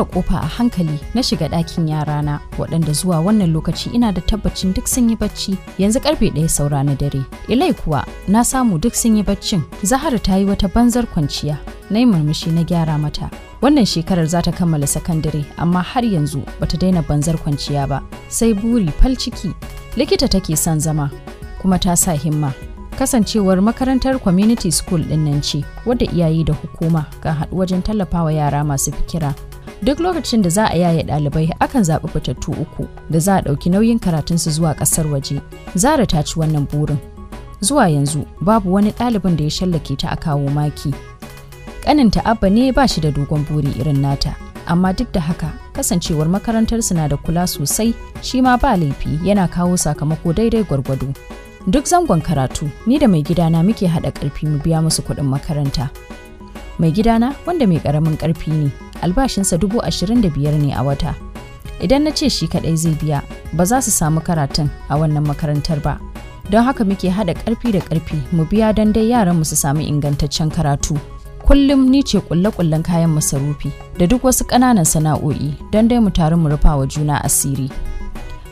tura kofa a hankali na shiga ɗakin yarana waɗanda zuwa wannan lokaci ina da tabbacin duk sun yi bacci yanzu karfe ɗaya saura na dare. Ilai kuwa na samu duk sun yi baccin Zahara ta yi wata banzar kwanciya na yi murmushi na gyara mata. Wannan shekarar za ta kammala sakandare amma har yanzu bata daina banzar kwanciya ba sai buri fal ciki likita take son zama kuma ta sa himma kasancewar makarantar community school ɗin nan ce wadda iyaye da hukuma kan haɗu wajen tallafawa yara masu fikira duk lokacin da za a yaye ɗalibai akan zaɓi fitattu uku da za a ɗauki nauyin karatunsu zuwa ƙasar waje zara ta ci wannan burin zuwa yanzu babu wani ɗalibin da ya shallake ta a kawo maki ƙaninta abba ne ba shi da dogon buri irin nata amma duk da haka kasancewar makarantar na da kula sosai shi ma ba laifi yana kawo sakamako daidai gwargwado duk zangon karatu ni da mai gidana muke haɗa ƙarfi mu biya musu kuɗin makaranta mai gidana wanda mai karamin karfi ne albashinsa dubu ashirin da biyar ne a wata idan na ce shi kaɗai zai biya ba za su samu karatun a wannan makarantar ba don haka muke haɗa ƙarfi da ƙarfi mu biya don dai yaran mu su samu ingantaccen karatu kullum ni ce kulle-kullen kayan masarufi da duk wasu ƙananan sana'o'i don dai mu taru mu rufa wa juna asiri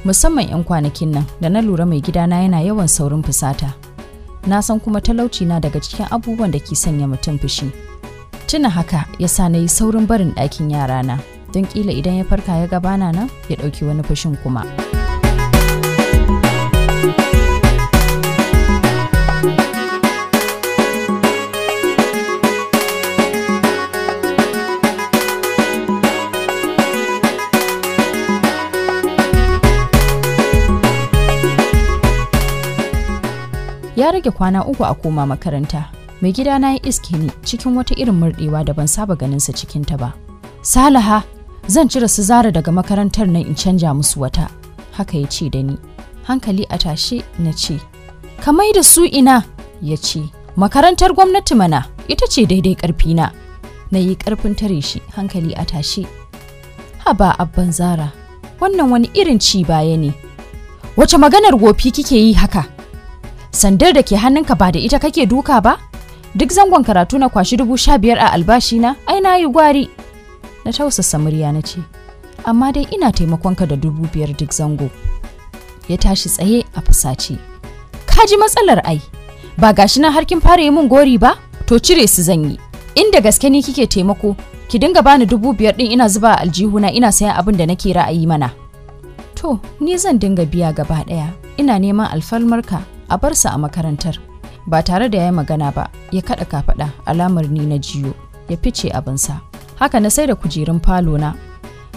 musamman 'yan kwanakin nan da na lura mai gidana yana yawan saurin fusata na san kuma talauci na daga cikin abubuwan da ke sanya mutum fushi tuna haka ya sa na yi saurin barin ɗakin yarana don ƙila idan ya farka ya gabana nan ya ɗauki wani fushin kuma. ya rage kwana uku a koma makaranta mai gida na ya iske ni cikin wata irin murɗewa da ban saba ganin sa cikin ta ba salaha zan cire su zara daga makarantar nan in canja musu wata haka ya ce da ni hankali a tashe na ce ka mai da su ina ya ce makarantar gwamnati mana ita ce daidai karfi na yi karfin tare shi hankali a tashe haba abban zara wannan wani irin ci baya ne wace maganar gofi kike yi haka sandar da ke hannunka ba da ita kake duka ba duk zangon karatu na kwashi dubu sha biyar a albashina, ai na yi gwari na tausasa murya na ce amma dai ina taimakonka da dubu biyar duk zango ya tashi tsaye a fusace. ka ji matsalar ai ba gashi na harkin fara yi mun gori ba to cire su zan yi inda gaske ni kike taimako ki dinga bani dubu biyar din ina zuba a na, ina sayan abin da nake ra'ayi mana to ni zan dinga biya gaba daya ina neman alfalmarka a bar su a makarantar ba tare da ya yi magana ba ya kaɗa kafaɗa alamar ni na jiyo ya fice abinsa haka na sai da kujerun falo na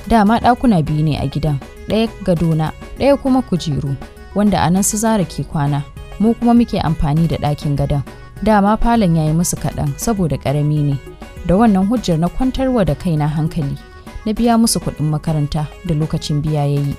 dama ɗakuna biyu ne a gidan ɗaya gadona ɗaya kuma kujeru wanda a nan su zara ke kwana mu kuma muke amfani da ɗakin gadon dama falon ya yi musu kaɗan saboda ƙarami ne da wannan hujjar na kwantarwa da kaina hankali na biya musu kuɗin makaranta da lokacin biya ya yi.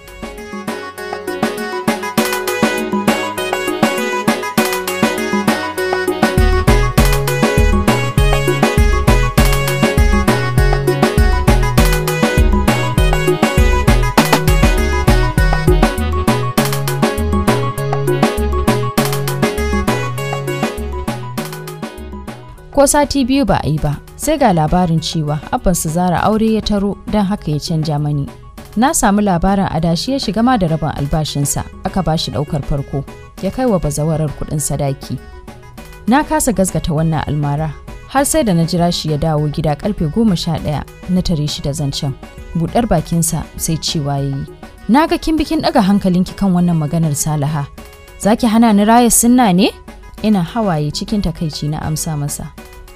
ko sati biyu ba a yi ba sai ga labarin cewa abban su zara aure ya taro don haka ya canja mani na samu labarin adashi ya shiga ma da rabin albashinsa aka ba shi ɗaukar farko ya kai wa bazawarar kuɗin sadaki na kasa gasgata wannan almara har sai da na jira shi ya dawo gida karfe goma sha ɗaya na tare shi da zancen buɗar bakinsa sai cewa ya yi na ga kin bikin ɗaga hankalinki kan wannan maganar salaha zaki hana ni raya sunna ne ina hawaye cikin takaici na amsa masa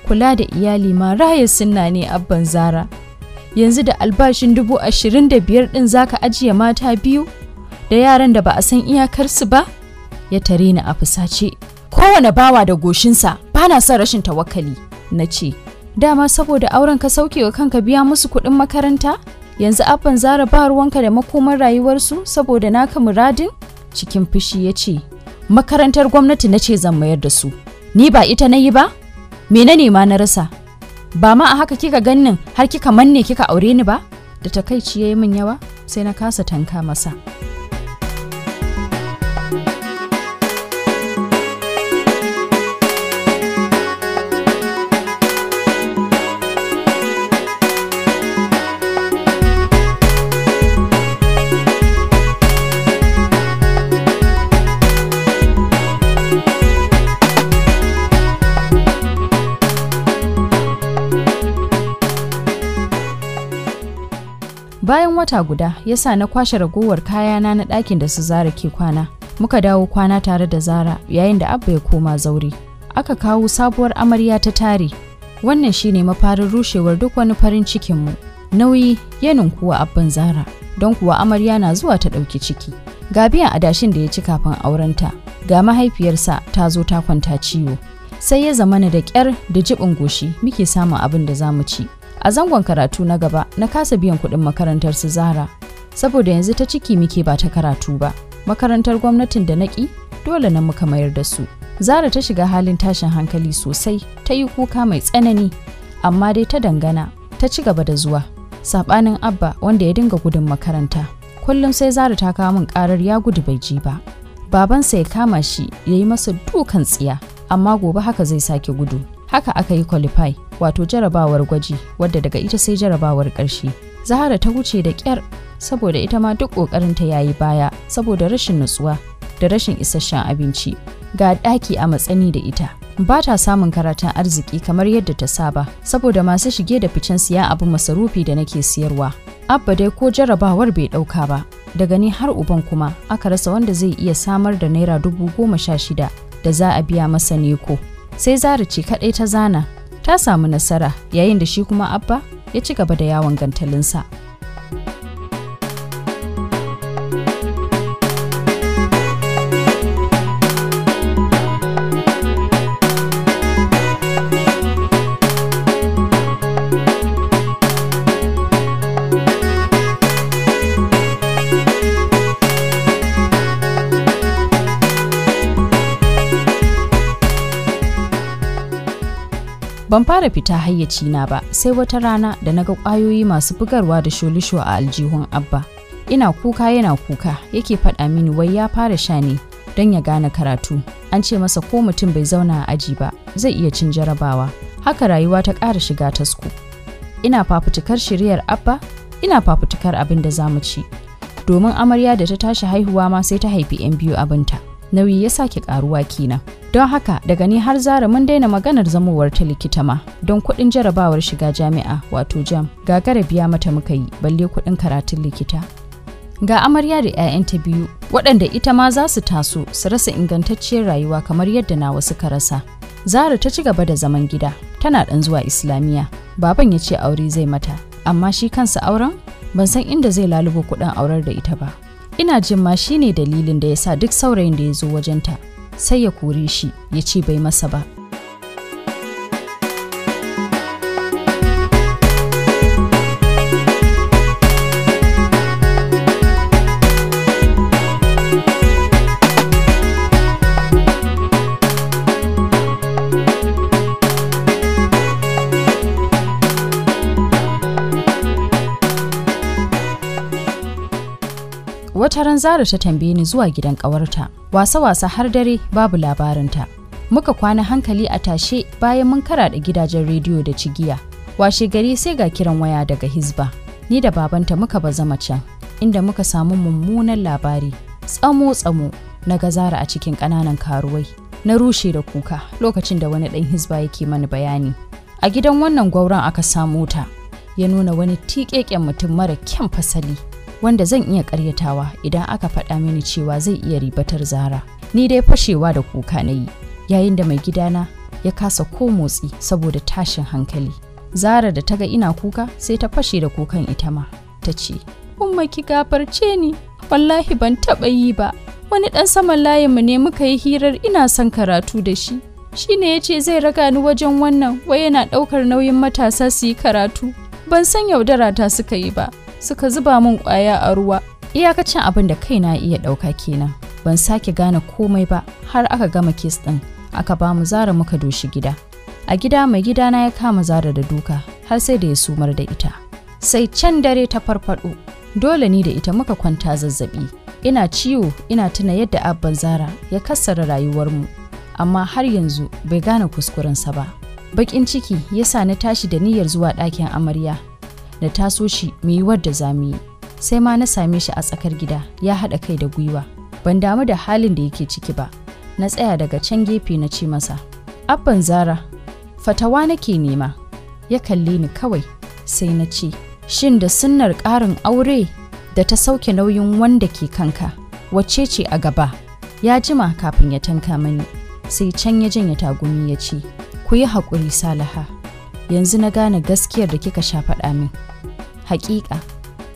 kula da iyali ma raya sunna ne abban zara yanzu da albashin dubu ashirin da biyar ɗin zaka ajiye mata biyu da yaran da ba a san iyakarsu ba ya tare ni a fusace kowane bawa da goshinsa ba na son rashin tawakkali na ce dama saboda auren ka sauke wa kanka biya musu kuɗin makaranta yanzu abban zara ba ruwanka da makomar rayuwarsu saboda naka muradin cikin fushi ya ce makarantar gwamnati na ce zan mayar da su ni ba ita na yi ba menene ma na rasa ba ma a haka kika gannin har kika manne kika aure ni ba da takaici yayi min yawa sai na kasa tanka masa Bayan wata guda ya sa na kwashe ragowar kayana na ɗakin da su Zara ke kwana. Muka dawo kwana tare da Zara yayin da Abba ya koma zauri Aka kawo sabuwar amarya ta tare. Wannan shine mafarin rushewar duk wani farin cikinmu. Nauyi ya ninkuwa abban Zara. Don kuwa amarya na zuwa ta ɗauki ciki. Ga biyan adashin da ya ci kafin aurenta. Ga mahaifiyarsa ta zo ta kwanta ciwo. Sai ya zamana da kyar da jibin goshi muke samun abin da za mu ci. a zangon karatu na gaba na kasa biyan kuɗin makarantar su zara saboda yanzu ta ciki muke ba ta karatu ba makarantar gwamnatin da naki dole nan muka mayar da su zara ta shiga halin tashin hankali sosai ta yi kuka mai tsanani amma dai ta dangana ta ci gaba da zuwa saɓanin abba wanda ya dinga gudun makaranta kullum sai zara ta kawo min karar ya gudu bai ji ba babansa ya kama shi ya yi masa dukan tsiya amma gobe haka zai sake gudu haka aka yi kwalifai wato jarabawar gwaji wadda daga ita sai jarabawar ƙarshe zahara ta wuce da ƙyar saboda ita ma duk ƙoƙarinta ya yi baya saboda rashin nutsuwa da rashin isasshen abinci ga ɗaki a matsani da ita ba ta samun karatun arziki kamar yadda ta saba saboda masu shige da ficen siya abu masarufi da nake siyarwa abba dai ko jarabawar bai ɗauka ba daga ni har uban kuma aka rasa wanda zai iya samar da naira dubu goma sha shida da za a biya masa ne ko. sai zara ce kaɗai ta zana ta samu nasara yayin da shi kuma abba ya ci gaba da yawon gantalinsa ban fara fita hayyaci na ba sai wata rana da naga ƙwayoyi masu bugarwa da sholisho a aljihun abba ina kuka yana kuka yake faɗa mini wai ya fara sha ne don ya gane karatu an ce masa ko mutum bai zauna a aji ba zai iya cin jarabawa haka rayuwa ta ƙara shiga tasko ina fafutukar shiryar abba ina fafutukar abin da za mu ci domin amarya da ta tashi haihuwa ma sai ta haifi 'yan biyu abinta. nauyi ya sake karuwa kina don haka daga ni har zara mun daina maganar zamowar ta likita ma don kuɗin jarabawar shiga jami'a wato jam gagara biya mata muka yi balle kuɗin karatun likita ga amarya da 'ya'yan ta biyu waɗanda ita ma za su taso su rasa ingantacciyar rayuwa kamar yadda na wasu ka rasa zara ta ci gaba da zaman gida tana ɗan zuwa islamiyya baban ya ce aure zai mata amma shi kansa auren ban san inda zai lalubo kuɗin aurar da ita ba ina jin ma shine dalilin da ya sa duk saurayin da ya zo wajenta sai ya kore shi ya ce bai masa ba Wata ran Zara ta tambaye ni zuwa gidan ƙawarta, wasa-wasa har dare babu labarinta. Muka kwana hankali a tashe bayan mun karaɗa gidajen rediyo da cigiya. Washe gari sai ga kiran waya daga Hizba. Ni da babanta muka ba zama can, inda muka samu mummunan labari. Tsamo-tsamo na gazara a cikin ƙananan karuwai. Na rushe da kuka lokacin da wani ɗan Hizba yake mani bayani. A gidan wannan gwauron aka samu ta, ya nuna wani tiƙeƙen mutum mara kyan fasali. wanda zan iya karyatawa idan aka faɗa mini cewa zai iya ribatar zara ni dai fashewa da kuka na yi yayin da mai gidana ya kasa ko motsi saboda tashin hankali zara da ta ga ina kuka sai ta fashe da kukan ita ma ta ce umma ki gafarce ni wallahi ban taɓa yi ba wani ɗan saman layinmu ne muka yi hirar ina son karatu da shi shi ne ya ce zai raga ni wajen wannan wai yana ɗaukar nauyin matasa su yi karatu ban san yaudara ta suka yi ba suka zuba min ƙwaya a ruwa iyakacin abin da kai na iya ɗauka kenan ban sake gane komai ba har aka gama kes ɗin aka ba mu zara muka doshi gida a gida mai gidana ya kama zara da duka har sai da ya sumar da ita sai can dare ta farfaɗo. dole ni da ita muka kwanta zazzabi ina ciwo ina tuna yadda abban zara ya kassara rayuwarmu amma har yanzu bai gane kuskurensa ba bakin ciki yasa na tashi da niyyar zuwa ɗakin amarya na taso shi mu yi wadda za mu yi sai ma na same shi a tsakar gida ya haɗa kai da gwiwa ban damu da halin da yake ciki ba na tsaya daga can gefe na ce masa abban zara fatawa nake nema ya kalle ni kawai sai na ce shin da sunnar ƙarin aure da ta sauke nauyin wanda ke kanka wacce ce a gaba ya jima kafin ya tanka mani sai can ya janye tagumi ya ce ku yi haƙuri salaha yanzu na gane gaskiyar da kika sha faɗa min hakika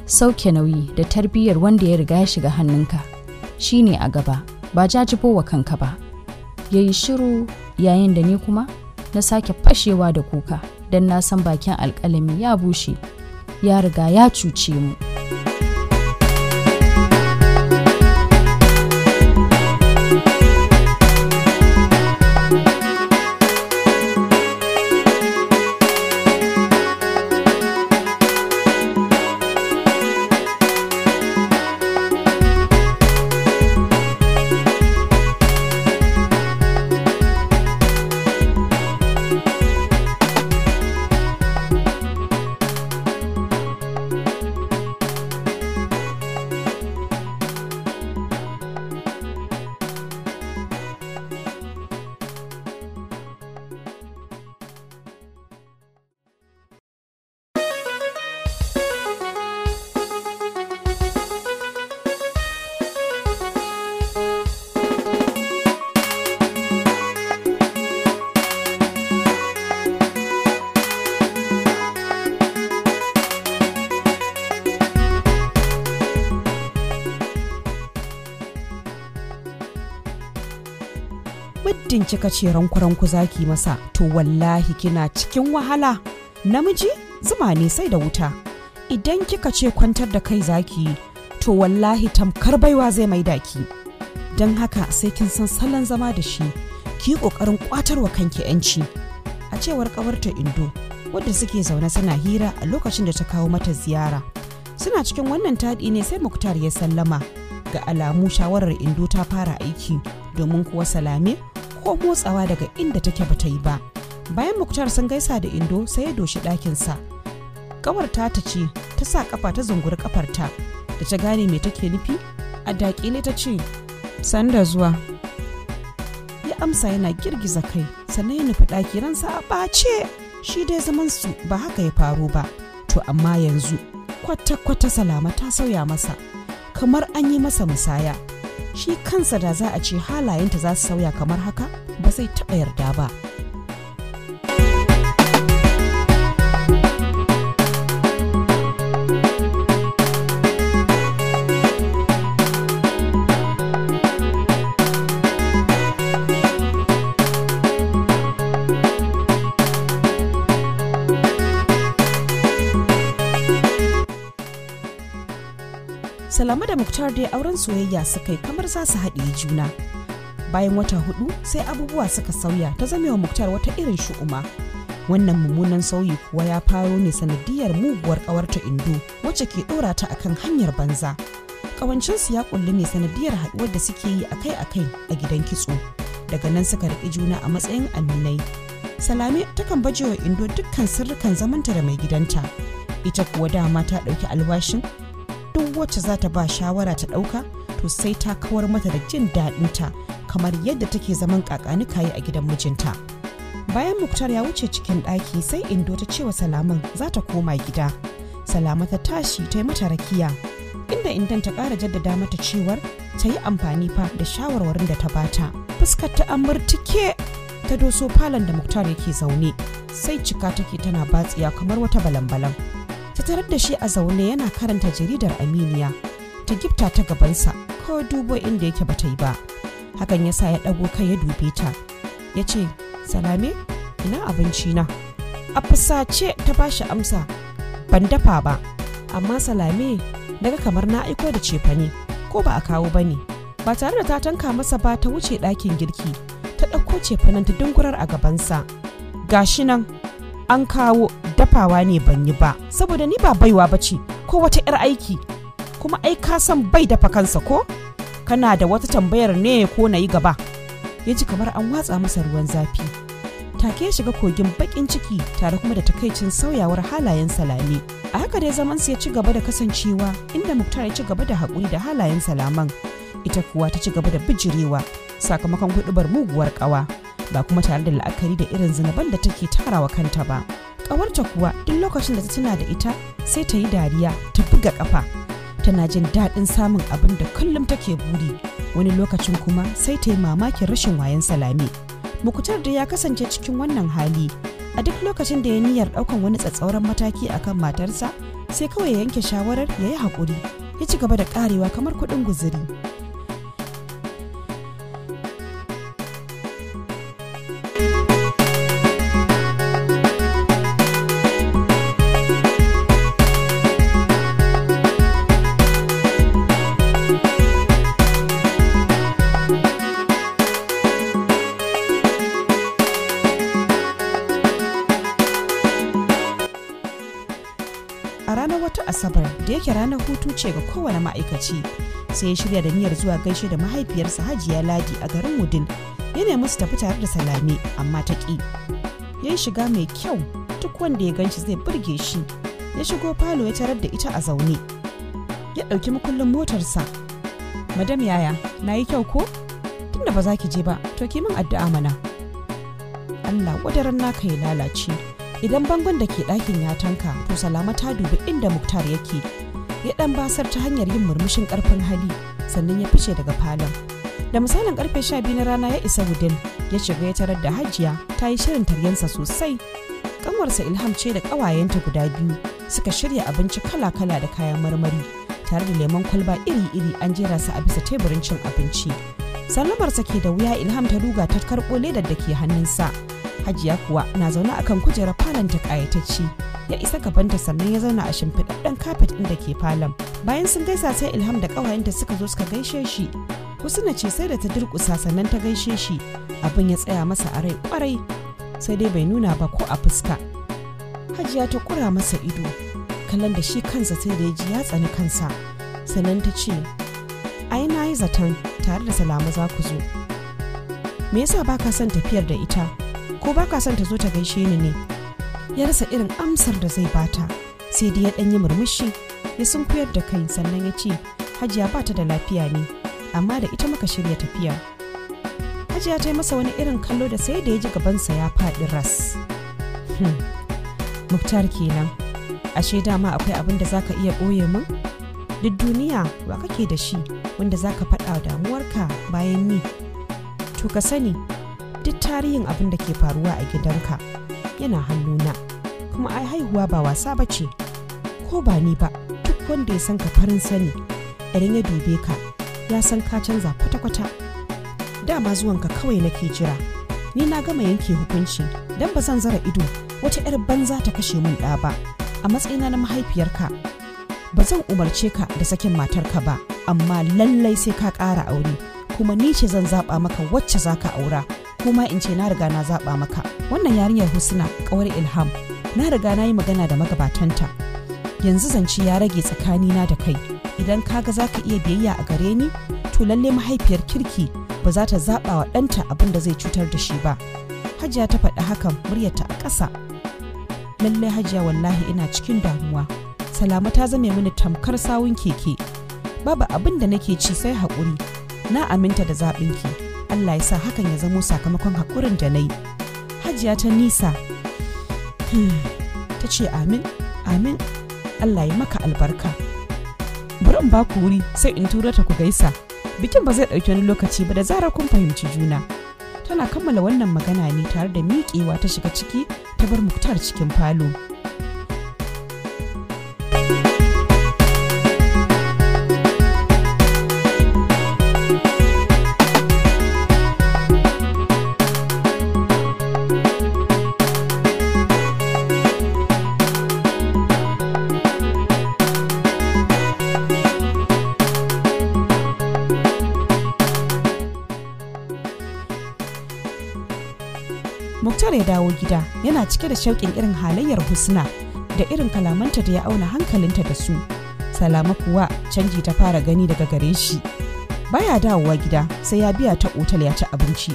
sauke nauyi da tarbiyyar wanda ya riga ya shiga hannunka shine a gaba ba jajibowa kanka ba ya yi shiru yayin da ni kuma na sake fashewa da kuka don na san bakin alƙalami ya bushe ya riga ya cuce mu. ka ce ranku-ranku zaki masa to wallahi kina cikin wahala namiji zuma ne sai da wuta idan kika ce kwantar da kai zaki to wallahi tamkar baiwa zai mai daki don haka sai kin san salon zama da shi ki ƙoƙarin kwatarwa kanki 'yanci a cewar ƙawarta indo wadda suke zaune suna hira a lokacin da ta kawo mata ziyara suna cikin wannan taɗi ne sai muktar ya sallama ga alamu shawarar indo ta fara aiki domin kuwa salame ko motsawa daga inda take bata yi ba bayan muktar sun gaisa da indo sai ya doshi ɗakinsa kawar ta ta ce ta sa kafa ta zunguri kafarta da ta gane me take nufi a ne ta ce sanda zuwa ya amsa yana girgiza kai sannan ya nufi ɗaki ransa a ɓace shi dai zaman su ba haka ya faru ba to amma yanzu kwata-kwata salama ta sauya masa kamar an yi masa musaya shi kansa da za a ce halayenta za su sauya kamar haka ba zai taɓa yarda ba Salama da Muktar dai auren soyayya suka yi kamar za su haɗiye juna. Bayan wata hudu sai abubuwa suka sauya ta wa Muktar wata irin shu'uma. Wannan mummunan sauyi kuwa ya faro ne sanadiyar muguwar ƙawarta Indo wacce ke ɗora ta akan hanyar banza. Ƙawancinsu ya ƙulli ne sanadiyar haɗuwar da suke yi akai-akai a gidan kitso. Daga nan suka riƙi juna a matsayin aminai. Salame takan baje wa Indo dukkan sirrukan zamanta da mai gidanta. Ita kuwa dama ta ɗauki albashin? duk wacce za ta ba shawara ta ɗauka to sai ta kawar mata da jin daɗinta kamar yadda take zaman kakani kayi a gidan mijinta bayan muktar ya wuce cikin ɗaki sai indo ta cewa salaman za ta koma gida salama ta tashi ta yi mata rakiya inda indan ta ƙara jaddada mata cewar ta yi amfani fa da shawarwarin da ta bata fuskar ta amurtike ta doso falon da muktar yake zaune sai cika take tana batsiya kamar wata balan-balan. ta tarar da shi a zaune yana karanta jaridar aminiya ta gifta ta gabansa ko dubo inda yake bata yi ba hakan ya sa ya ɗago kai ya dube ta ya ce salame ina abinci na a fusace ta bashi amsa ban dafa ba amma salame daga kamar na aiko da cefane ko ba a kawo ba ne ba tare da ta tanka masa ba ta wuce ɗakin girki ta ɗauko cefanen ta dungurar a gabansa gashi nan an kawo dafawa ne ban yi ba saboda ni ba baiwa ba ce ko wata 'yar aiki kuma ai ka san bai dafa kansa ko kana da wata tambayar ne ko na yi gaba ya ji kamar an watsa masa ruwan zafi take ya shiga kogin bakin ciki tare kuma da takaicin sauyawar halayen salame a haka dai zaman ya ci gaba da kasancewa inda muktar ya ci gaba da haƙuri da halayen salaman ita kuwa ta ci gaba da bijirewa sakamakon hudubar muguwar ƙawa ba kuma tare da la'akari da irin zinaban da take tarawa kanta ba ƙawarta kuwa duk lokacin da ta tuna da ita sai ta yi dariya ta buga ƙafa tana jin daɗin samun abin da kullum take buri wani lokacin kuma sai ta yi mamakin rashin wayan salami. mukutar da ya kasance cikin wannan hali a duk lokacin da ya niyyar ɗaukan wani tsatsauran mataki akan matarsa sai kawai ya yanke shawarar ya yi haƙuri ya ci gaba da ƙarewa kamar kuɗin guzuri ranar hutu ce ga kowane ma'aikaci sai ya shirya da niyyar zuwa gaishe da mahaifiyarsa hajiya ladi a garin wudin ya nemi su tafi tare da salame amma ta ƙi ya yi shiga mai kyau duk wanda ya ganshi zai burge shi ya shigo falo ya tarar da ita a zaune ya ɗauki makullin motarsa madam yaya na yi kyau ko tunda ba za ki je ba to ki min addu'a mana allah wadaran naka ya lalace idan bangon da ke ɗakin ya tanka to salama ta dubi inda muktar yake ya ɗan basar ta hanyar yin murmushin ƙarfin hali sannan ya fice daga falon da misalin karfe biyu na rana ya isa wudin ya shiga ya tarar da hajiya ta yi shirin taryensa sosai Ƙanwarsa ilham ce da ƙawayenta guda biyu suka shirya abinci kala-kala da kayan marmari tare da lemon kwalba iri-iri an jera su a bisa teburin cin abinci sallamarsa ke da wuya ilham ta duga ta karɓo ledar da ke hannunsa hajiya kuwa na zaune akan kujerar falon ta kayatacce ya isa gabanta sannan ya zauna a shimfiɗaɗɗen kafet ɗin da ke falon bayan sun gaisa sai ilham da ƙawayenta suka zo suka gaishe shi kusuna ce sai da ta durƙusa sannan ta gaishe shi abin ya tsaya masa a rai ƙwarai sai dai bai nuna ba ko a fuska hajiya ta ƙura masa ido kallon da shi kansa sai da ya ji ya tsani kansa sannan ta ce ai na yi zaton tare da salama za ku zo me yasa baka son tafiyar da ita ko baka son ta zo ta gaishe ni ne ya rasa irin amsar da zai bata sai dai ya yi murmushi ya sunkuyar da kai sannan ya ce hajiya bata da lafiya ne amma da ita muka shirya tafiya hajiya ta yi masa wani irin kallo da sai da ya ji gabansa ya faɗi ras hmm, muktar kenan ashe dama akwai abin da zaka iya ɓoye min duk duniya wa kake da shi wanda zaka faɗa damuwarka bayan ni to ka sani duk tarihin abin da ke faruwa a gidanka yana hannuna kuma ai haihuwa ba wasa ba ce ko ba ni ba duk wanda ya san ka farin sani idan ya dube ka ya san ka canza kwata-kwata dama zuwanka kawai nake jira ni na gama yanke hukunci dan ba zan zara ido wata 'yar banza ta kashe min ɗa ba a matsayina na mahaifiyarka ba zan umarce ka da sakin matarka ba amma lallai sai ka ƙara aure kuma ni ce zan zaɓa maka wacce za ka aura ko in ce na riga na zaba maka wannan yarinyar husna ƙawar ilham na riga na yi magana da magabatanta yanzu zance ya rage tsakani na da kai idan kaga za ka iya biyayya a gare ni to lalle mahaifiyar kirki ba za ta zaɓa wa ɗanta abin da zai cutar da shi ba hajiya ta faɗi hakan muryarta a ƙasa lalle hajiya wallahi ina cikin damuwa salama ta zame mini tamkar sawun keke babu abin da nake ci sai haƙuri na aminta da zaɓinki Allah ya sa hakan ya zamo sakamakon haƙurin da na yi hajiya ta nisa hmm, ta ce amin amin Allah ya maka albarka Burin baku ba ku wuri sai in tura ta ku gaisa bikin ba zai ɗauki wani lokaci ba da zarar kun fahimci juna tana kammala wannan magana ne tare da miƙewa ta shiga ciki ta bar muktar cikin falo. cike da shauƙin irin halayyar husna da irin kalamanta da ya auna hankalinta da su salama kuwa canji ta fara gani daga gare shi baya dawowa gida sai ya biya ta otal ya ci abinci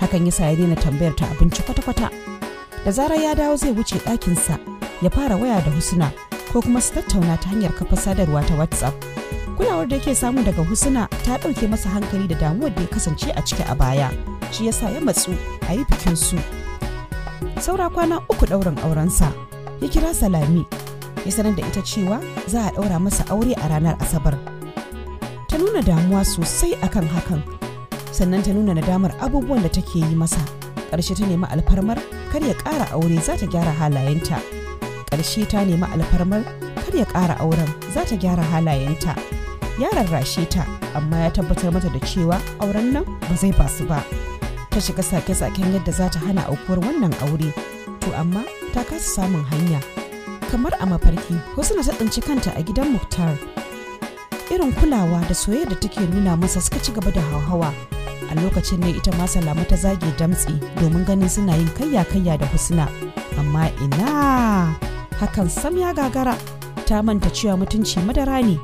hakan yasa ya daina tambayar ta abinci kwata-kwata da zarar ya dawo zai wuce ɗakinsa ya fara waya da husna ko kuma su tattauna ta hanyar kafa sadarwa ta whatsapp kulawar da yake samu daga husna ta ɗauke masa hankali da damuwar da ya kasance a ciki a baya shi yasa ya matsu a yi bikin su saura kwana uku ɗaurin aurensa ya kira salami ya sanar da ita cewa za a ɗaura masa aure a ranar asabar ta nuna damuwa sosai akan hakan sannan ta nuna nadamar abubuwan da take yi masa ƙarshe ta nema alfarmar kar ya ƙara aure za ta gyara halayenta ƙarshe ta nemi alfarmar kar ya ƙara auren za ta gyara halayenta ya rarrashe ta amma ya tabbatar mata da cewa auren nan ba zai basu ba. ta shiga sake-saken yadda za ta hana aukuwar wannan aure to amma ta kasa samun hanya kamar a mafarki husna ta tsinci kanta a gidan muktar irin kulawa da soyayya da take nuna masa suka ci gaba da hauhawa a lokacin ne ita ma salama ta zage damtsi domin ganin suna yin kayya-kayya da husna amma ina hakan sam ya gagara ta manta cewa mutunci madara ne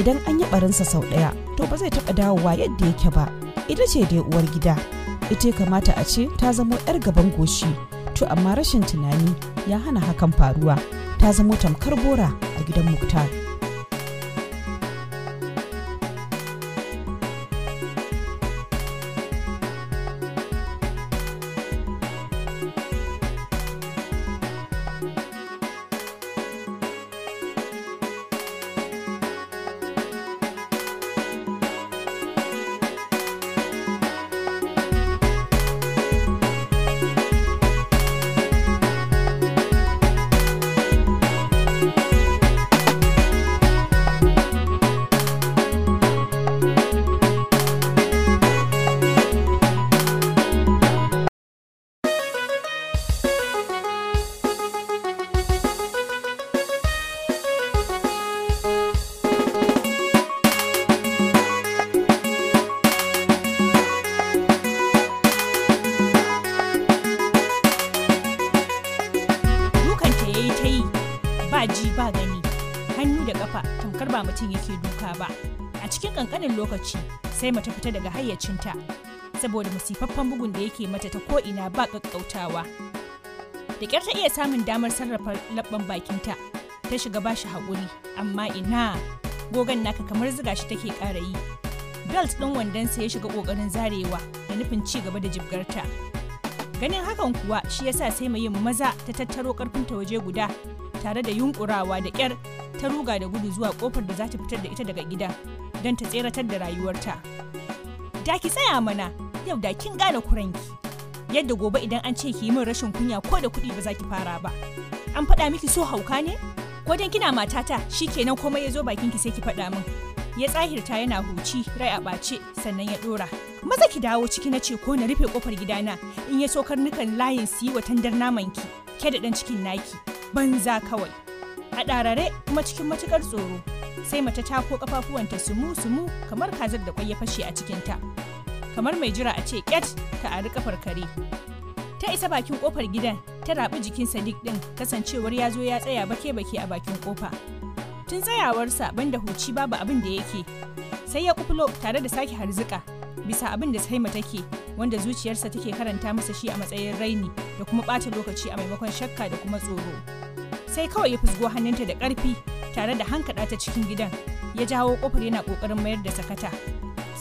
idan an yi barinsa sau ɗaya to ba zai taɓa dawowa yadda yake ba ita ce dai uwar gida ita ya kamata a ce ta zamo 'yar gaban goshi to amma rashin tunani ya hana hakan faruwa ta zamo tamkar bora a gidan muktar Maryama ta fita daga hayyacinta saboda masifaffen bugun da yake mata ta ko'ina ba ƙaƙƙautawa. Da kyar ta iya samun damar sarrafa labban bakinta ta shiga ba shi haƙuri amma ina gogan naka kamar ziga shi take ƙara yi. Belt ɗin wandonsa ya shiga ƙoƙarin zarewa da nufin ci gaba da jibgarta. Ganin hakan kuwa shi yasa sai mai yin maza ta tattaro ƙarfinta waje guda tare da yunƙurawa da ƙyar ta ruga da gudu zuwa ƙofar da za ta fitar da ita daga gida don ta tseratar da rayuwarta. Da ki tsaya mana, yau da kin gane kuranki. Yadda gobe idan an ce ki yi min rashin kunya ko da kuɗi ba za ki fara ba. An faɗa miki so hauka ne? Ko dan kina matata shi kenan komai ya zo bakin ki sai ki faɗa min. Ya tsahirta yana huci rai a ɓace sannan ya ɗora. Maza ki dawo ciki na ce ko na rufe ƙofar gidana in ya so karnukan layin su yi wa tandar naman ki. Ke da ɗan cikin naki. Banza kawai. A ɗarare kuma cikin matuƙar tsoro. sai mace ta ko kafafuwanta sumu sumu kamar kazar da kwai ya fashe a cikinta kamar mai jira a ce kyat ta ari kafar kare ta isa bakin kofar gidan ta rabi jikin sadiq din kasancewar ya zo ya tsaya bake bake a bakin kofa tun tsayawarsa banda huci babu abin da yake sai ya kufulo tare da sake harzika bisa abin da saima take wanda zuciyarsa take karanta masa shi a matsayin raini da kuma ɓata lokaci a maimakon shakka da kuma tsoro sai kawai ya fusgo hannunta da ƙarfi tare da hankaɗa ta cikin gidan ya jawo kofar yana ƙoƙarin mayar da sakata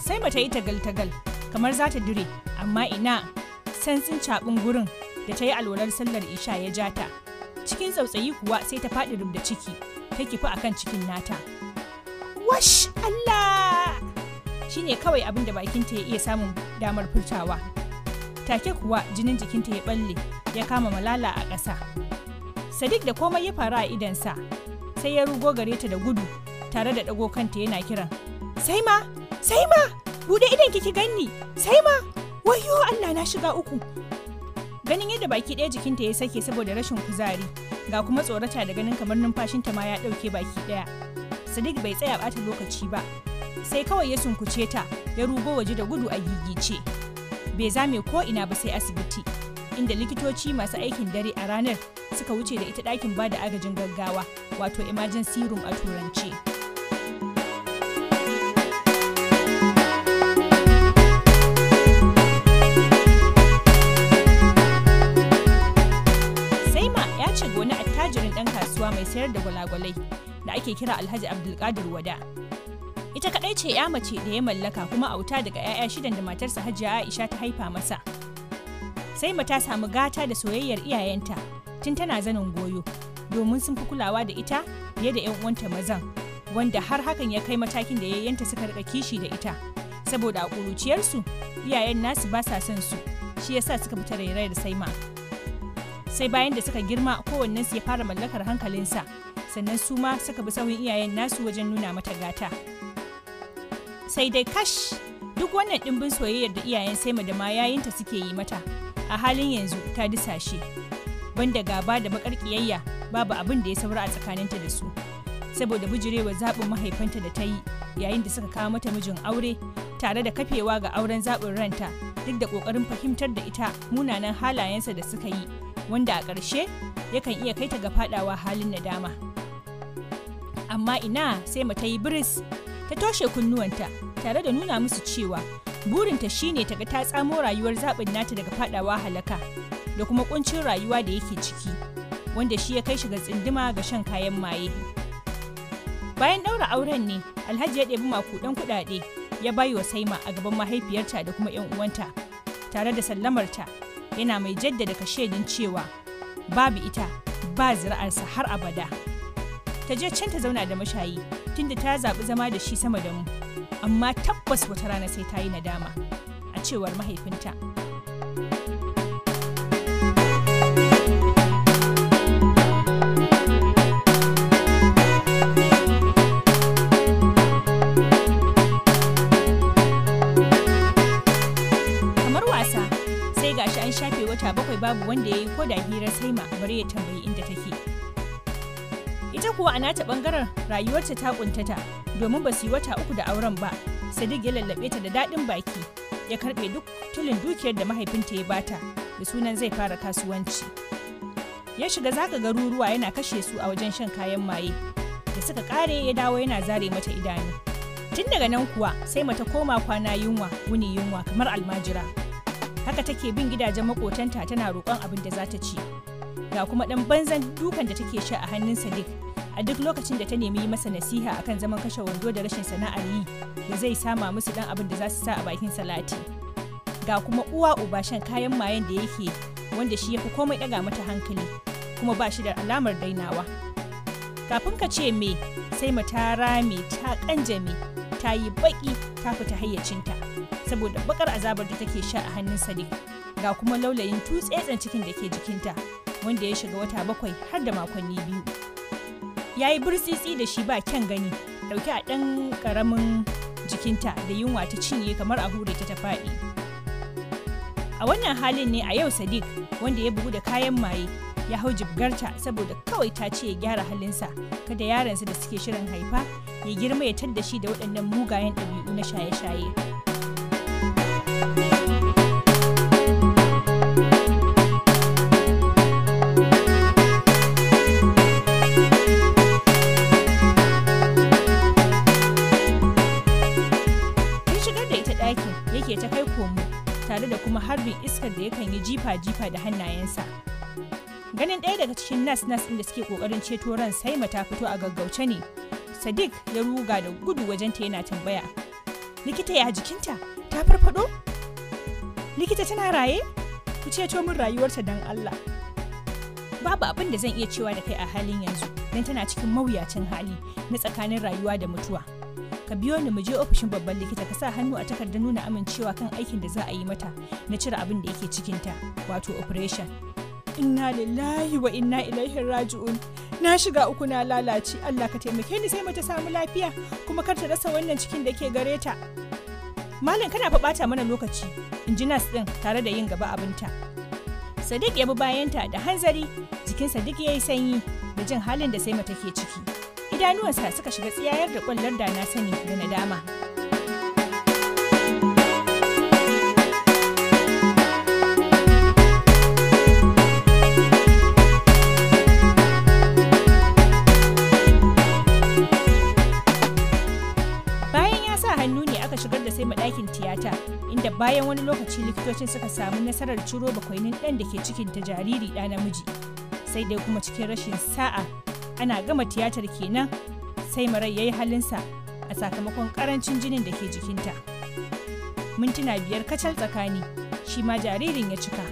sai bata yi tagal-tagal kamar za ta dire amma ina santsin caɓin gurin da ta yi alwalar sallar isha ya ja ta cikin tsautsayi kuwa sai ta faɗi rubda ciki ta kifi akan cikin nata wash Allah shine kawai abin da bakinta ya iya samun damar furtawa take kuwa jinin jikinta ya balle ya kama malala a ƙasa sadiq da komai ya faru a idansa sai ya rugo gare ta da gudu tare da ɗago kanta yana kiran sai ma sai ma buɗe idan kiki ganni sai ma wayo allah na shiga uku ganin yadda baki ɗaya jikinta ya sake saboda rashin kuzari ga kuma tsorata da ganin kamar numfashinta ma ya ɗauke baki ɗaya sadiq bai tsaya ɓata lokaci ba sai kawai ya sunkuce ta ya rugo waje da gudu a gigice bai zame ko ina ba sai asibiti inda likitoci masu aikin dare a ranar suka wuce da ita ɗakin ba da agajin gaggawa wato emergency room a turance. Saima ya ce wani attajirin ɗan kasuwa mai sayar da gwalagwalai da ake kira Alhaji Abdulkadir Wada. Ita kaɗai ce ya mace da ya mallaka kuma auta daga 'ya'ya shidan da matarsa Hajiya Aisha ta haifa masa. sai mata samu gata da soyayyar iyayenta tun tana zanin goyo domin sun fi kulawa da ita fiye da 'yan uwanta mazan wanda har hakan ya kai matakin da yayyanta suka rika kishi da ita saboda a ƙuruciyarsu iyayen nasu ba sa son su shi yasa suka fita rairayar da Saima. Sai bayan da suka girma kowannensu ya fara mallakar hankalinsa sannan su ma suka bi sauyin iyayen nasu wajen nuna mata gata. Sai dai kash duk wannan ɗimbin soyayyar da iyayen Saima da ma yayinta suke yi mata a halin yanzu ta disashe banda gaba da makarkiyayya babu abin da ya saura a tsakaninta da su saboda bujirewa zaɓin mahaifanta da ta yi yayin da suka kawo mata mijin aure tare da kafewa ga auren zaɓin ranta duk da ƙoƙarin fahimtar da ita munanan halayensa da suka yi wanda a ƙarshe yakan iya kai ta ga faɗawa halin nadama amma ina sai mata yi biris ta toshe kunnuwanta tare da nuna musu cewa burinta shine ta ga ta tsamo rayuwar zaɓin nata daga faɗawa halaka da kuma ƙuncin rayuwa da yake ciki wanda shi ya kai shi ga tsinduma ga shan kayan maye bayan ɗaura auren ne alhaji ya ɗebi makudan kuɗaɗe ya bayo wa saima a gaban mahaifiyarta da kuma 'yan uwanta tare da sallamarta yana mai jaddada kashedin cewa babu ita ba zira'arsa har abada ta je can ta zauna da mashayi tunda ta zaɓi zama da shi sama da mu amma tabbas wata rana sai ta yi nadama a cewar mahaifinta Kamar wasa, sai gashi an shafe wata bakwai babu wanda ya yi ko da hira sai ma bari ya tambayi inda take. Ita kuwa a nata bangaren rayuwarta ta kuntata domin ba su yi wata uku da auren ba sadiq ya lallabe ta da daɗin baki ya karɓe duk tulin dukiyar da mahaifinta ya bata da sunan zai fara kasuwanci ya shiga zaka garuruwa yana kashe su a wajen shan kayan maye da suka kare ya dawo yana zare mata idanu tun daga nan kuwa sai mata koma kwana yunwa wuni yunwa kamar almajira haka take bin gidajen makotanta tana roƙon abin da za ta ci ga kuma ɗan banzan dukan da take sha a hannun sadiq a duk lokacin da ta nemi yi masa nasiha akan zaman kashe wando da rashin sana'ar yi da zai sama musu dan abin da za su sa a bakin salati ga kuma uwa uba shan kayan mayen da yake wanda shi ya fi komai daga mata hankali kuma ba shi da alamar dainawa kafin ka ce me sai mu ta rame ta kanjame ta yi baki ta fita hayyacinta saboda bakar azabar da take sha a hannun sadiq ga kuma laulayin tutsetsen cikin da ke jikinta wanda ya shiga wata bakwai har da makonni biyu ya yi bursisi da shi ba kyan gani dauke a ɗan ƙaramin jikinta da yunwa ta cinye kamar a hure ta ta faɗi a wannan halin ne a yau sadiq wanda ya bugu da kayan maye ya hau jibgarta saboda kawai ta ce ya gyara halinsa kada yaransa da suke shirin haifa ya girma ya tadda shi da waɗannan mugayen ɗabi'u na shaye-shaye. kuma harbin iskar da yakan yi jifa-jifa da hannayensa ganin ɗaya daga cikin nas nas da suke ƙoƙarin ceto ran sai mata fito a gaggauce ne sadiq ya ruga da gudu ta yana tambaya likita ya jikinta ta farfado likita tana raye ku ceto min rayuwarta don allah babu abin da zan iya cewa da kai a halin yanzu don tana cikin mawuyacin hali na tsakanin rayuwa da mutuwa ka biyo ni mu je ofishin babban likita ka sa hannu a takarda nuna amincewa kan aikin da za a yi mata na cire abin da yake cikinta wato operation inna lillahi wa inna ilaihi raji'un na shiga uku na lalace Allah ka taimake ni sai mata samu lafiya kuma kar ta rasa wannan cikin da ke gare ta malam kana fa bata mana lokaci inji nas din tare da yin gaba abinta sadiq ya bi bayanta da hanzari jikinsa duk ya yi sanyi da jin halin da sai mata ke ciki idanuwansa suka shiga tsiyayar da kwallon da na sani da nadama bayan ya hannu ne aka shigar da sai tiyata inda bayan wani lokaci likitocin suka samu nasarar ciro bakwainin ɗan da ke cikin ta jariri ɗa namiji sai dai kuma cikin rashin sa'a ana gama tiyatar kenan sai marai ya yi halinsa a sakamakon karancin jinin da ke jikinta mintuna biyar kacal tsakani shi ma jaririn ya cika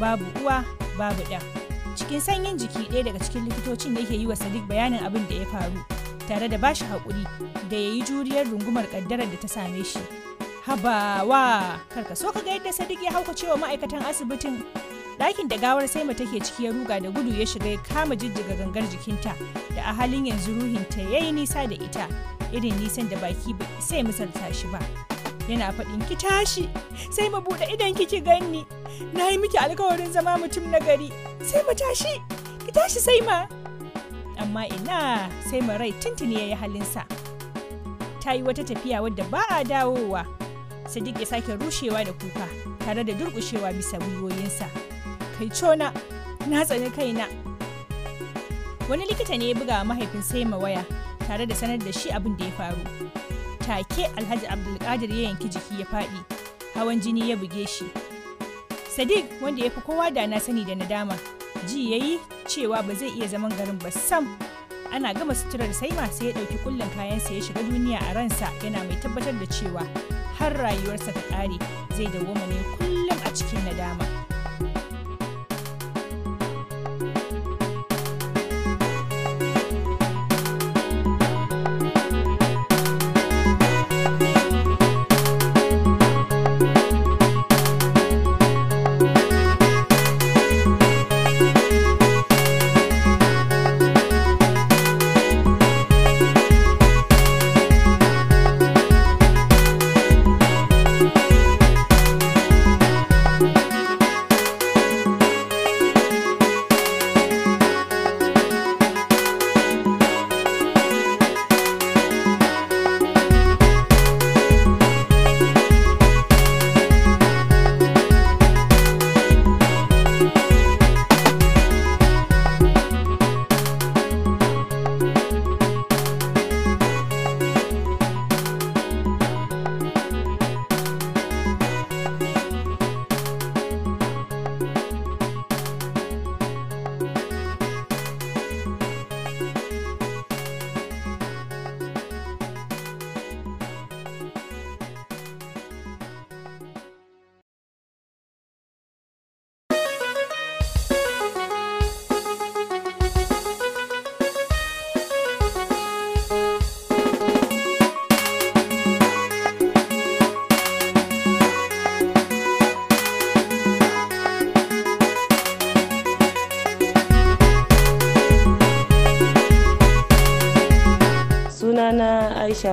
babu uwa babu ɗa cikin sanyin jiki ɗaya daga cikin likitocin yake yi wa sadiq bayanin abin da ya faru tare da bashi haƙuri da ya yi juriyar rungumar ƙaddarar da ta same shi habawa karka so ka ga yadda sadiq ya hauka cewa ma'aikatan asibitin ɗakin da gawar sai take ciki ya ruga da gudu ya shiga ya kama jijjiga gangar jikinta da a halin yanzu ruhinta ya yi nisa da ita irin nisan da baki sai misalta shi ba yana faɗin ki tashi sai mu buɗe idan kiki ganni na yi miki alkawarin zama mutum na gari sai mu tashi ki tashi sai ma amma ina sai ma rai tuntuni ya yi halinsa ta yi wata tafiya wadda ba a dawowa sadiq ya sake rushewa da kuka tare da durƙushewa bisa gwiwoyinsa. kai cona na tsani kaina wani likita ne ya buga mahaifin saima waya tare da sanar da shi abin da ya faru take alhaji abdulkadir ya yanki jiki ya faɗi hawan jini ya buge shi sadiq wanda ya fi kowa da na sani da nadama ji ya yi cewa ba zai iya zaman garin ba sam ana gama suturar sai masu ya ɗauki kullum kayansa ya shiga duniya a ransa yana mai tabbatar da cewa har rayuwarsa ta ƙare zai dawwama ne kullum a cikin nadama.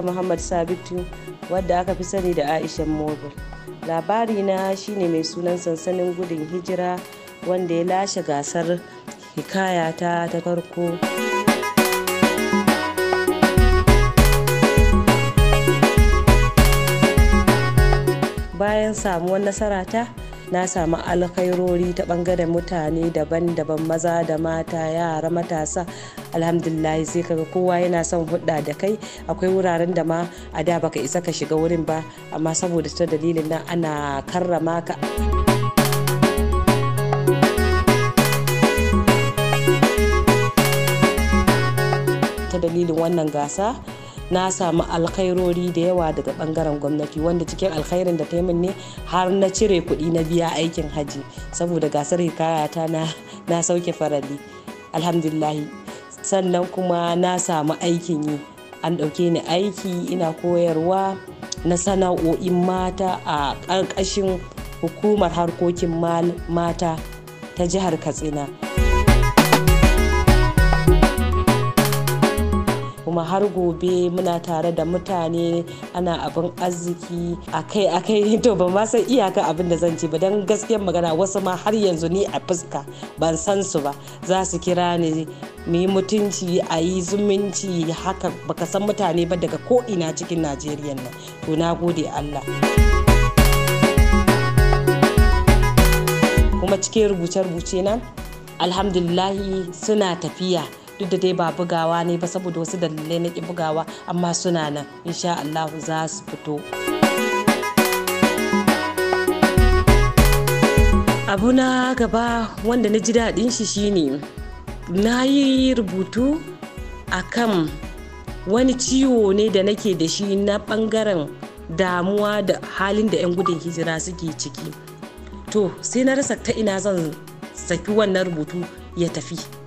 muhammad sabitu wadda aka fi sani da aisha mobo labari na shine mai sunan sansanin gudun hijira wanda ya lashe gasar hikaya ta ta farko bayan samuwar nasara ta na samu alkhairori ta bangaren mutane daban-daban maza da mata yara matasa alhamdulillah sai kaga kowa yana son hudda da kai akwai wuraren da ma a da baka isa ka shiga wurin ba amma saboda ta dalilin nan ana karrama ka ta dalilin wannan gasa na samu alkhairori da yawa daga bangaren gwamnati wanda cikin alkhairin da ta min ne har na cire kuɗi na biya aikin hajji saboda gasar hikayata na sauke farali alhamdulillahi sannan kuma na samu aikin yi an ɗauke ni aiki ina koyarwa na sana'o'in mata a ƙarƙashin hukumar harkokin mata ta jihar katsina. kuma har gobe muna tare da mutane ana abin arziki akai akai to ban ma san iyaka abin da zan ce ba dan gaskiyar magana wasu ma har yanzu ni a fuska ban san su ba za su kira ni mu yi mutunci a yi zumunci haka baka san mutane ba daga ko ina cikin najeriya nan to na gode allah kuma cikin rubuce-rubuce nan alhamdulillahi suna tafiya duk da dai ba bugawa ne ba saboda wasu dalilai na ki bugawa amma suna nan insha Allah za su fito abu na gaba wanda na ji daɗin shi shine na yi rubutu a kan wani ciwo ne da nake da shi na ɓangaren damuwa da halin da 'yan gudun hijira suke ciki to sai na rasa ta ina zan saki wannan rubutu ya tafi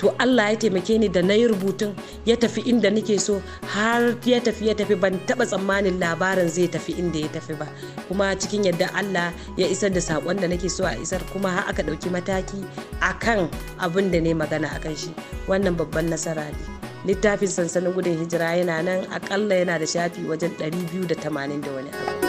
to Allah ya taimake ni da na yi rubutun ya tafi inda nake so har ya tafi ya tafi ban taba tsammanin labarin zai tafi inda ya tafi ba kuma cikin yadda Allah ya isar da sakon da nake so a isar kuma har aka dauki mataki akan abin da ne magana akan shi wannan babban nasara ne littafin sansanin gudun hijira yana nan akalla yana da shafi wajen 280 da wani abu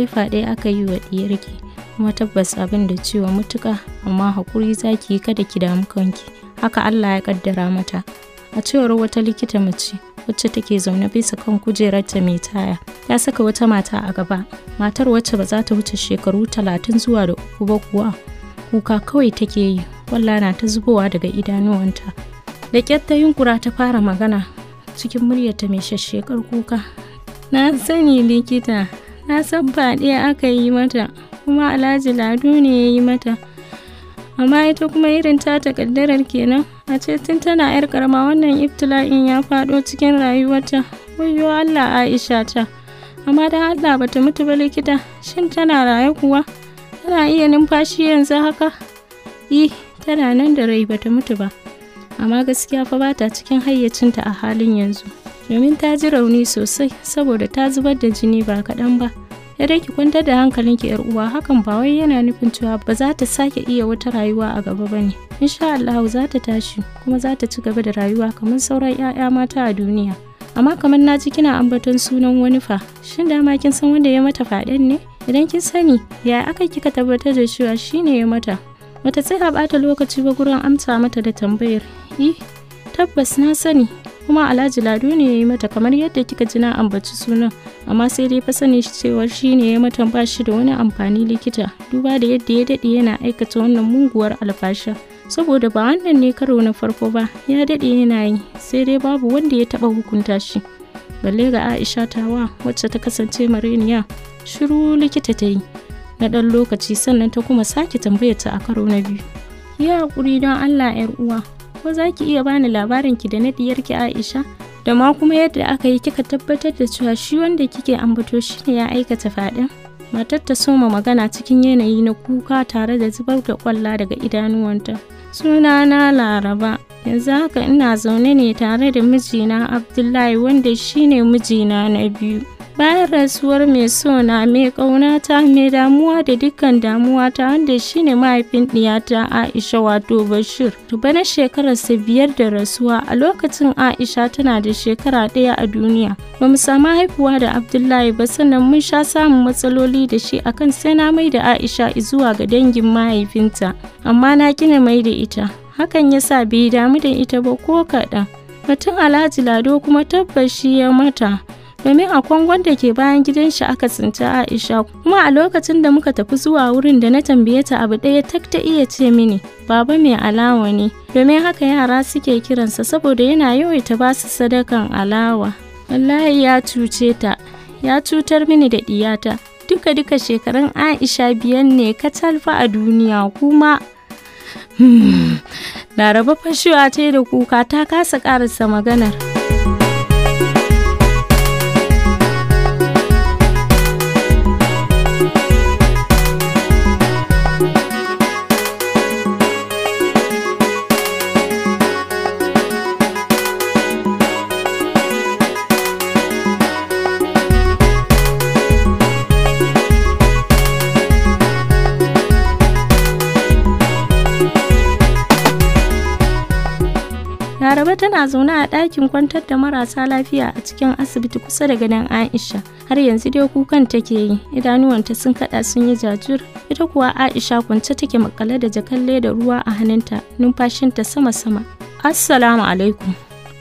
dai faɗe aka yi wa ɗiyarki kuma tabbas abin da cewa mutuka amma haƙuri zaki kada ki damu kanki haka Allah ya ƙaddara mata a cewar wata likita mace wacce take zaune bisa kan kujerarta mai taya ta saka wata mata a gaba matar wacce ba za ta wuce shekaru talatin zuwa da uku ba kuwa kuka kawai take yi walla na ta zubowa daga idanuwanta da ƙyar yunkura ta fara magana cikin muryarta mai shashshekar kuka na sani likita na san aka yi mata kuma alhaji Ladu ne ya yi mata amma ita kuma irin ta takaddarar kenan a ce tun tana yar karama wannan iftila'in ya faɗo cikin rayuwarta wayo allah aisha ta amma da allah bata mutu ba likita shin tana raye kuwa tana iya numfashi yanzu haka yi eh, tana nan da rai bata mutu ba amma gaskiya fa bata cikin hayyacinta a halin yanzu domin ta ji rauni sosai saboda ta zubar da jini ba kaɗan ba ya dai ki kwantar da hankalin ki yar uwa hakan ba wai yana nufin cewa ba za ta sake iya wata rayuwa a gaba ba ne insha Allah za ta tashi kuma za ta ci gaba da rayuwa kamar sauran 'ya'ya mata a duniya amma kamar na ji kina ambaton sunan wani fa shin dama kin san wanda ya mata faɗin ne idan kin sani ya aka kika tabbatar da cewa shine ya mata mata sai a bata lokaci ba gurin amsa mata da tambayar E, tabbas na sani kuma alhaji lado ne ya yi mata kamar yadda kika jina na ambaci sunan amma sai dai fa sani cewar shi ne ya mata ba shi da wani amfani likita duba da yadda ya daɗe yana aikata wannan munguwar alfasha saboda ba wannan ne karo na farko ba ya daɗe yana yi sai dai babu wanda ya taɓa hukunta shi balle ga aisha tawa wacce ta kasance mareniya shiru likita ta yi na ɗan lokaci sannan ta kuma sake tambayar ta a karo na biyu ya haƙuri don allah 'yar uwa ko za ki iya bani labarin ki da na diyarki Aisha da ma kuma yadda aka yi kika tabbatar da cewa shi wanda kike ambato shi ne ya aikata faɗin. Matar ta soma magana cikin yanayi na kuka tare da zubar da kwalla daga idanuwanta. Suna na Laraba, yanzu haka ina zaune ne tare da mijina Abdullahi wanda shine mijina na biyu. bayan rasuwar mai na mai ƙaunata mai damuwa da dukkan damuwata wanda ne mahaifin ɗiyata aisha wato bashir bana shekararsa biyar da rasuwa a lokacin aisha tana da shekara ɗaya a duniya ba mu samu haihuwa da abdullahi ba sannan mun sha samun matsaloli da shi akan sai na mai da aisha zuwa ga dangin mahaifinta amma na gina mai da ita hakan ya sa bai damu da ita ba ko kaɗan batun alhaji lado kuma tabbas ya mata domin a kwangon da ke bayan gidan shi aka tsinci Aisha kuma a lokacin da muka tafi zuwa wurin da na tambaye ta abu ɗaya tak ta iya ce mini baba mai alawa ne domin haka yara suke kiransa saboda yana yawaita ba su sadakan alawa wallahi ya cuce ta ya cutar mini da ɗiyata duka duka shekarun Aisha biyan ne ka talfa a duniya kuma Laraba hmm, fashewa ta da kuka ta kasa karasa maganar. Laraba tana zaune a ɗakin kwantar da marasa lafiya a cikin asibiti kusa da ganin Aisha. Har yanzu dai kukan take yi, idanuwanta sun kaɗa sun yi jajir. Ita kuwa Aisha kwance take makale da jakalle da ruwa a hannunta, numfashinta sama-sama. Assalamu alaikum.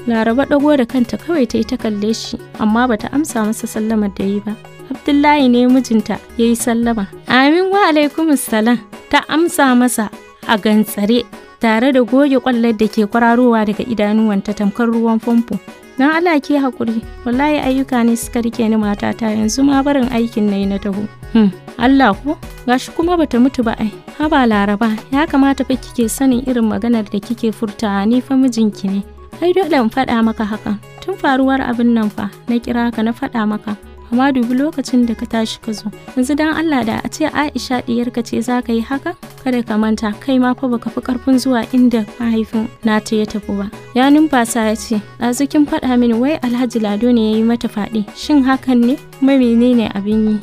Laraba ɗago da kanta kawai ta yi ta kalle shi, amma bata amsa masa sallamar da yi ba. Abdullahi ne mijinta ya yi sallama. Amin wa alaikumus salam ta amsa masa a gantsare. tare da goge kwallar da ke kwararowa daga idanuwanta tamkar ruwan famfo don Allah ke haƙuri wallahi ayyuka ne suka rike ni matata yanzu ma barin aikin na yi na taho hmm. Allah ko gashi kuma bata mutu ba ai haba laraba ya kamata fa kike sanin irin maganar da kike furtawa ni fa mijinki ne ai dole in faɗa maka haka tun faruwar abin nan fa na kira ka na faɗa maka amma dubi lokacin da ka tashi ka zo yanzu dan Allah da a ce Aisha ɗiyarka ce za ka yi haka kada ka manta kai ma fa baka fi karfin zuwa inda mahaifin nata ya tafi ba ya numfasa ya ce ɗazu kin faɗa mini wai Alhaji Lado ne ya yi mata faɗi shin hakan ne kuma menene abin yi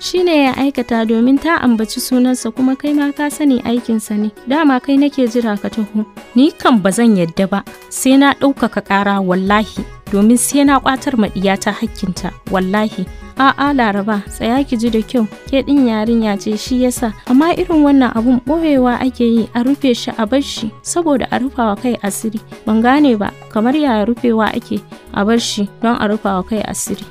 shi ne ya aikata domin ta ambaci sunansa kuma kai ma ka sani aikinsa ne dama kai nake jira ka taho ni kan ba zan yadda ba sai na ɗaukaka ƙara wallahi domin sai na ƙwatar ta hakkinta wallahi a'a laraba tsaya ki ji da kyau ke ɗin yarinya ce shi yasa amma irin wannan abun ɓoyewa ake yi a rufe shi a bar shi saboda a rufawa kai asiri ban gane ba kamar yaya rufewa ake a bar shi don a rufawa kai asiri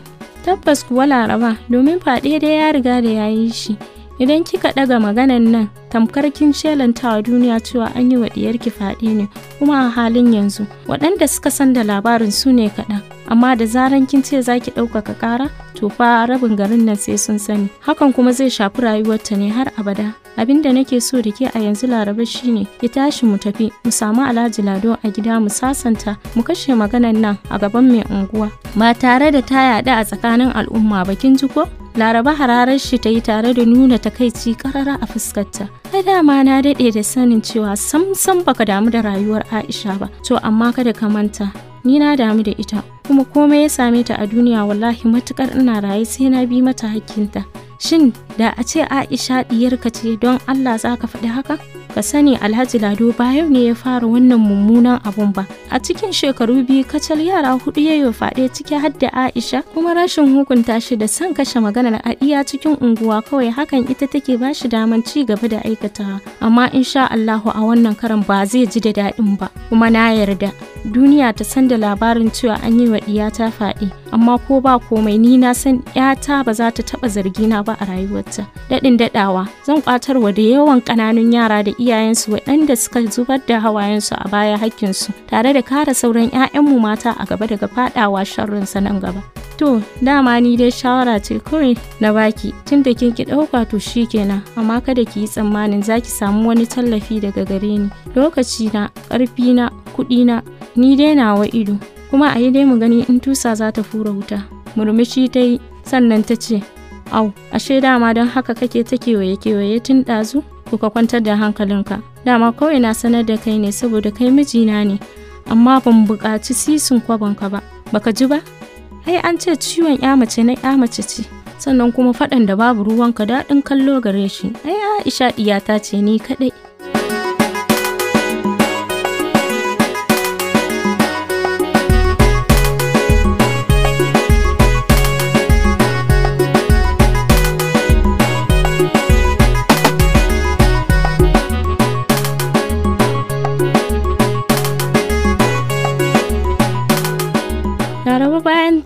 Tabbas kuwa Laraba, domin faɗe dai ya riga da ya yi shi. Idan kika ɗaga maganan nan, tamkar kin shelantawa duniya cewa an yi wa ɗiyarki faɗi ne, kuma a halin yanzu, waɗanda suka san da labarin su ne kaɗan. amma da zaran kin ce zaki ɗaukaka ƙara to fa rabin garin nan sai sun sani hakan kuma zai shafi rayuwarta ne har abada abin da nake so da ke a yanzu laraba shine ki tashi mu tafi mu samu alhaji lado a gida mu sasanta mu kashe maganan nan a gaban mai unguwa ba tare da ta yaɗu a tsakanin al'umma ba kin ji ko laraba hararar shi ta yi tare da nuna takaici karara a fuskarta ai ma na daɗe da sanin cewa sam sam baka damu da rayuwar aisha ba to amma kada ka manta ni na damu da ita kuma komai ya same ta a duniya wallahi matukar ina raye sai na bi mata hakkinta shin da a ce aisha diyarka ce don allah za ka faɗi haka Ba sani alhaji lado ba yau ne ya fara wannan mummunan abun ba a cikin shekaru biyu kacal yara hudu ya yi faɗe ciki har da aisha kuma rashin hukunta shi da san kashe maganar iya cikin unguwa kawai hakan ita take ba shi daman ci gaba da aikata. amma insha allahu a wannan karan ba zai ji da daɗin ba kuma na yarda duniya ta san da labarin cewa an yi wa ɗiyata faɗi amma ko ba komai ni na san ƴata ba za ta taɓa zargina ba a rayuwarta daɗin daɗawa zan ƙwatarwa da yawan ƙananun yara da iyayensu waɗanda suka zubar da hawayensu a baya hakkinsu tare da kare sauran 'ya'yanmu mata a gaba daga fadawa sharrinsa nan gaba. To, dama ni dai shawara ce kawai na baki tun da kin ki ɗauka to shi kenan amma kada ki yi tsammanin za ki samu wani tallafi daga gare ni lokaci na ƙarfi na kuɗi na ni dai nawa ido kuma a yi dai mu gani in tusa za ta fura wuta murmushi ta yi sannan ta ce au ashe dama don haka kake ta kewaye kewaye tun ɗazu uku ka kwantar da hankalinka dama kawai na sanar da kai ne saboda kai mijina ne amma ban buƙaci sisin kwabanka ba baka ji ba ai an ce ciwon ya mace na ya mace ce sannan kuma faɗan da babu ruwanka daɗin kallo gare shi ai aisha ɗiyata ce ni kaɗai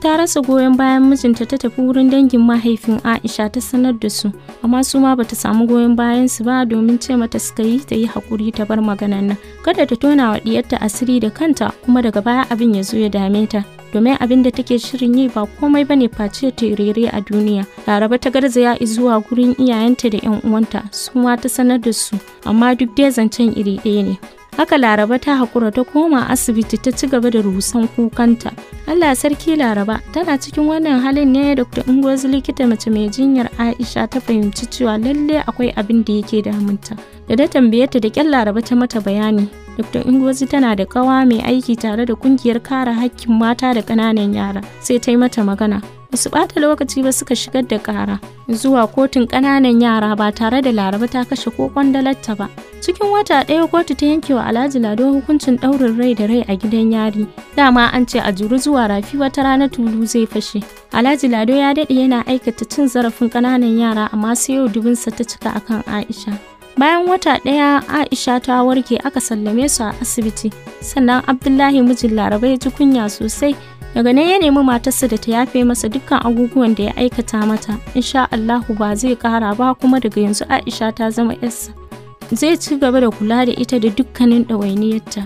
ta rasa goyon bayan mijinta ta tafi wurin dangin mahaifin Aisha ta sanar da su, amma su ma bata samu goyon bayan su ba domin ce mata suka yi ta yi hakuri ta bar maganan nan. Kada ta tona wa diyarta asiri da kanta kuma daga baya abin ya zo ya dame ta. domin abin da take shirin yi ba komai ba ne face terere a duniya laraba ta garzaya zuwa gurin iyayenta da 'yan uwanta su ma ta sanar da su amma duk dai zancen iri ɗaya ne haka laraba ta haƙura ta koma asibiti ta ci gaba da rusan kukanta allah sarki laraba tana cikin wannan halin ne dr ingozi likita mace mai jinyar aisha ta fahimci cewa lalle akwai abin da yake damunta da ta tambaye ta da kyan laraba ta mata bayani dr ingozi tana da kawa mai aiki tare da kungiyar kare hakkin mata da ƙananan yara sai ta yi mata magana Basu bata lokaci ba suka shigar da ƙara zuwa kotun ƙananan yara ba tare da laraba ta kashe ko kwandalarta ba cikin wata ɗaya kotu ta yanke wa alhaji lado hukuncin ɗaurin rai da rai a gidan yari dama an ce a juri zuwa rafi wata rana tulu zai fashe alhaji lado ya daɗe yana aikata cin zarafin ƙananan yara amma sai yau dubinsa ta cika akan aisha bayan wata ɗaya aisha ta warke aka sallame su a asibiti sannan abdullahi mijin laraba ya ji kunya sosai daga nan ya nemi matarsa da ta yafe masa dukkan abubuwan da ya aikata mata insha Allahu ba zai kara ba kuma daga yanzu Aisha ta zama yarsa zai ci gaba da kula da ita da dukkanin ɗawainiyarta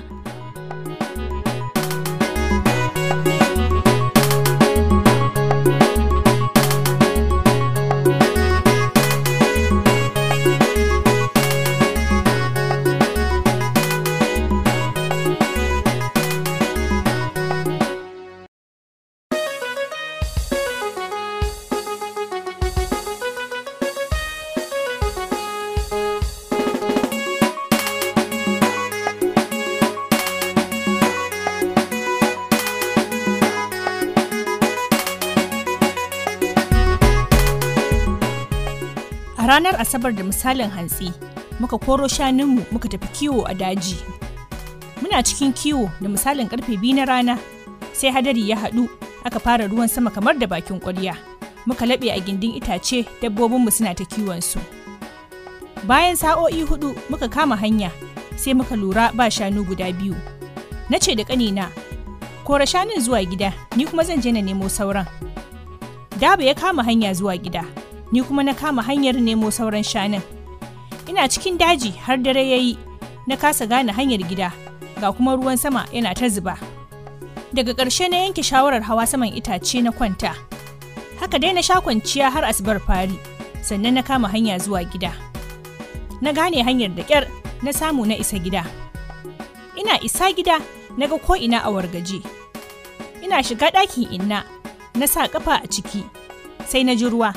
asabar da misalin hantsi muka koro shanunmu muka tafi kiwo a daji muna cikin kiwo da misalin karfe biyu na rana sai hadari ya haɗu aka fara ruwan sama kamar da bakin ƙwarya muka laɓe a gindin itace dabbobinmu suna ta kiwonsu bayan sa'o'i hudu muka kama hanya sai muka lura ba shanu guda biyu na ce da ƙanina kora shanun zuwa gida ni kuma zan je na nemo sauran daba ya kama hanya zuwa gida ni kuma na kama hanyar nemo sauran shanin. Ina cikin daji har dare ya yi, na kasa gane hanyar gida, ga kuma ruwan sama yana ta zuba. Daga ƙarshe na yanke shawarar hawa saman itace na kwanta. Haka dai na sha kwanciya har asibar fari, sannan na kama hanya zuwa gida. Na gane hanyar da ƙyar na samu na isa gida. Ina isa gida na ga ko'ina a wargaje. Ina shiga ɗakin inna, na sa ƙafa a ciki, sai na ji ruwa.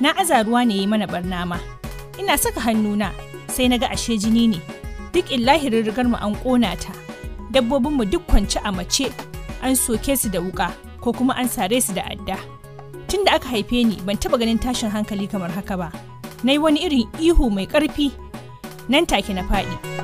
na aza ruwa ne yi mana barna ma ina saka hannuna sai na ga ashe jini ne duk illahirin rigar mu an ƙona ta dabbobin mu duk kwanci a mace an soke su da wuƙa, ko kuma an sare su da adda tun da aka haife ni ban taɓa ganin tashin hankali kamar haka ba na yi wani irin ihu mai ƙarfi nan take na faɗi.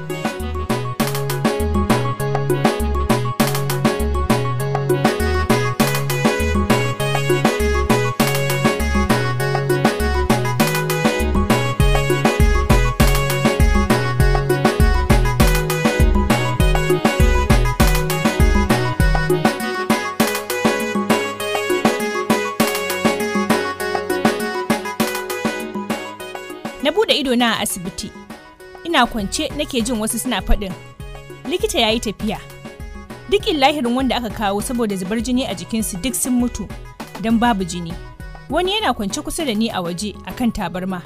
idona a asibiti ina kwance nake jin wasu suna faɗin likita ya yi tafiya duk lahirin wanda aka kawo saboda zubar jini a jikinsu duk sun mutu don babu jini wani yana kwance kusa da ni a waje a kan tabarma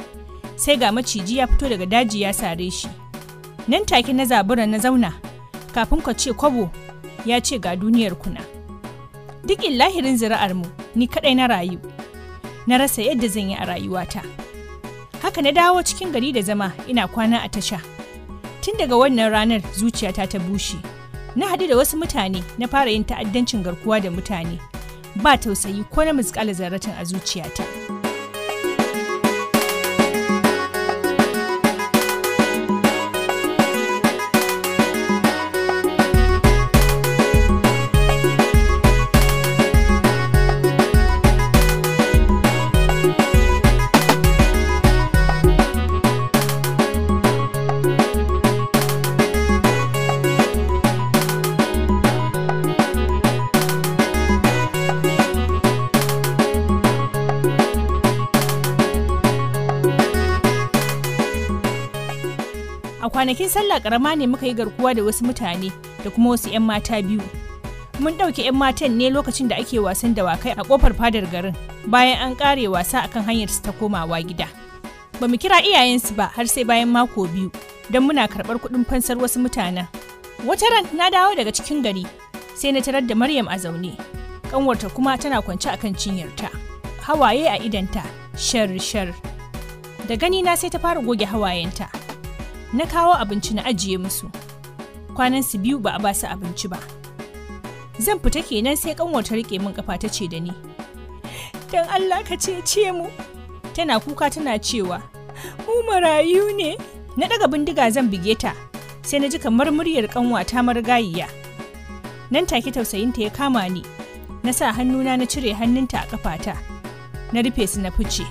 sai ga maciji ya fito daga daji ya sare shi nan take na zabura na zauna kafin ka ce kwabo ya ce ga duniyar kuna duk lahirin zira'ar mu ni kadai na rayu na rasa yadda zan yi a rayuwata haka na dawo cikin gari da zama ina kwana a tasha tun daga wannan ranar zuciyata ta bushe na haɗu da wasu mutane na fara yin ta'addancin garkuwa da mutane ba tausayi ko na muzƙala zarratin a zuciyata. Kwanakin sallah karama ne muka yi garkuwa da wasu mutane da kuma wasu 'yan mata biyu. Mun ɗauki 'yan matan ne lokacin da ake wasan dawakai a ƙofar fadar garin bayan an ƙare wasa akan hanyar su ta komawa gida. Ba mu kira iyayensu ba har sai bayan mako biyu don muna karɓar kuɗin fansar wasu mutanen. Wata ran na dawo daga cikin gari sai na tarar da Maryam a zaune. Ƙanwarta kuma tana kwance a akan cinyarta. Hawaye a idanta, shar shar. Da gani na sai ta fara goge hawayenta. na kawo abinci na ajiye musu kwanan su biyu ba a ba su abinci ba zan fita kenan sai kanwar ta rike min kafa ta ce da ni dan Allah ka cece mu tana kuka tana cewa mu marayu ne na daga bindiga zan buge ta sai na ji kamar muryar kanwa ta marigayiya nan take tausayinta ya kama ni na sa hannuna na cire hannunta a kafata na rufe su na fice.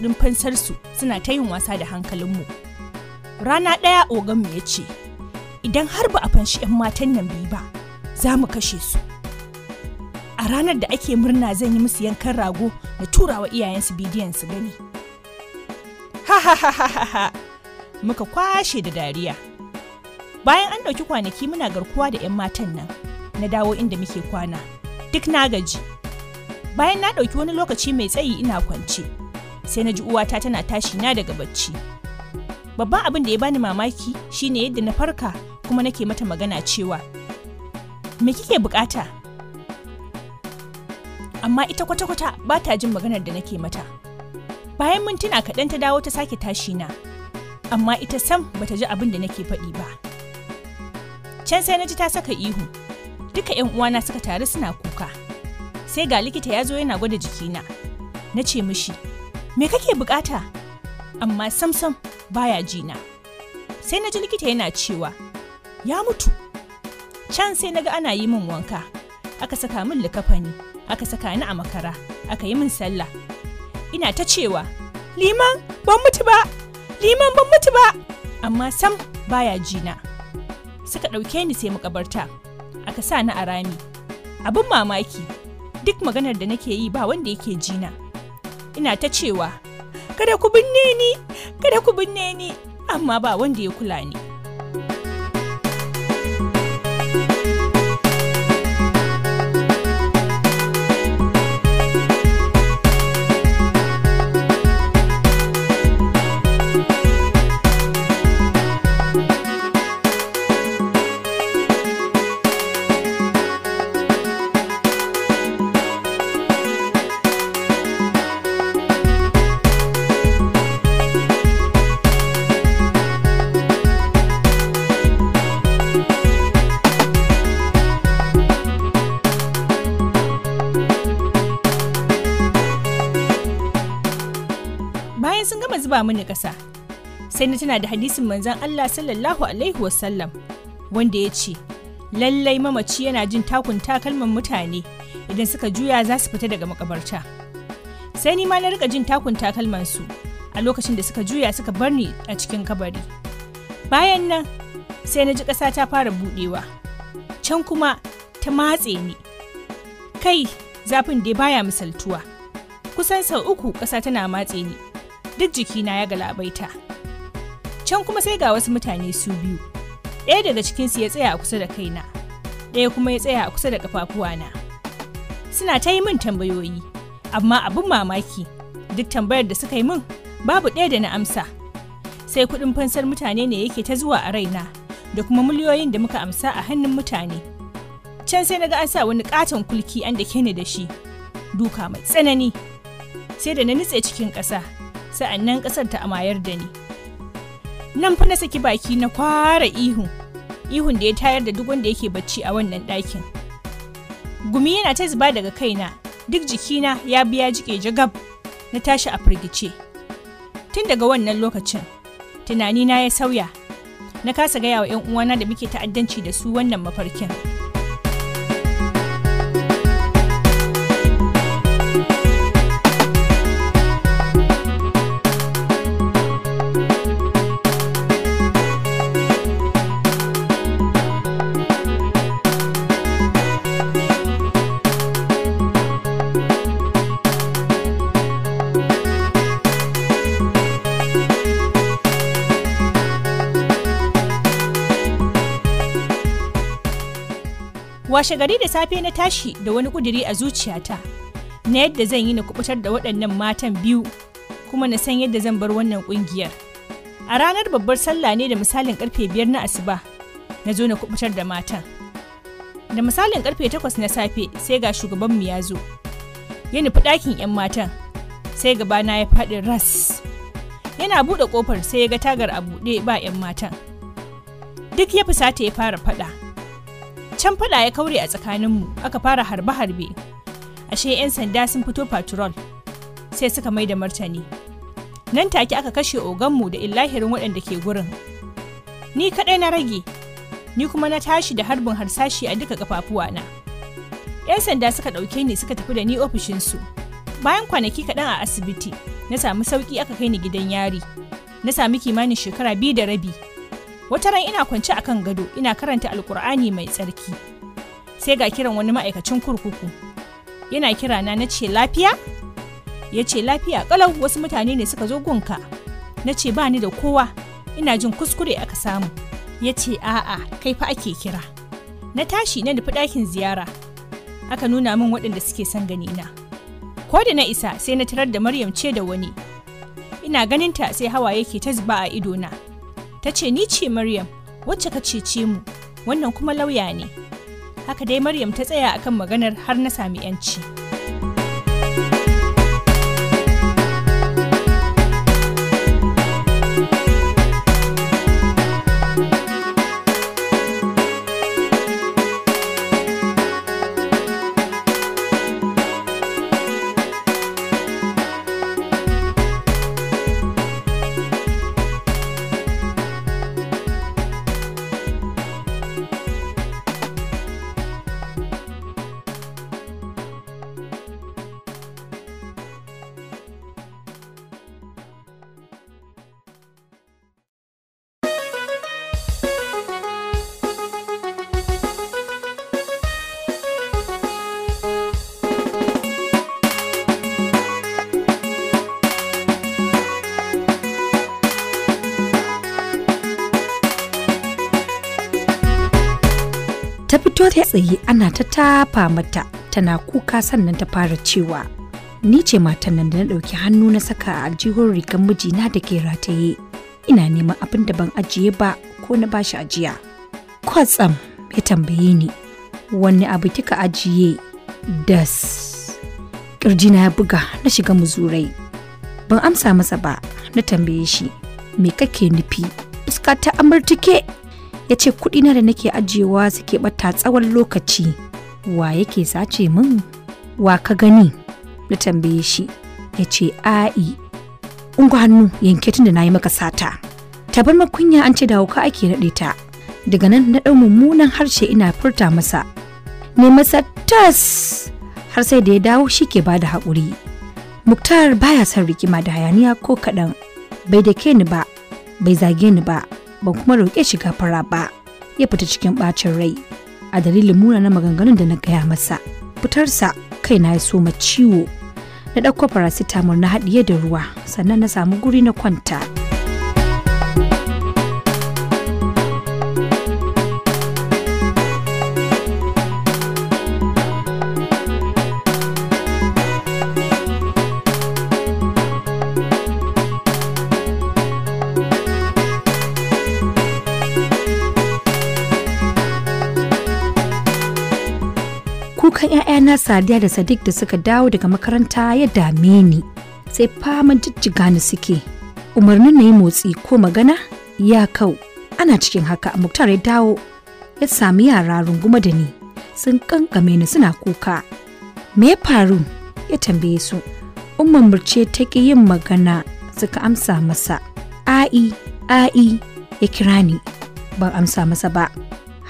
kudin fansarsu suna ta yin wasa da hankalinmu. Rana ɗaya oganmu ya ce, idan har ba a fanshi 'yan matan nan biyu ba, za mu kashe su. A ranar da ake murna zan yi musu yankan rago da turawa iyayensu bidiyon su gani. Ha ha ha ha ha! Muka kwashe da dariya. Bayan an ɗauki kwanaki muna garkuwa da 'yan matan nan, na dawo inda muke kwana. Duk na gaji. Bayan na ɗauki wani lokaci mai tsayi ina kwance. sai na ji uwata tana tashi na daga bacci babban abin da ya bani mamaki shine yadda na farka kuma nake mata magana cewa me kike bukata amma ita kwata-kwata ba ta jin maganar da nake mata bayan mintuna kaɗan ta dawo ta sake tashi na amma ita sam bata ji abin da nake faɗi ba can sai na ji ta saka ihu duka 'yan uwana suka taru suna kuka sai ga likita ya zo yana gwada jikina na ce mishi me kake bukata amma samsam baya jina sai na ji likita yana cewa ya mutu can sai na ga ana yi min wanka aka saka min likafani aka saka ni a makara aka yi min sallah ina ta cewa liman ban mutu ba liman ban mutu ba amma sam baya jina suka ɗauke ni sai makabarta aka sa ni a rami abin mamaki duk maganar da nake yi ba wanda yake jina ina ta cewa kada ku binne ni kada ku binne ni amma ba wanda ya kula ni mini ƙasa sai na tana da hadisin manzan Allah sallallahu alaihi wasallam wanda ya ce lallai mamaci yana jin takun takalman mutane idan suka juya za su fita daga makabarta sai ni ma na rika jin takun takalman su a lokacin da suka juya suka bar ni a cikin kabari bayan nan sai na ji ƙasa ta fara buɗewa can kuma ta matse ni kai zafin dai baya misaltuwa kusan sau uku ƙasa tana matse ni duk jikina ya galabaita can kuma sai ga wasu mutane su biyu ɗaya daga cikinsu ya tsaya a kusa da kaina ɗaya kuma ya tsaya a kusa da ƙafafuwana suna ta yi min tambayoyi amma abin mamaki duk tambayar da suka yi min babu ɗaya da na amsa sai kuɗin fansar mutane ne yake ta zuwa a raina da kuma miliyoyin da muka amsa a hannun mutane can sai na ga an sa wani katon kulki an da ni da shi duka mai tsanani sai da na nutse cikin ƙasa sa'annan kasar ta amayar da ni nan fa na saki baki na kwara ihu ihun da ya tayar da duk wanda yake bacci a wannan ɗakin gumi yana ta zuba daga kaina duk jikina ya biya jike jagab na tashi a firgice tun daga wannan lokacin tunanina ya sauya na kasa gaya wa 'yan uwana da muke ta'addanci da su wannan mafarkin. washe gari da safe na tashi da wani ƙudiri a zuciyata na yadda zan yi na kubutar da waɗannan matan biyu kuma na san yadda zan bar wannan ƙungiyar a ranar babbar sallah ne da misalin karfe biyar na asuba na zo na kubutar da matan da misalin karfe takwas na safe sai ga shugabanmu ya zo ya nufi ɗakin 'yan matan sai gabana ya faɗi ras yana buɗe ƙofar sai ya ga tagar a buɗe ba 'yan matan duk ya fusata ya fara faɗa can fada ya kaure a tsakaninmu aka fara harbe-harbe ashe 'yan sanda sun fito patrol sai suka mai da martani nan take aka kashe oganmu da illahirin waɗanda ke gurin ni kaɗai na rage ni kuma na tashi da harbin harsashi a duka na 'yan sanda suka ɗauke ni suka tafi da ni ofishinsu bayan kwanaki kaɗan a asibiti na samu sauƙi aka kai ni gidan yari na sami kimanin shekara biyu da rabi wata ran ina kwance akan gado ina karanta alkur'ani mai tsarki sai ga kiran wani ma'aikacin kurkuku yana kira na na ce lafiya ya ce lafiya kalau wasu mutane ne suka zo gunka na ce ba ni da kowa ina jin kuskure aka samu ya ce a'a kai fa ake kira na tashi na nufi ɗakin ziyara aka nuna min waɗanda suke son gani na ko da na isa sai na tarar da maryam ce da wani ina ganinta sai hawa yake ta zuba a idona. ta ce ni ce Maryam wacce ka cece mu wannan kuma lauya ne haka dai Maryam ta tsaya akan maganar har na sami 'yanci. ta tsaye ana ta tafa mata tana kuka sannan ta fara cewa ni ce matan nan da na ɗauki hannu na saka a aljihun rigar mijina da ke rataye ina neman abin da ban ajiye ba ko na bashi ajiya kwatsam ya tambaye ni wani abu kika ajiye das ƙirjina ya buga na shiga muzurai ban amsa masa ba na tambaye shi me kake nufi fuska ta amurtuke ya ce na da nake ajiyewa suke ɓata tsawon lokaci wa yake sace min wa ka gani na tambaye shi ya ce a'i ungu hannu yanke tun da na yi maka sata tabar makunya an ce da ka ake naɗe ta daga nan na ɗau mummunan harshe ina furta masa ne masa tas har sai da ya dawo shi ke bada haƙuri muktar baya son rikima da hayaniya ko kaɗan bai da ke ni ba bai zage ni ba ban kuma roƙe shiga gafara ba ya fita cikin ɓacin rai a dalilin muna na maganganun da na gaya masa fitarsa kai na ya ma ciwo na ɗauko paracetamol na haɗiye da ruwa sannan na samu guri na kwanta. kukan 'ya'yana sadiya da sadiq da suka dawo daga makaranta ya dame ni sai faman jijjiga ni suke umarnin na yi motsi ko magana ya kau ana cikin haka muktar ya dawo ya sami yara runguma da ni sun kankame ni suna kuka me ya faru ya tambaye su umman murce ta ki yin magana suka amsa masa ai ai ya kira ni ban amsa masa ba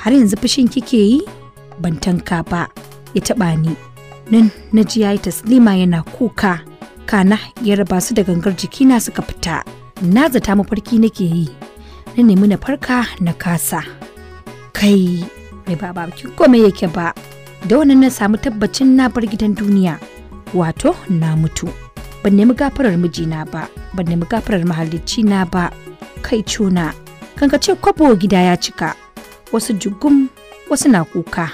har yanzu fushin kike yi ban tanka ba ya taɓa ni nan na ji yayi taslima yana kuka kana ya raba su da gangar jikina suka fita na zata mafarki nake yi na nemi na farka na kasa kai mai ba ki kome yake ba da wannan na samu tabbacin na bar gidan duniya wato na mutu ban nemi gafarar mijina ba ban nemi gafarar mahalicci na ba kai cuna kankace kwabo gida ya cika wasu jugum wasu na kuka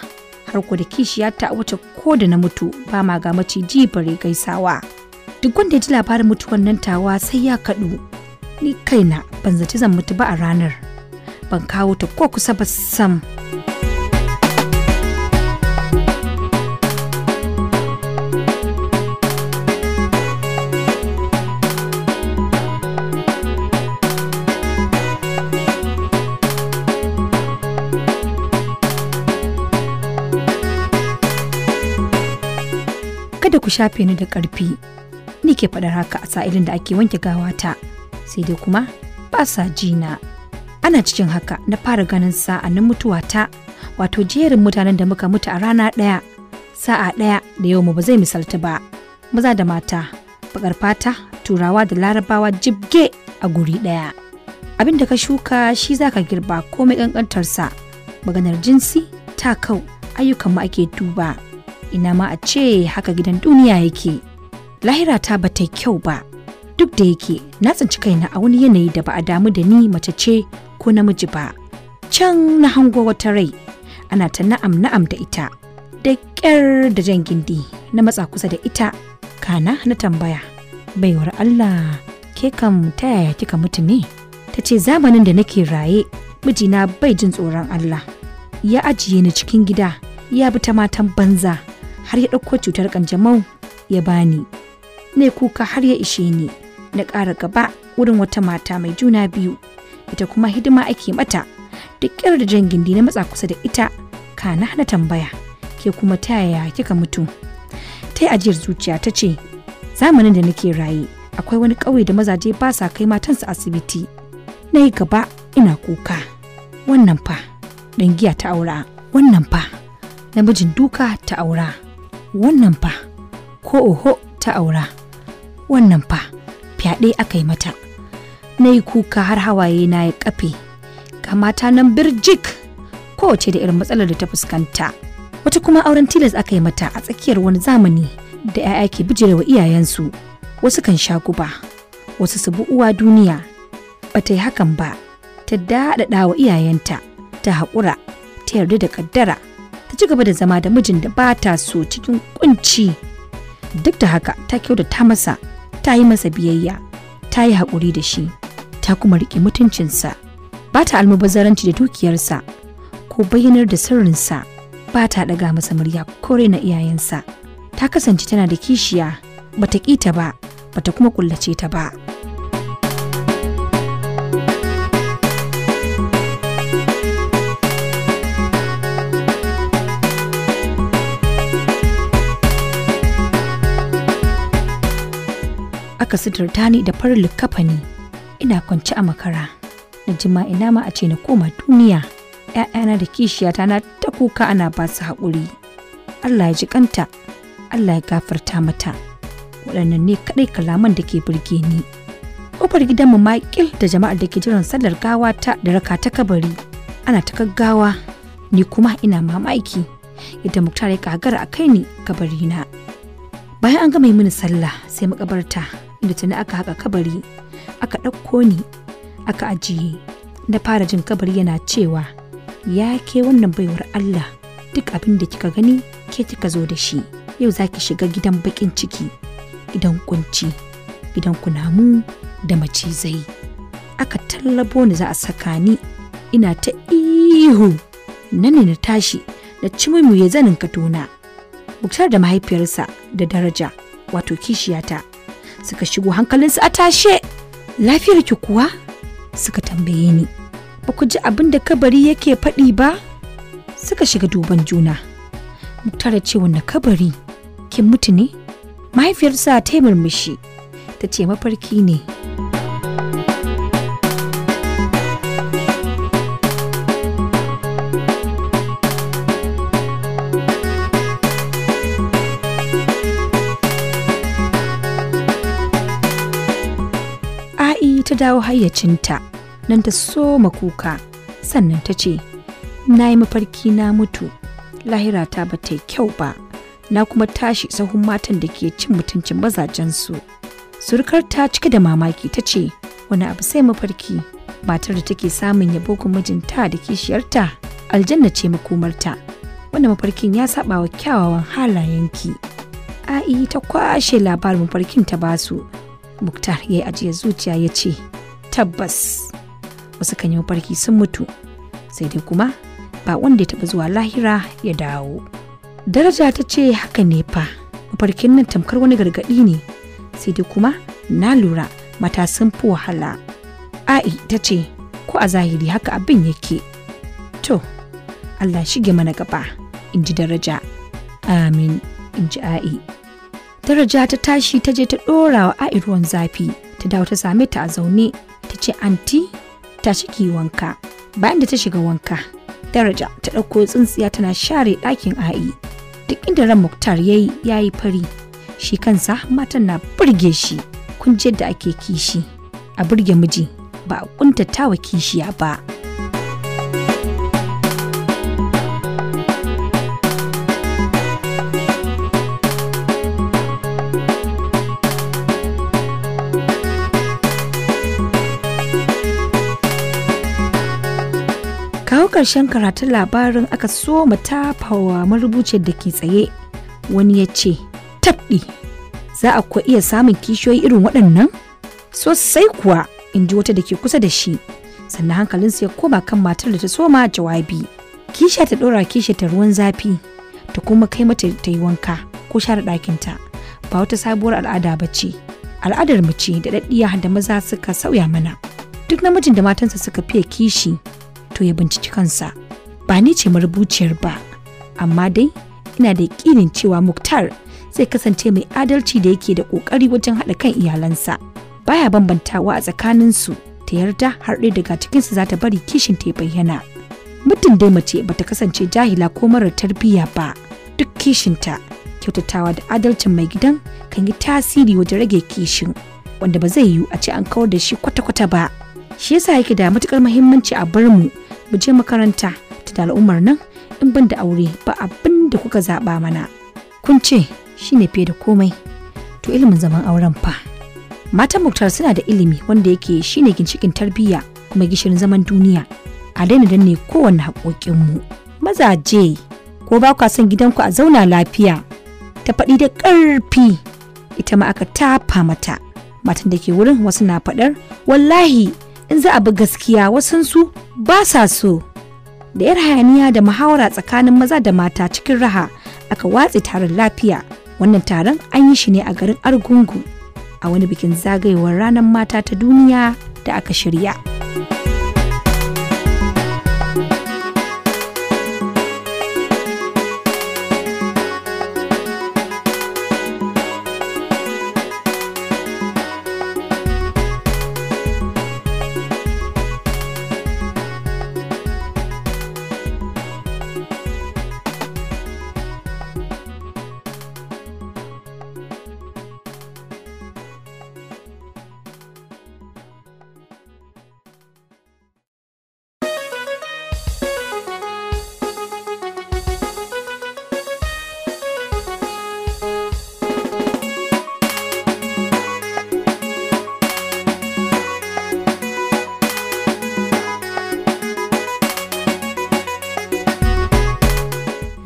har ko da kishiyata wuce ko da na mutu ba ma ga maciji bare gaisawa duk wanda ya ji labarin mutuwar nan tawa sai ya kaɗu ni kaina ban zaci zan mutu ba a ranar ban kawo ta ko kusa ba sam kada ku shafe ni da ƙarfi ni ke faɗar haka a sa'ilin da ake wanke gawa ta, sai dai kuma ba sa jina ana cikin haka na fara ganin sa'a na mutuwa ta, wato jerin mutanen da muka mutu a rana ɗaya sa'a ɗaya da yau mu ba zai misalta ba maza da mata bakar fata turawa da larabawa jibge a guri ɗaya abin da ka shuka shi za ka girba komai ƙanƙantarsa maganar jinsi ta kau ayyukan mu ake duba ina ma a ce haka gidan duniya yake lahira ta ba ta kyau ba duk da yake na tsinci kaina a wani yanayi da ba a damu da ni mace ce ko namiji ba can na hango wata rai ana ta na'am na'am da ita da ƙyar da jan gindi na matsa kusa da ita kana na tambaya baiwar allah ke kam ta yaya kika mutu ne ta ce zamanin da nake raye mijina bai jin tsoron allah ya ajiye ni cikin gida ya bi ta matan banza har ya ɗauko cutar kanjamau ya bani ne kuka har ya ishe ni na ƙara gaba wurin wata mata mai juna biyu ita kuma hidima ake mata Duk ƙirar da jan gindi na matsa kusa da ita kana na tambaya ke kuma ta yaya kika mutu ta yi ajiyar zuciya ta ce zamanin da nake raye akwai wani ƙauye da mazaje ba sa kai matansa asibiti na yi gaba ina kuka wannan fa giya ta aura wannan fa namijin duka ta aura wannan fa ko oho ta aura wannan fa fyaɗe aka yi mata na yi kuka har hawaye na ya kafe mata nan birjik kowace da irin matsalar da ta fuskanta wata kuma auren tilas aka yi mata a tsakiyar wani zamani da 'ya'ya ke bijira wa iyayensu wasu kan sha guba wasu su uwa duniya ba ta yi hakan ba ta daɗaɗa wa iyayenta ta haƙura ta yarda da ƙaddara ta ci gaba da zama da mijin da ba ta so cikin kunci duk da haka ta kyau da ta masa ta yi masa biyayya ta yi haƙuri da shi ta kuma riƙe mutuncinsa ba ta almubazzaranci da dukiyarsa ko bayyanar da sirrinsa ba ta ɗaga masa murya ko na iyayensa ta kasance tana da kishiya bata ƙi ta ba bata kuma kullace ta ba. aka suturta ni da farin ne ina kwance a makara na jima ina ma a ce na koma duniya ‘ya'yana da kishiyata na ta kuka ana ba su haƙuri Allah ya ji kanta Allah ya gafarta mata waɗannan ne kaɗai kalaman da ke burge ni ƙofar gidanmu makil da jama'ar da ke jiran sallar gawa ta da raka ta kabari ana ta gaggawa ni kuma ina mamaki yadda muktar ya kagara a kai ni kabarina bayan an gama yi mini sallah sai makabarta inda tuni aka haƙa kabari aka ɗauko ni aka ajiye na fara jin kabari yana cewa ya ke wannan baiwar Allah duk abin da kika gani ke kika zo da shi yau za ki shiga gidan baƙin ciki gidan kunci gidan kunamu da macizai aka tallabo ni za a saka ni ina ta ihu na ne na tashi na ci ya zanin katona buktar da mahaifiyarsa da daraja wato kishiyata suka shigo hankalinsu a tashe lafiyar ki kuwa suka tambaye ni ba ku ji abin da kabari yake faɗi ba suka shiga duban juna tara ce wanne kabari kin mutu ne mahaifiyarsa ta yi murmushi ta ce mafarki ne ta dawo hayyacinta nan ta soma kuka sannan ta ce na yi mafarki na mutu Lahirata ta ba ta yi kyau ba na kuma tashi sahun matan da ke cin mutuncin mazajensu surukar ta cike da mamaki ta ce wani abu sai mafarki matar da take samun yabo kun mijinta da kishiyarta aljanna ce makomarta wanda mafarkin ya saba wa kyawawan halayenki a'i ta kwashe labarin mafarkin ta basu muktar ya yi ajiye zuciya ya ce tabbas wasu kan yi mafarki sun mutu sai dai kuma ba wanda ya taɓa zuwa lahira ya dawo daraja ta ce haka ne fa mafarkin nan tamkar wani gargaɗi ne sai dai kuma na lura mata sun fi wahala ai ta ce ko a zahiri haka abin yake to allah shige mana gaba in ji daraja amin in ji ai daraja ta tashi ta je ta dora wa a'i ruwan zafi ta dawo ta same ta a zaune ta ce anti ta ki wanka bayan da ta shiga wanka daraja ta ɗauko tsintsiya tana share ɗakin a'i duk inda ran muktar ya yi fari shi kansa matan na burge shi kun da ake kishi a burge miji ba a kuntatawa kishiya ba. kawo ƙarshen karatun labarin aka so mu tafawa marubuciyar da ke tsaye wani ya ce tabbi! za a kuwa iya samun kishiyoyi irin waɗannan sosai kuwa in ji wata da ke kusa da shi sannan hankalinsa ya koma kan matar da ta soma jawabi kisha ta ɗora kisha ta ruwan zafi ta kuma kai mata ta yi wanka ko share ɗakinta ba wata sabuwar al'ada ba ce al'adar mu ce da ɗaɗɗiya da maza suka sauya mana duk namijin da matansa suka fiye kishi to ya binciki kansa ba ni ce marubuciyar ba amma dai ina da yakinin cewa muktar zai kasance mai adalci da yake da ƙoƙari wajen haɗa kan iyalansa baya bambantawa a tsakaninsu ta yarda har ɗaya daga cikinsu za ta bari kishin ta bayyana muddin dai mace bata kasance jahila ko marar tarbiyya ba duk kishinta kyautatawa da adalcin mai gidan kan yi tasiri wajen rage kishin wanda ba zai yiwu a ce an kawar da shi kwata-kwata ba shi yasa yake da matukar muhimmanci a bar mu mu je makaranta ta da al'ummar nan in ban da aure ba abin da kuka zaɓa mana kun ce shine fiye da komai to ilimin zaman auren fa matan muktar suna da ilimi wanda yake shine ginshikin tarbiyya kuma gishirin zaman duniya a daina danne kowanne mu. mazaje ko ba kwa son gidanku a zauna lafiya ta faɗi da ƙarfi ita ma aka tafa mata matan da ke wurin wasu na faɗar wallahi in za a bi gaskiya wasansu ba sa so da yar hayaniya da muhawara tsakanin maza da mata cikin raha aka watse taron lafiya wannan taron an yi shi ne a garin argungu a wani bikin zagayewar ranar mata ta duniya da aka shirya.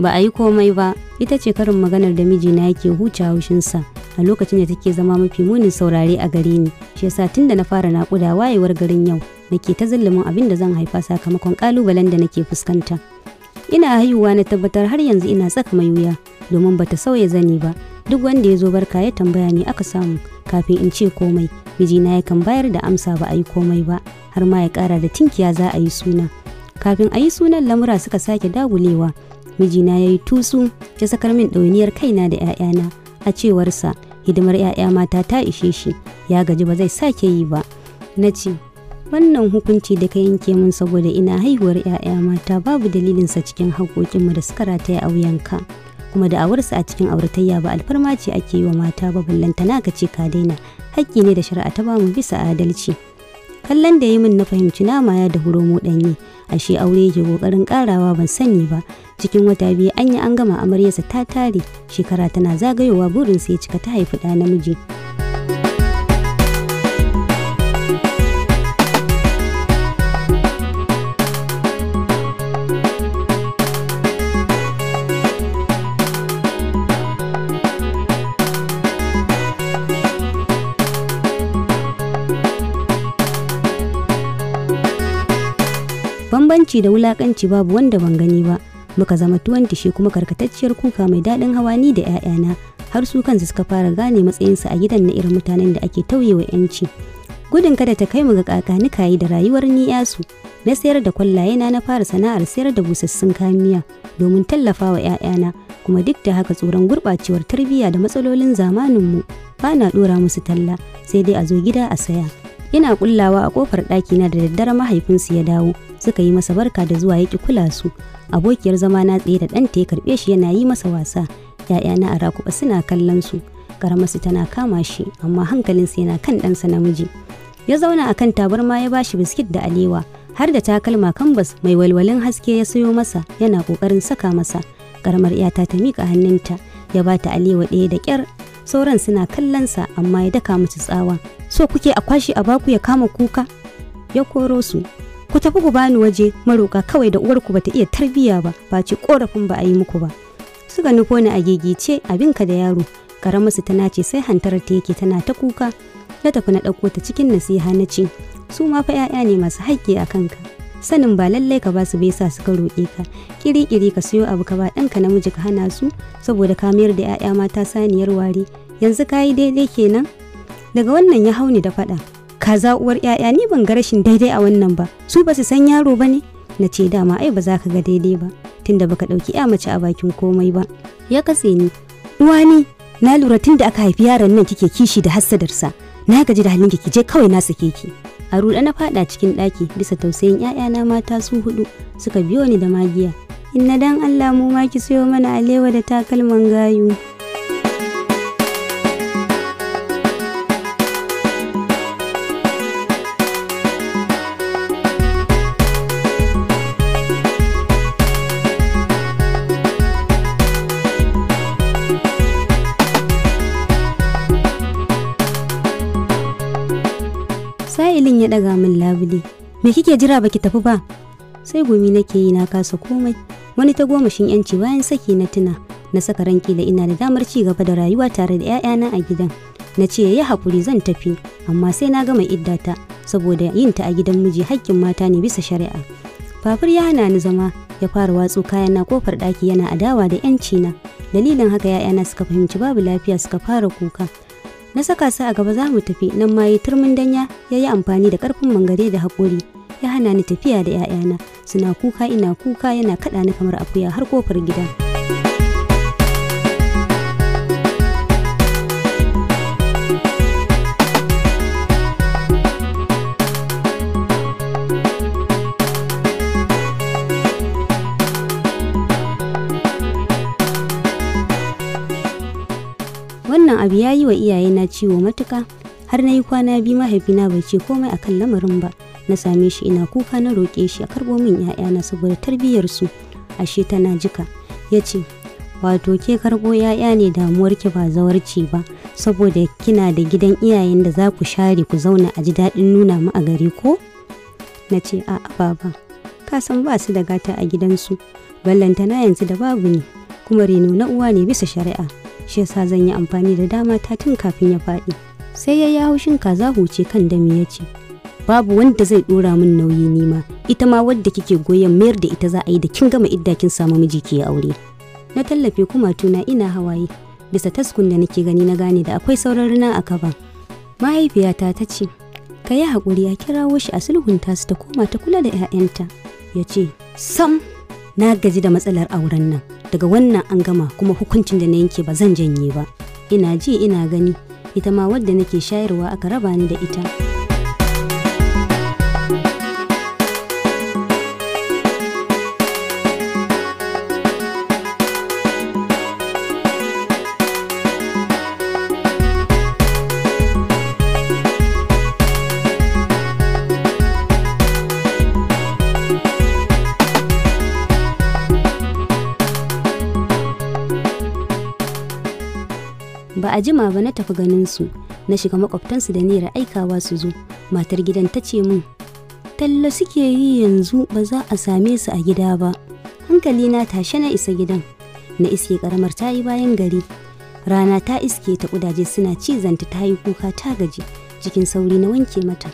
ba a yi komai ba ita ce karin maganar da mijina yake huce haushinsa a lokacin da take zama mafi munin saurare a gare ni shi yasa tun da na fara naƙuda wayewar garin yau nake ta zallumin abin da zan haifa sakamakon ƙalubalen da nake fuskanta ina haihuwa na tabbatar har yanzu ina tsaka mai wuya domin bata sauya zani ba duk wanda ya zo barka ya tambaya ni aka samu kafin in ce komai mijina ya kan bayar da amsa ba a yi komai ba har ma ya ƙara da tinkiya za a yi suna kafin a yi sunan lamura suka sake dagulewa mijina ya yi tusu ya sakar min ɗauniyar kaina da 'ya'yana a cewarsa hidimar 'ya'ya mata ta ishe shi ya gaji ba zai sake yi ba na ce wannan hukunci da ka yanke mun saboda ina haihuwar 'ya'ya mata babu dalilinsa cikin haƙoƙinmu da suka rataya a wuyanka kuma awarsa a cikin auratayya ba alfarma ce ake yi wa mata ba na ka ce ka daina haƙƙi ne da shari'a ta bamu bisa adalci kallon da ya min na fahimci nama ya da huro mu ɗanye ashe aure yake kokarin karawa ban sani ba cikin wata biyu yi an gama amaryarsa ta tare shekara tana zagayowa burin sai cika ta haifi ɗa namiji bambanci da wulakanci babu wanda ban gani ba muka zama tuwon dishe kuma karkatacciyar kuka mai daɗin hawa ni da 'ya'yana har su kansu suka fara gane matsayinsu a gidan na irin mutanen da ake tauyewa 'yanci gudun kada ta kai mu ga kakani kayi da rayuwar ni yasu na sayar da kwallaye na na fara sana'ar sayar da busassun kamiya domin tallafa wa 'ya'yana kuma duk da haka tsoron gurɓacewar tarbiyya da matsalolin zamaninmu ba na ɗora musu talla sai dai a zo gida a saya yana kullawa a kofar ɗaki na da daddare mahaifinsu ya dawo suka yi masa barka da zuwa ya yaki kula su abokiyar zama na tsaye da ɗanta ya karɓe shi yana yi masa wasa ‘ya'ya na arakuba suna kallon su karamarsu tana kama shi amma hankalinsa yana kan ɗansa namiji ya zauna a kan tabarma ya bashi biskit da alewa har da takalma kambas mai walwalin haske ya sayo masa yana ƙoƙarin saka masa karamar ‘yata ta miƙa hannunta ya bata alewa ɗaya da kyar. sauran suna kallonsa amma ya daka musu tsawa so kuke a kwashi a baku ya kama kuka ya koro su ku tafi ku bani waje maroka kawai da uwarku bata iya tarbiyya ba ba ce korafin ba a yi muku ba suka nufo ni a gegice abinka da yaro karamarsu tana ce sai hantar ta yake tana ta kuka na tafi na ɗauko ta cikin nasiha na ce su ma fa 'ya'ya ne masu haƙƙi a kanka sanin ba lallai ka ba su bai sa suka roƙe ka kiri-kiri ka siyo abu ka ba ɗanka namiji ka hana su saboda ka mayar da 'ya'ya mata saniyar ware yanzu ka yi daidai kenan daga wannan ya hau ni da faɗa kaza uwar 'ya'ya ni ban ga rashin daidai a wannan ba su ba su san yaro ba ne na ce dama ai ba za ka ga daidai ba tunda baka ɗauki 'ya mace a bakin komai ba ya katse ni uwani na lura tunda aka haifi yaron nan kike kishi da hassadarsa na gaji da halin ki je kawai na sake ki a ruɗe na faɗa cikin ɗaki bisa tausayin 'ya'yana mata su hudu suka biyo ni da magiya inna dan allah mu ma ki sayo mana alewa da takalman gayu sa'ilin ya ɗaga min labule me kike jira baki tafi ba sai gumi nake yi na kasa komai wani ta gomashin yanci bayan saki na tuna na saka ranki kila ina da damar ci gaba da rayuwa tare da 'ya'yana a gidan na ce ya hakuri zan tafi amma sai na gama iddata saboda yin ta a gidan miji hakkin mata ne bisa shari'a fafur ya hana ni zama ya fara watsu kayan na kofar ɗaki yana adawa da 'yanci na dalilin haka 'ya'yana suka fahimci babu lafiya suka fara kuka na saka su a gaba za mu tafi nan ma yi turmin danya ya yi amfani da ƙarfin mangare da haƙori ya hana ni tafiya da 'ya'yana suna kuka ina kuka yana kaɗa ni kamar akuya har kofar gida. wannan abu ya yi wa iyaye na ciwo matuka har na yi kwana biyu mahaifina bai ce komai akan lamarin ba na same shi ina kuka na roƙe shi a karɓo min 'ya'yana saboda tarbiyyarsu ashe tana jika ya ce wato ke karɓo 'ya'ya ne damuwar ki ba zawarci ba saboda kina da gidan iyayen da za ku share ku zauna a ji daɗin nuna mu a gari ko na ce a'a baba ka san ba su da gata a gidansu ballantana yanzu da babu ne kuma reno na uwa ne bisa shari'a shi yasa zan yi amfani da dama ta tun kafin ya faɗi sai ya yi haushin kaza huce kan dami ya ce babu wanda zai dora min nauyi nima ita ma wadda kike goyon mayar da ita za a yi da kin gama idda kin samu miji ke aure na tallafe kuma tuna ina hawaye bisa taskun da nake gani na gane da akwai sauran rina a kaba mahaifiyata ta ce ka yi haƙuri a kirawo shi a sulhunta su ta koma ta kula da 'ya'yanta ya ce sam na gaji da matsalar auren nan daga wannan an gama kuma hukuncin da na yanke ba zan janye ba ina ji ina gani ita ma wadda nake shayarwa aka raba ni da ita. ba a jima ba na tafi ganin su na shiga makwabtansu da nera aikawa su zo matar gidan ta ce min talla suke yi yanzu ba za a same su a gida ba hankali na tashe na isa gidan na iske karamar ta yi bayan gari rana ta iske ta kudaje suna cizanta ta yi kuka ta gaji cikin sauri na wanke mata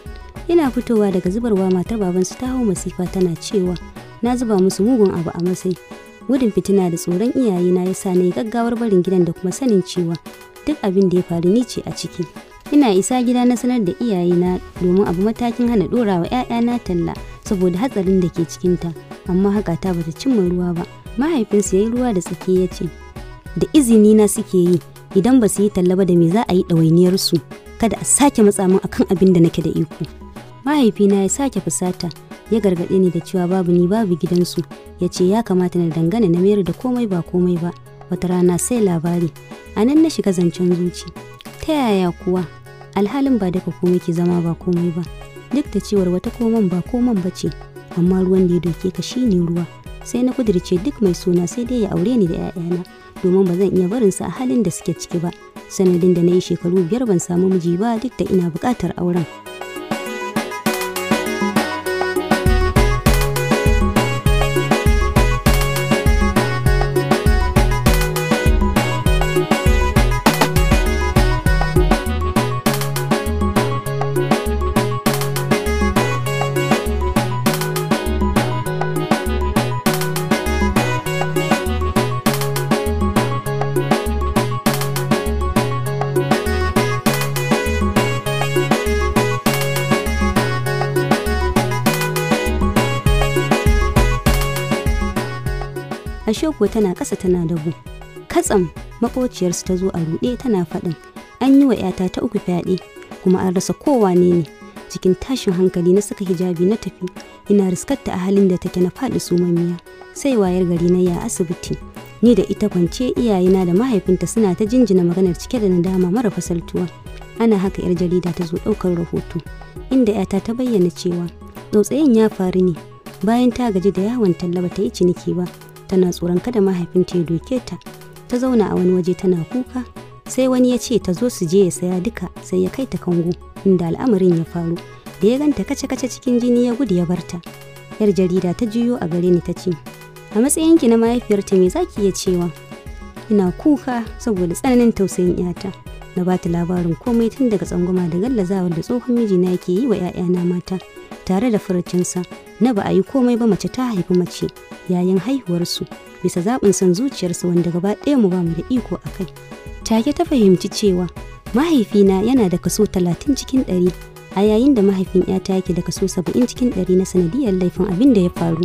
yana fitowa daga zubarwa matar babansu ta hau masifa tana cewa na zuba musu mugun abu a masai gudun fitina da tsoron iyayena ya sa na yi gaggawar barin gidan da kuma sanin cewa duk abin da ya faru ni ce a ciki ina isa gida na sanar da iyayena domin abu matakin hana yaya 'ya'yana talla saboda hatsarin da ke cikinta amma haka ta bata cimma ruwa ba mahaifinsu ya yi ruwa da tsaki ya ce da izini na suke yi idan ba su yi talla ba da me za a yi ɗawainiyarsu kada a sake matsa min akan abin da nake da iko mahaifina ya sake fusata ya gargaɗe ni da cewa babu ni babu gidansu ya ce ya kamata na dangana na mayar da komai ba komai ba wata rana sai labari a nan na shiga zancen zuci ta yaya kuwa alhalin ba daga komai ke zama ba komai ba duk da cewar wata koman ba koman ba ce amma ruwan da ya doke ka shi ne ruwa sai na kudirce duk mai suna sai dai ya aure ni da 'ya'yana domin ba zan iya barinsa a halin da suke ciki ba sanadin da na yi shekaru biyar ban samu miji ba duk da ina buƙatar auren ko tana ƙasa tana dago katsam makociyarsu ta zo a ruɗe tana faɗin an yi wa 'yata ta uku fyaɗe kuma an rasa kowa ne ne cikin tashin hankali na saka hijabi na tafi ina riskarta a halin da take na faɗi sumammiya sai wayar gari na ya asibiti ni da ita kwance iyayena da mahaifinta suna ta jinjina maganar cike da nadama mara fasaltuwa ana haka yar jarida ta zo ɗaukar rahoto inda yata ta bayyana cewa tsautsayin ya faru ne bayan ta gaji da yawon talla bata yi ciniki ba tana tsoron kada mahaifinta ya doke ta ta zauna a wani waje tana kuka sai wani ya ce ta zo su je ya saya duka sai ya kai ta kango inda al'amarin ya faru da ya ganta kace-kace cikin jini ya gudu ya barta yar jarida ta juyo a gare ni ta ce a matsayinki na mahaifiyarta me zaki iya cewa ina kuka saboda tsananin tausayin yata na ba ta labarin komai tun daga tsangwama da gallazawar da tsohon mijina yake yi wa 'ya'yana mata tare da furucinsa na ba a yi komai ba mace ta haifi mace yayin haihuwarsu bisa zaɓin son zuciyarsa wanda gaba ɗaya mu ba mu da iko a kai. Take ta fahimci cewa mahaifina yana da kaso talatin cikin ɗari a yayin da mahaifin 'yata yake da kaso saba'in cikin ɗari na sanadiyar laifin abin da ya faru.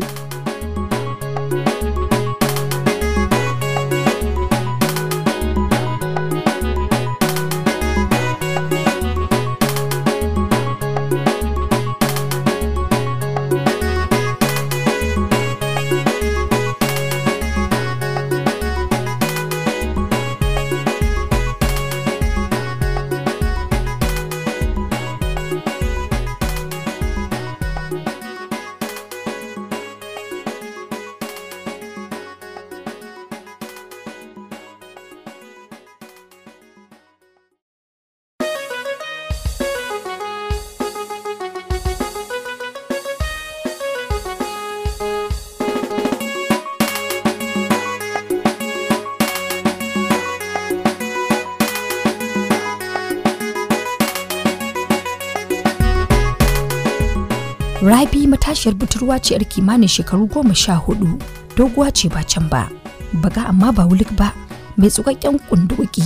tashar budurwa ce yar kimanin shekaru goma sha hudu doguwa ce ba can ba baga amma ba wulik ba mai tsukakken kunduki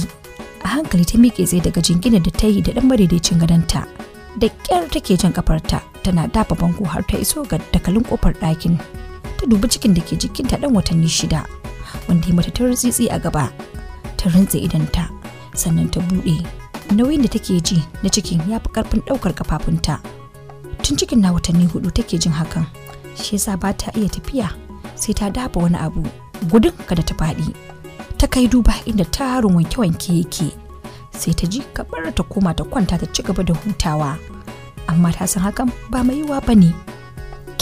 a hankali ta miƙe zai daga jingina da ta yi da ɗan madaidaicin gadonta da ƙyar take jan kafarta tana dafa bango har ta iso ga dakalin kofar ɗakin ta dubi cikin da ke jikinta ɗan watanni shida wanda ya mata ta rutsitsi a gaba ta rintse idanta sannan ta buɗe nauyin da take ji na cikin ya fi ƙarfin ɗaukar kafafunta tun cikin na watanni hudu take jin hakan shi yasa ba ta iya tafiya sai ta dafa wani abu gudun kada ta faɗi ta kai duba inda tarin wanke-wanke yake sai ta ji kamar ta koma ta kwanta ta ci gaba da hutawa amma ta san hakan ba mai yiwa ba ne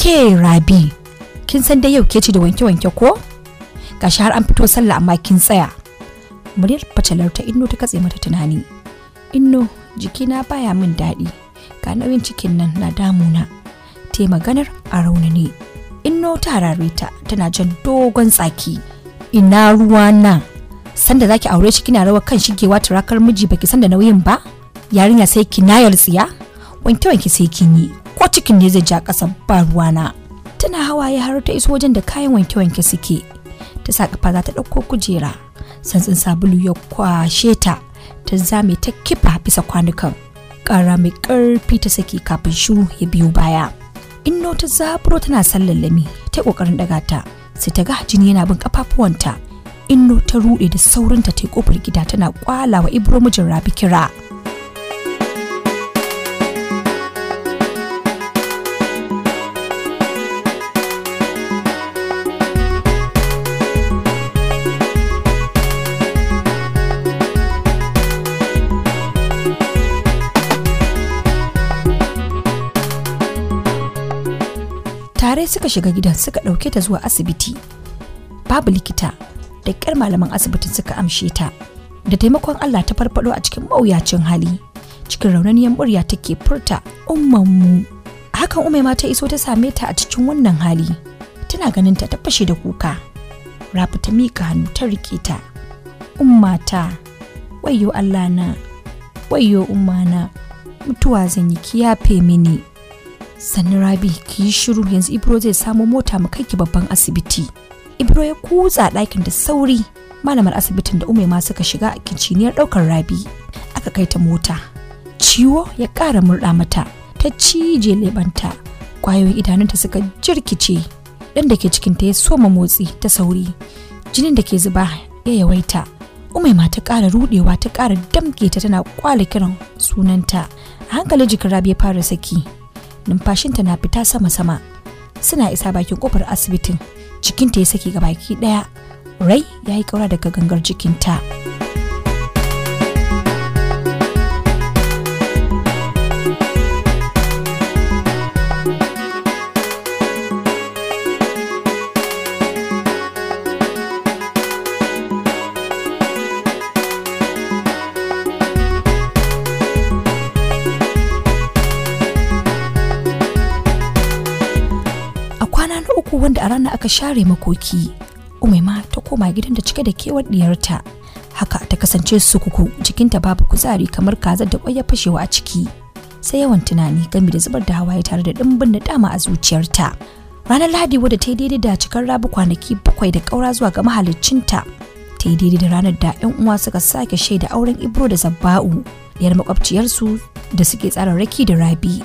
ke rabi kin san dai yau ke ci da wanke-wanke ko gashi har an fito sallah amma kin tsaya muryar fatalar ta inno ta katse mata tunani inno jikina baya min daɗi ga nauyin cikin nan na damuna te maganar a raunani inno ta harare ta tana jan dogon tsaki ina ruwa na sanda zaki aure shi kina rawa kan shigewa turakar miji baki san da nauyin ba yarinya sai kinayar tsiya wanke wanke sai kin yi ko cikin ne zai ja kasa ba ruwa na? tana hawaye har ta iso wajen da kayan wanke wanke suke ta sa kafa za ta ɗauko kujera santsin sabulu ya kwashe ta ta zame ta kifa bisa kwanukan ƙara mai ƙarfi ta saki kafin shu ya biyo baya inno ta zaburo tana sallallami ta ƙoƙarin ɗaga ta sai ta ga jini yana bin ƙafafuwanta inno ta ruɗe da saurinta ta kofar gida tana kwalawa ibro mijin rabi kira tare suka shiga gidan suka ɗauke ta zuwa asibiti babu likita da ƙyar malaman asibitin suka amshe ta da taimakon Allah ta farfado a cikin mawuyacin hali cikin raunaniyar murya take furta ummanmu hakan umai ma ta iso ta same ta a cikin wannan hali tana ganin ta ta fashe da kuka rafi ta mika hannu ta rike ta ummata wayyo Allah na wayyo ummana mutuwa zan yi kiyafe mini sannu rabi ki yi shiru yanzu ibro zai samo mota mu kai ki babban asibiti ibro ya kutsa ɗakin da sauri malamar asibitin da umai ma suka shiga a kinciniyar ɗaukar rabi aka kai ta mota ciwo ya ƙara murɗa mata ta cije leɓanta ƙwayoyin idanunta suka jirkice ɗan da ke cikinta ya soma motsi ta sauri jinin da ke zuba ya yawaita umai ma ta ƙara ruɗewa ta ƙara damke ta tana kwala kiran sunanta a hankali jikin rabi ya fara saki numfashinta na fita sama-sama suna isa bakin kofar asibitin cikinta ya saki ga baki daya rai ya yi kaura daga gangar jikinta. wanda a rana aka share makoki umaima ta koma gidan da cike da kewar diyarta haka ta kasance sukuku jikinta babu kuzari kamar kazar da kwai ya fashewa a ciki sai yawan tunani game da zubar da hawaye tare da dimbin da dama a zuciyarta ranar lahadi wadda ta yi daidai da cikar rabu kwanaki bakwai da kaura zuwa ga mahaliccinta ta yi daidai da ranar da 'yan uwa suka sake shaida auren ibro da zabba'u yar makwabciyarsu da suke tsararraki da rabi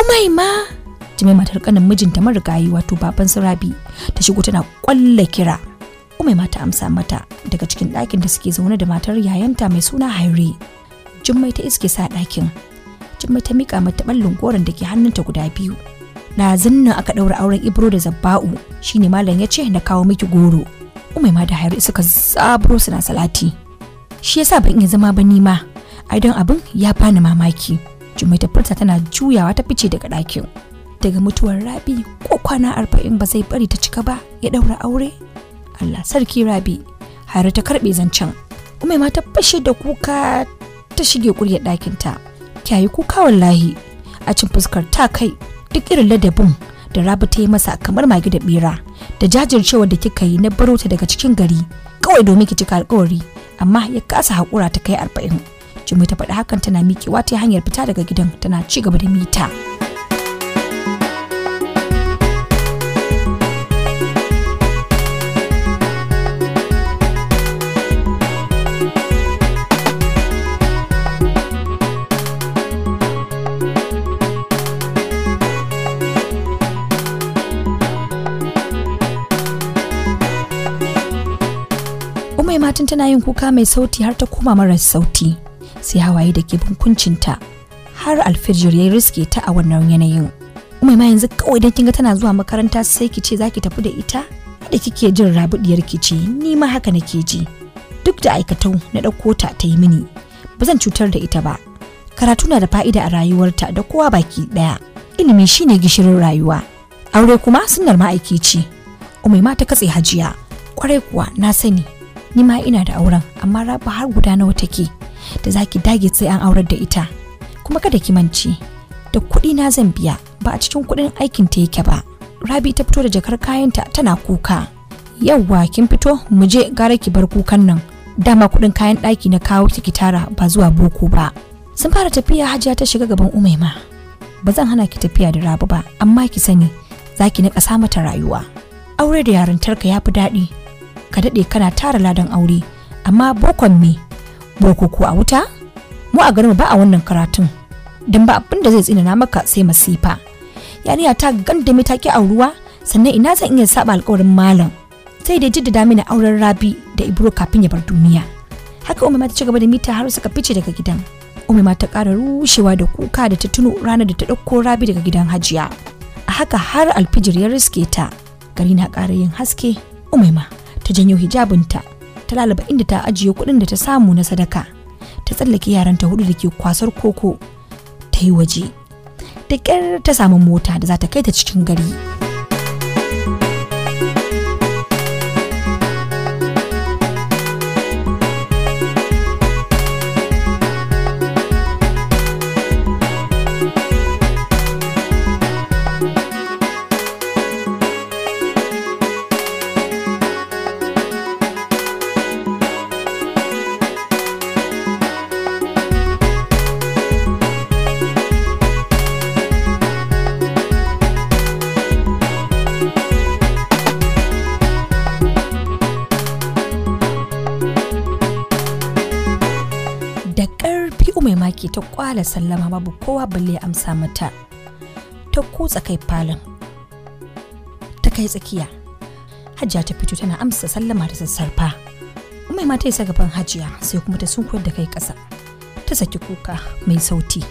umaima jimai matar kanin mijinta marigayi wato baban su rabi ta shigo tana kwalla kira umai mata amsa mata daga cikin ɗakin da suke zaune da matar yayanta mai suna haire jimmai ta iske sa ɗakin jimmai ta mika mata ɓallin goron da ke hannunta guda biyu ɗazun nan aka ɗaura auren ibro da zabba'u shine malam ya ce na kawo miki goro umai ma da haire suka zaburo suna salati shi yasa ban iya zama ba nima ai don abin ya bani mamaki jummai ta furta tana juyawa ta fice daga ɗakin daga mutuwar rabi ko kwana arba'in ba zai bari ta cika ba ya daura aure allah sarki rabi hare ta karbe zancen ma ta fashe da kuka ta shige kuryar ta kyayi kuka wallahi a cin fuskar ta kai duk irin ladabin da rabi ta yi masa kamar magi da bera da jajircewar da kika yi na baro ta daga cikin gari kawai domin ki cika alkawari amma ya kasa hakura ta kai arba'in jimmy ta faɗi hakan tana miƙewa ta hanyar fita daga gidan tana ci gaba da mita. tana yin kuka mai sauti har ta koma marar sauti sai hawaye da ke bunkuncinta har alfijir ya riske ta a wannan yanayin umaima yanzu kawai don kinga tana zuwa makaranta sai ki ce za ki tafi da ita da kike jin rabuɗiyar ki ce ni ma haka nake ji duk da aikatau na ɗauko ta ta yi mini ba zan cutar da ita ba karatu na da fa'ida a rayuwarta da kowa baki ɗaya ilimi shine gishirin rayuwa aure kuma sunnar ma'aikaci. umai ma ta katse hajiya kwarai kuwa na sani ni ma ina da auren amma raba har guda nawa take da zaki dage sai an aurar da ita kuma kada ki manci. da kuɗi na zan biya ba a cikin kuɗin aikin ta yake ba rabi ta fito da jakar kayanta tana kuka yawwa kin fito mu je gara ki bar kukan nan dama kuɗin kayan ɗaki na kawo ki tara ba zuwa boko ba sun fara tafiya hajiya ta shiga gaban umaima ba zan hana ki tafiya da rabu ba amma ki sani zaki ki ƙasa mata rayuwa aure da yarintarka ya fi daɗi ka daɗe kana tara ladan aure amma bokon me boko ko a wuta mu a garin ba a wannan karatun don ba abin da zai tsinana maka sai masifa ya ta gandame ta ki auruwa sannan ina zan iya saba alƙawarin malam sai dai jiddada mini auren rabi da ibro kafin ya bar duniya haka umma ta cigaba da mita har suka fice daga gidan umma ta ƙara rushewa da kuka da ta tuno ranar da ta ɗauko rabi daga gidan hajiya a haka har alfijir ya riske ta gari na ƙara yin haske umaima ta janyo hijabinta ta lalaba inda ta ajiye kuɗin da ta samu na sadaka ta tsallake yaran ta hudu da ke kwasar koko ta yi waje da ƙyar ta samu mota da za ta kai ta cikin gari. ta kwala sallama babu kowa balle ya amsa mata ta kutsa kai falon ta kai tsakiya hajiya ta fito tana amsa sallama da sassarfa umai ma ta isa gaban hajiya sai kuma ta sunkuyar da kai ƙasa ta saki kuka mai sauti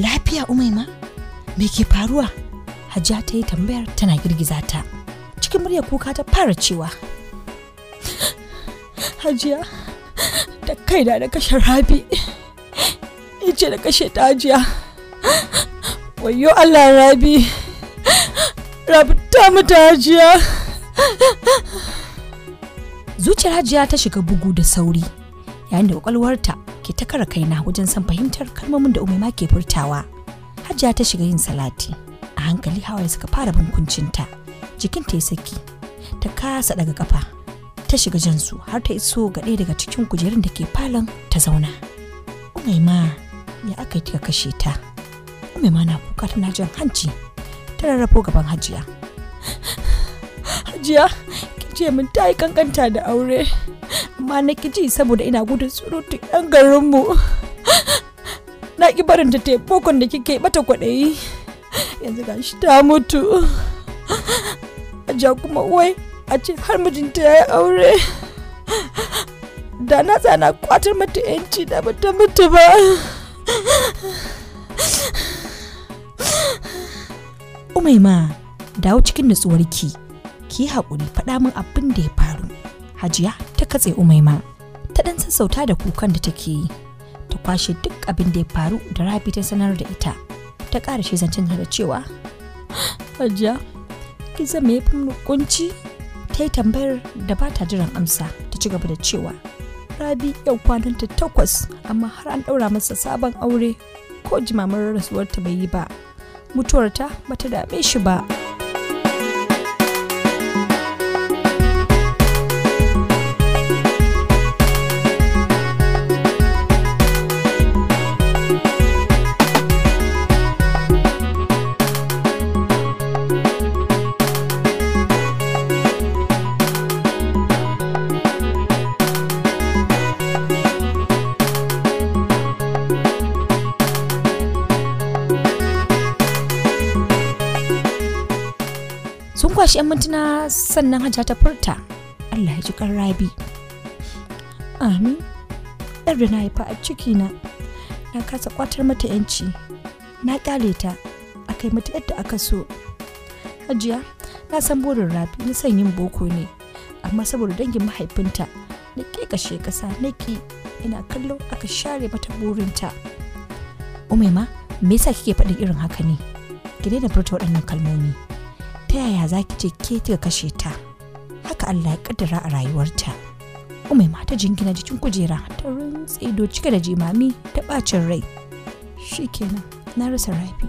lafiya umai ma mai ke faruwa hajiya ta yi tambayar tana girgiza ta cikin murya kuka ta fara cewa hajiya da kai da kashe rabi ya ce da kashe ta hajiya wayo allah rabi rabi ta mata hajiya zuciyar hajiya ta shiga bugu da sauri yayin da kwakwalwarta ke ta kara kaina wajen san fahimtar kalmomin da umaima ke furtawa hajiya ta shiga yin salati a hankali hawa hawaye suka fara bin kuncinta jikinta ya saki ta kasa daga kafa ta shiga jansu har ta iso ga ɗaya daga cikin kujerun da ke falon ta zauna me aka yi kashe ta kuma ma na kuka tana jan hanci ta rarrafo gaban hajiya hajiya ki ce min ta yi kankanta da aure amma na ki ji saboda ina gudun surutu yan garinmu na ki barin ta te bokon da kike mata kwaɗayi yanzu ga shi ta mutu hajiya kuma wai a ce har mijinta ya yi aure da na tsana kwatar mata yanci da bata mutu ba Umaima, dawo cikin nutsuwar ki haƙuri faɗa min abin da ya faru. Hajiya ta katse Umaima, ta ɗan sassauta da kukan da take yi, ta kwashe duk abin da ya faru da Rabi ta sanar da ita. Ta ƙara shi zancen da cewa, Hajiya, ki zama ya fi kunci? Ta yi tambayar da ba ta jiran amsa, ta ci gaba da cewa, rabi yau kwananta takwas amma har an ɗaura masa sabon aure ko jimamar rasuwarta bai yi ba mutuwarta bata dame shi ba. bashi 'yan mintuna sannan hajja ta furta allah ya ji rabi amin yar da na haifa a ciki na na kasa kwatar mata 'yanci na ƙyale ta a yi mata yadda aka so hajiya na san burin rabi na son yin boko ne amma saboda dangin mahaifinta na kashe kasa naki ina kallo aka share mata burinta umaima me yasa kike faɗin irin haka ne ki daina furta waɗannan kalmomi ta yaya za ki ce ke ta kashe ta haka Allah ya kaddara a rayuwarta umai ma ta jingina jikin kujera ta rintse do cike da jimami ta bacin rai shikenan na rasa rafi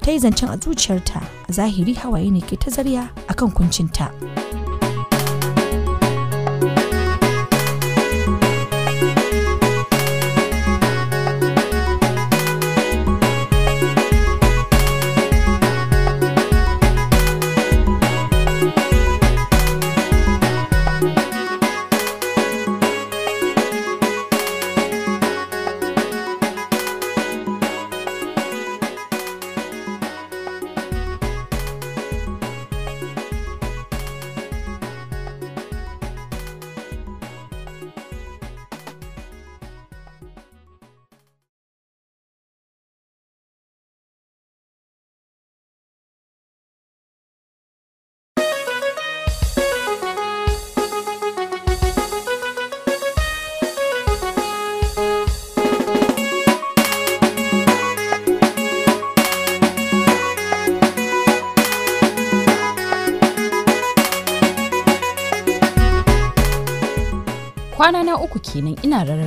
ta yi zancen a zuciyarta a zahiri hawaye ne ke ta zarya akan kuncinta. ta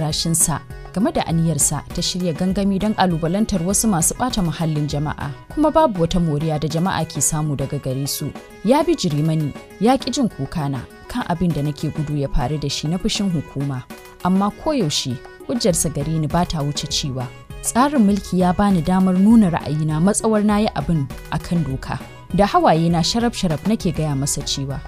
rarrashinsa game da aniyarsa ta shirya gangami don alubalantar wasu masu ɓata muhallin jama'a kuma babu wata moriya da jama'a ke samu daga gare su ya bi jirimani ya ki jin kukana kan abin da nake gudu ya faru da shi na fushin hukuma amma koyaushe hujjarsa gare ni ba ta wuce cewa tsarin mulki ya bani damar nuna ra'ayina matsawar na yi abin akan doka da hawaye na sharaf-sharaf nake gaya masa cewa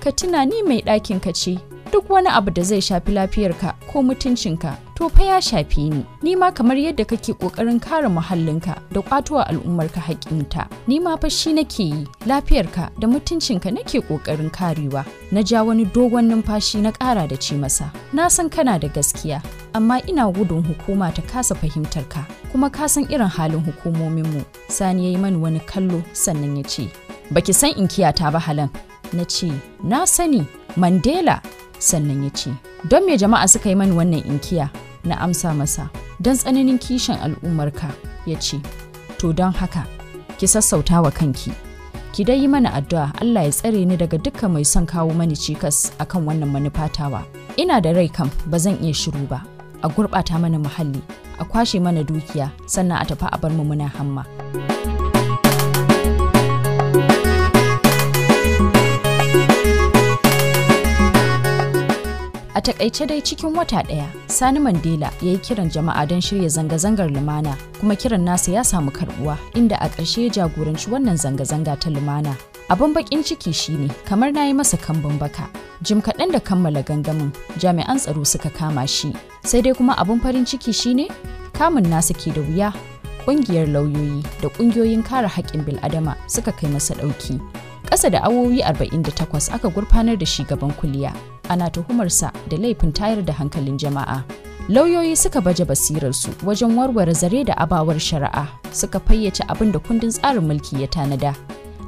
ka tuna ni mai ɗakin ka ce duk wani abu da zai shafi lafiyarka ko mutuncinka to fa ya shafi ni ni ma kamar yadda kake kokarin kare muhallinka da kwatuwa al'ummarka haƙinta ni ma fa shi nake yi lafiyarka da mutuncinka nake kokarin karewa na ja wani dogon numfashi na ƙara da ci masa na san kana da gaskiya amma ina gudun hukuma ta kasa fahimtar ka kuma ka san irin halin hukumominmu sani ya yi mani wani kallo sannan ya ce baki san in kiyata ba halan na ce na sani mandela sannan ya ce don me jama'a suka yi mani wannan inkiya na amsa masa don tsananin kishin al'ummarka ya ce to don haka ki sassauta wa kanki ki dai yi mana addu'a Allah ya tsare ni daga dukkan mai son kawo mani cikas akan wannan manufatawa ina da rai kam ba zan iya shiru ba a gurɓata mana muhalli a kwashe mana dukiya sannan a tafi a bar mu muna hamma. A takaice dai cikin wata ɗaya, Sani Mandela ya yi kiran jama'a don shirya zanga-zangar lumana, kuma kiran nasa ya samu karbuwa inda a ƙarshe ya jagoranci wannan zanga-zanga ta lumana. Abin bakin ciki shine kamar na yi masa kambun baka. Jim kaɗan da kammala gangamin jami'an tsaro suka kama shi. Sai dai kuma abin farin ciki shine kamun nasa ke da wuya ƙungiyar lauyoyi da ƙungiyoyin kare haƙƙin bil'adama suka kai masa ɗauki. Ƙasa da awowi 48 aka gurfanar da shi gaban kuliya. ana tuhumarsa da laifin tayar da hankalin jama'a. Lauyoyi suka baje basirarsu wajen warware zare da abawar shari'a suka fayyace abin da kundin tsarin mulki ya tanada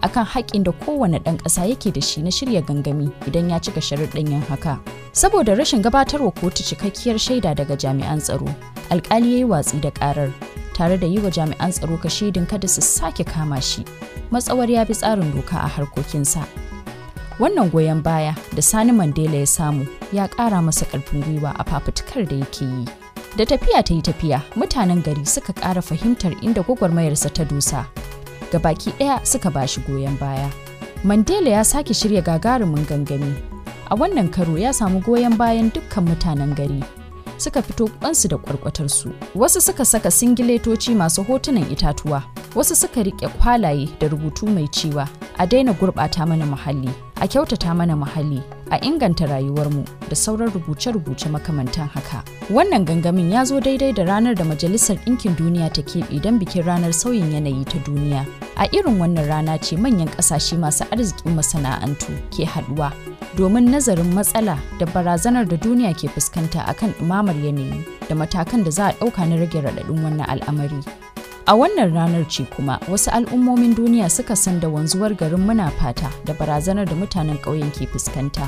akan haƙƙin da kowane ɗan ƙasa yake da shi na shirya gangami idan ya cika sharuɗin yin haka. Saboda rashin gabatarwa kotu cikakkiyar shaida daga jami'an tsaro, alƙali ya yi watsi da ƙarar tare da yi wa jami'an tsaro kashedin kada su sake kama shi. Matsawar ya bi tsarin doka a harkokinsa. wannan goyon baya da sani mandela ya samu ya ƙara masa ƙarfin gwiwa a fafutukar da yake yi da tafiya ta yi tafiya mutanen gari suka ƙara fahimtar inda gwagwarmayarsa ta dusa ga baki ɗaya suka ba shi goyon baya mandela ya sake shirya gagarumin gangami a wannan karo ya samu goyon bayan dukkan mutanen gari suka fito bansu da kwarkwatarsu wasu suka saka singiletoci masu hotunan itatuwa wasu suka riƙe kwalaye da rubutu mai cewa a daina gurɓata mana muhalli a kyautata mana muhalli a inganta rayuwarmu da sauran rubuce-rubuce makamantan haka. Wannan gangamin ya zo daidai da ranar da Majalisar Ɗinkin Duniya ta keɓe don bikin ranar sauyin yanayi ta duniya. A irin wannan rana ce manyan ƙasashe masu arzikin masana'antu ke haɗuwa domin nazarin matsala da barazanar da duniya ke fuskanta akan ɗumamar yanayi da matakan da za a ɗauka na rage raɗaɗin wannan al'amari. A wannan ranar ce kuma wasu al'ummomin duniya suka san da wanzuwar garin muna fata da barazanar da mutanen ƙauyen ke fuskanta.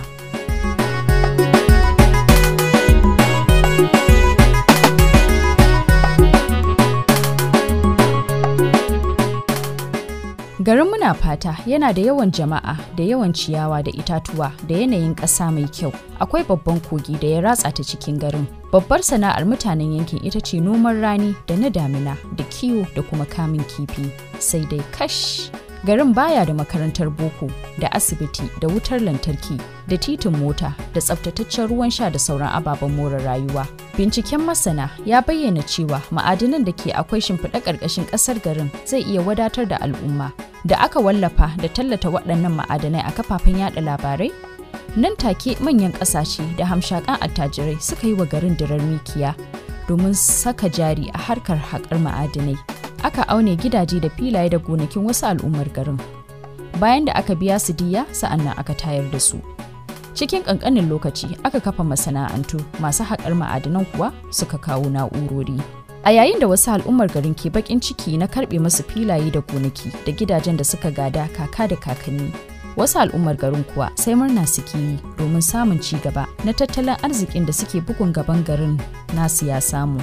Garin muna fata yana da yawan jama'a da yawan ciyawa da itatuwa da yanayin ƙasa mai kyau. Akwai babban kogi da ya ratsa ta cikin garin. Babbar sana'ar mutanen yankin ita ce noman rani da na damina da kiwo da kuma kamun kifi. Sai dai kash garin baya da makarantar boko da asibiti da wutar lantarki da titin mota da tsaftataccen ruwan sha da sauran ababen more rayuwa binciken masana ya bayyana cewa ma'adinan da ke akwai shimfiɗa ƙarƙashin ƙasar garin zai iya wadatar da al'umma da aka wallafa da tallata waɗannan ma'adanai a kafafen yaɗa labarai nan take manyan ƙasashe da hamshakan attajirai suka yi wa garin dirar mikiya domin saka jari a harkar haƙar ma'adinai aka aune gidaje da filaye da gonakin wasu al'ummar garin bayan da aka biya su diya nan aka tayar da su cikin ƙanƙanin lokaci aka kafa masana'antu masu haƙar ma'adinan kuwa suka kawo na'urori a yayin da wasu al'ummar garin ke baƙin ciki na karɓe masu filaye da gonaki da gidajen da suka gada kaka da kakanni wasu al'ummar garin kuwa sai murna suke yi domin samun ci gaba na tattalin arzikin da suke bugun gaban garin nasu ya samu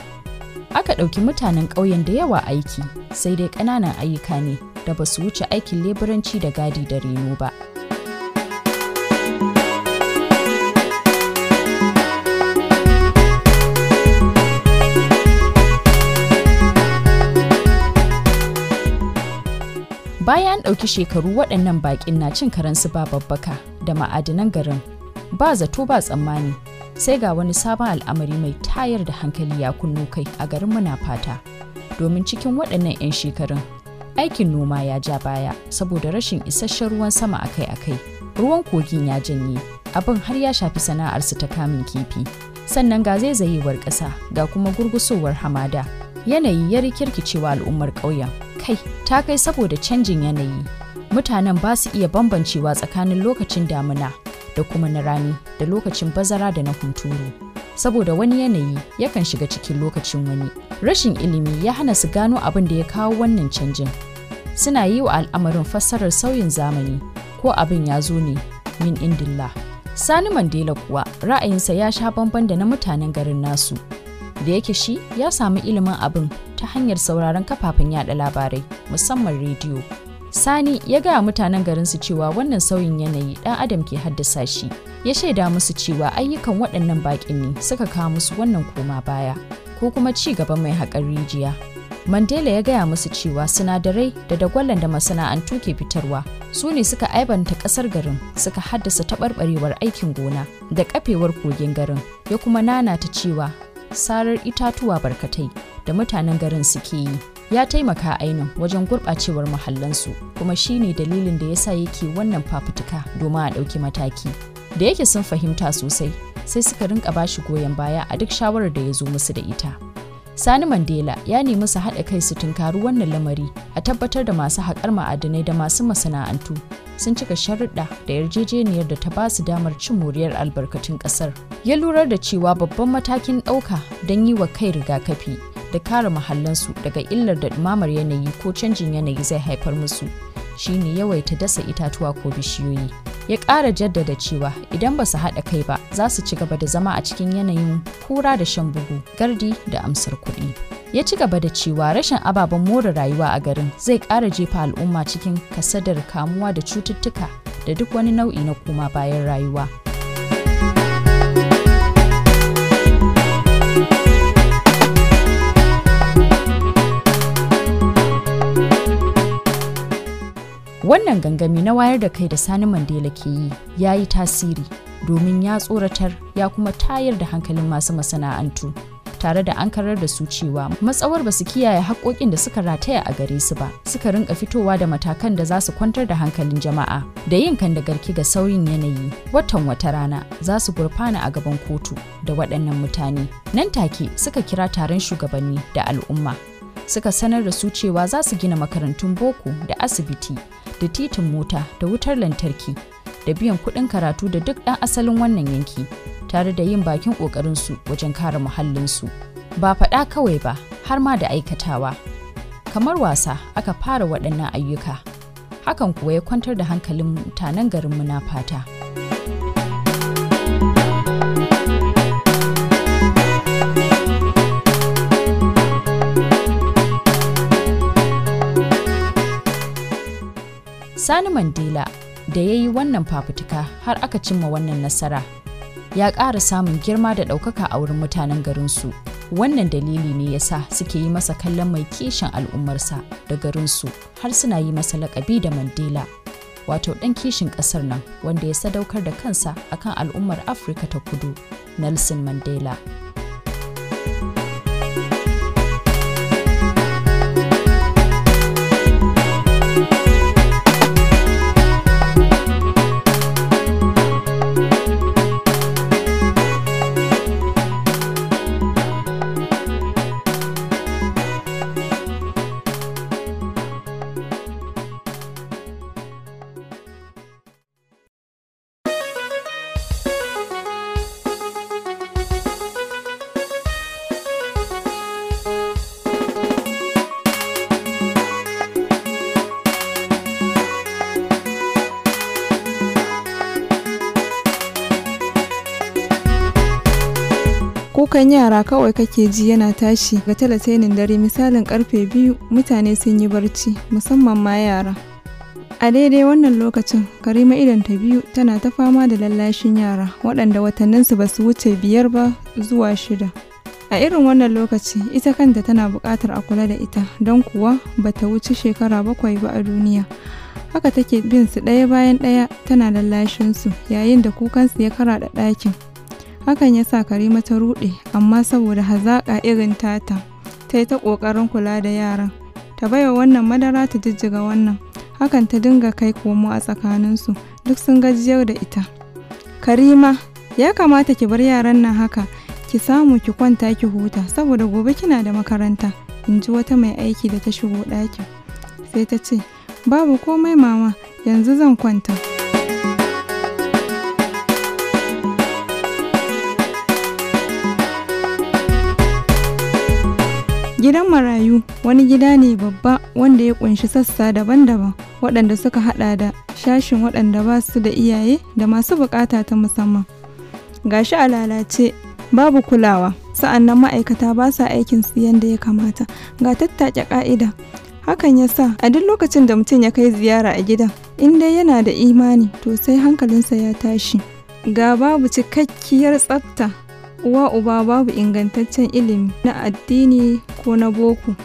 aka ɗauki mutanen ƙauyen da yawa aiki sai dai ƙananan ayyuka ne da ba su wuce aikin leburanci da gadi da reno ba bayan an ɗauki shekaru waɗannan baƙin na cin karensu ba babbaka da ma'adinan garin ba zato ba tsammani sai ga wani sabon al'amari mai tayar da hankali ya kunno kai a garin muna fata domin cikin waɗannan 'yan shekarun aikin noma ya ja baya saboda rashin isasshen ruwan sama akai-akai ruwan kogin ya janye abin har ya shafi sana'arsu ta kamun kifi sannan ga zaizayewar ƙasa ga kuma gurgusowar hamada yanayi ya rikirkicewa al'ummar ƙauyen kai ta kai saboda canjin yanayi mutanen ba su iya bambancewa tsakanin lokacin damuna da kuma na rani da lokacin bazara da na hunturu saboda wani yanayi yakan shiga cikin lokacin wani rashin ilimi ya hana su gano abin da ya kawo wannan canjin suna yi wa al'amarin fassarar sauyin zamani ko abin ya zo ne min indilla. sani mandela kuwa ra'ayinsa ya sha bamban da na mutanen garin nasu da yake shi ya samu ilimin abin ta hanyar sauraron kafafen yada labarai musamman rediyo sani ya gaya mutanen garinsu cewa wannan sauyin yanayi ɗan adam ke haddasa shi ya shaida musu cewa ayyukan waɗannan baƙin ne suka kawo musu wannan koma baya ko kuma ci gaba mai haƙar rijiya mandela ya gaya musu cewa sinadarai da dagwallon da masana'antu ke fitarwa su ne suka aibanta ƙasar garin suka haddasa taɓarɓarewar aikin gona da ƙafewar kogin garin ya kuma nanata cewa sarar itatuwa barkatai da mutanen garin suke yi ya taimaka ainihin wajen gurɓacewar muhallansu kuma shi ne dalilin da ya sa yake wannan fafutuka domin a ɗauki mataki da yake sun fahimta sosai sai suka rinka bashi goyon baya a duk shawarar da ya zo musu da ita. Sani Mandela ya nemi su haɗa kai su tunkari wannan lamari a tabbatar da masu haƙar ma'adanai da masu masana'antu sun cika sharuɗa da yarjejeniyar da ta ba su damar cin moriyar albarkatun ƙasar. Ya lura da cewa babban matakin ɗauka don yi wa kai rigakafi da kare mahallansu daga illar da ɗumamar yanayi ko canjin yanayi zai haifar musu. shine yawaita dasa itatuwa ko bishiyoyi ya ƙara jaddada cewa idan ba su haɗa kai ba za su ci gaba da zama a cikin yanayin kura da shan bugu gardi da amsar kuɗi ya ci gaba da cewa rashin ababen more rayuwa a garin zai ƙara jefa al'umma cikin kasadar kamuwa da cututtuka da duk wani nau'i na koma bayan rayuwa Wannan gangami na wayar da kai da Sani Mandela ke yi ya yi tasiri domin ya tsoratar ya kuma tayar da hankalin masu masana'antu tare da an karar da su cewa matsawar ba su kiyaye haƙoƙin da suka rataya a gare su ba suka rinka fitowa da matakan da za su kwantar da hankalin jama'a da yin kan da garki ga sauyin yanayi watan wata rana za su gurfana a gaban kotu da waɗannan mutane nan take suka kira taron shugabanni da al'umma suka sanar da su cewa za su gina makarantun boko da asibiti da titin mota da wutar lantarki da biyan kuɗin karatu da duk ɗan asalin wannan yanki tare da yin bakin ƙoƙarinsu wajen kare muhallinsu ba faɗa kawai ba har ma da aikatawa kamar wasa aka fara waɗannan ayyuka hakan kuwa ya kwantar da hankalin mutanen garin munafata. fata Sani Mandela da ya yi wannan fafutuka har aka cimma wannan nasara ya ƙara samun girma da ɗaukaka a wurin mutanen garinsu wannan dalili ne yasa suke yi masa kallon mai kishin al'ummarsa da garinsu har suna yi masa laƙabi da mandela wato ɗan kishin ƙasar nan wanda ya sadaukar da kansa akan al'ummar afirka ta kudu nelson mandela yara kawai kake ji yana tashi ga talatainin dare misalin karfe biyu mutane sun yi barci musamman ma yara a daidai wannan lokacin karima idan ta biyu tana ta fama da lallashin yara waɗanda watannin su basu wuce biyar ba zuwa shida a irin wannan lokaci ita kanta tana buƙatar a kula da ita don kuwa ba ta wuce shekara bakwai ba a duniya haka take bin su ɗaya bayan ɗaya tana lallashinsu yayin da kukan kukansu ya karaɗa ɗakin hakan ya sa karima ta ruɗe amma saboda hazaƙa irin tata ta yi ta ƙoƙarin kula da yaran ta baiwa wannan madara ta jijjiga wannan hakan ta dinga kai komo a tsakaninsu duk sun gajiyar da ita karima ya kamata ki bar yaran nan haka ki samu ki kwanta ki huta saboda gobe kina da makaranta in ji wata mai aiki da ta shigo ɗakin sai ta ce babu komai mama yanzu zan kwanta Gidan marayu wani gida ne babba wanda ya kunshi sassa daban-daban waɗanda suka hada da shashin waɗanda ba su da iyaye da masu bukata ta musamman. Gashi a lalace babu kulawa sa'annan ma'aikata ba sa aikin su yadda ya kamata ga tattake ka'ida hakan ya sa a duk lokacin da mutum ya kai ziyara a gidan in dai yana da imani to sai hankalinsa ya tashi ga babu cikakkiyar tsafta uwa uba babu ingantaccen ilimi na addini ko na boko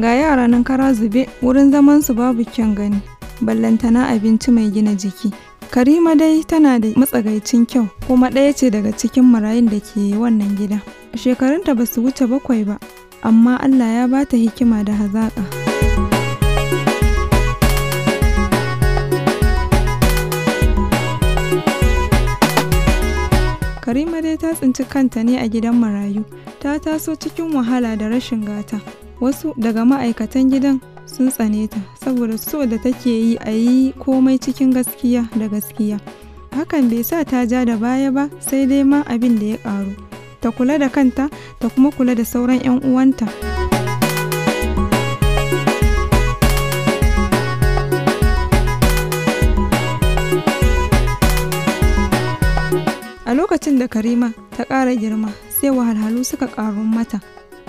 ga yara nan kara zube wurin zamansu babu kyan gani ballantana abinci mai gina jiki karima dai tana da matsagaicin kyau kuma ɗaya ce daga cikin marayun da ke wannan gida shekarunta ba su wuce bakwai ba amma allah ya bata hikima da hazaƙa. Karima dai ta tsinci kanta ne a gidan marayu, ta taso cikin wahala da rashin gata. Wasu daga ma'aikatan gidan sun tsane ta saboda so da take yi a yi komai cikin gaskiya da gaskiya. Hakan bai sa ta ja da baya ba sai dai ma abin da ya ƙaru. Ta kula da kanta ta kuma kula da sauran 'yan uwanta. Lokacin da Karima ta ƙara girma sai wahalhalu suka ƙaru mata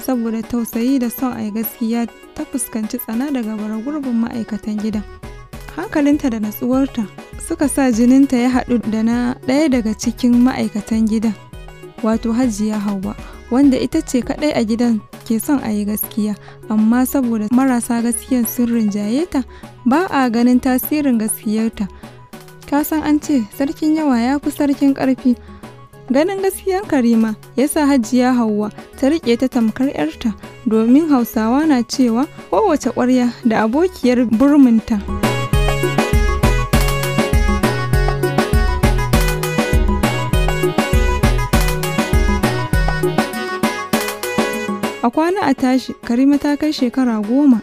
saboda tausayi da son ai gaskiya ta fuskanci tsana daga bara gurbin ma'aikatan gidan. Hankalinta da natsuwarta suka sa jininta ya haɗu da na ɗaya daga cikin ma'aikatan gidan wato hajiya Hauwa wanda ita ce kaɗai a gidan ke son a yi gaskiya amma saboda marasa gaskiyan sun rinjaye ta ba a ganin tasirin gaskiyarta ta san an ce sarkin yawa ya fi sarkin ƙarfi Ganin gaskiyan Karima ya sa Hajiya Hauwa ta riƙe ta tamkar 'yarta domin Hausawa na cewa kowace ƙwarya da abokiyar burminta. A kwana a tashi, Karima ta kai shekara goma.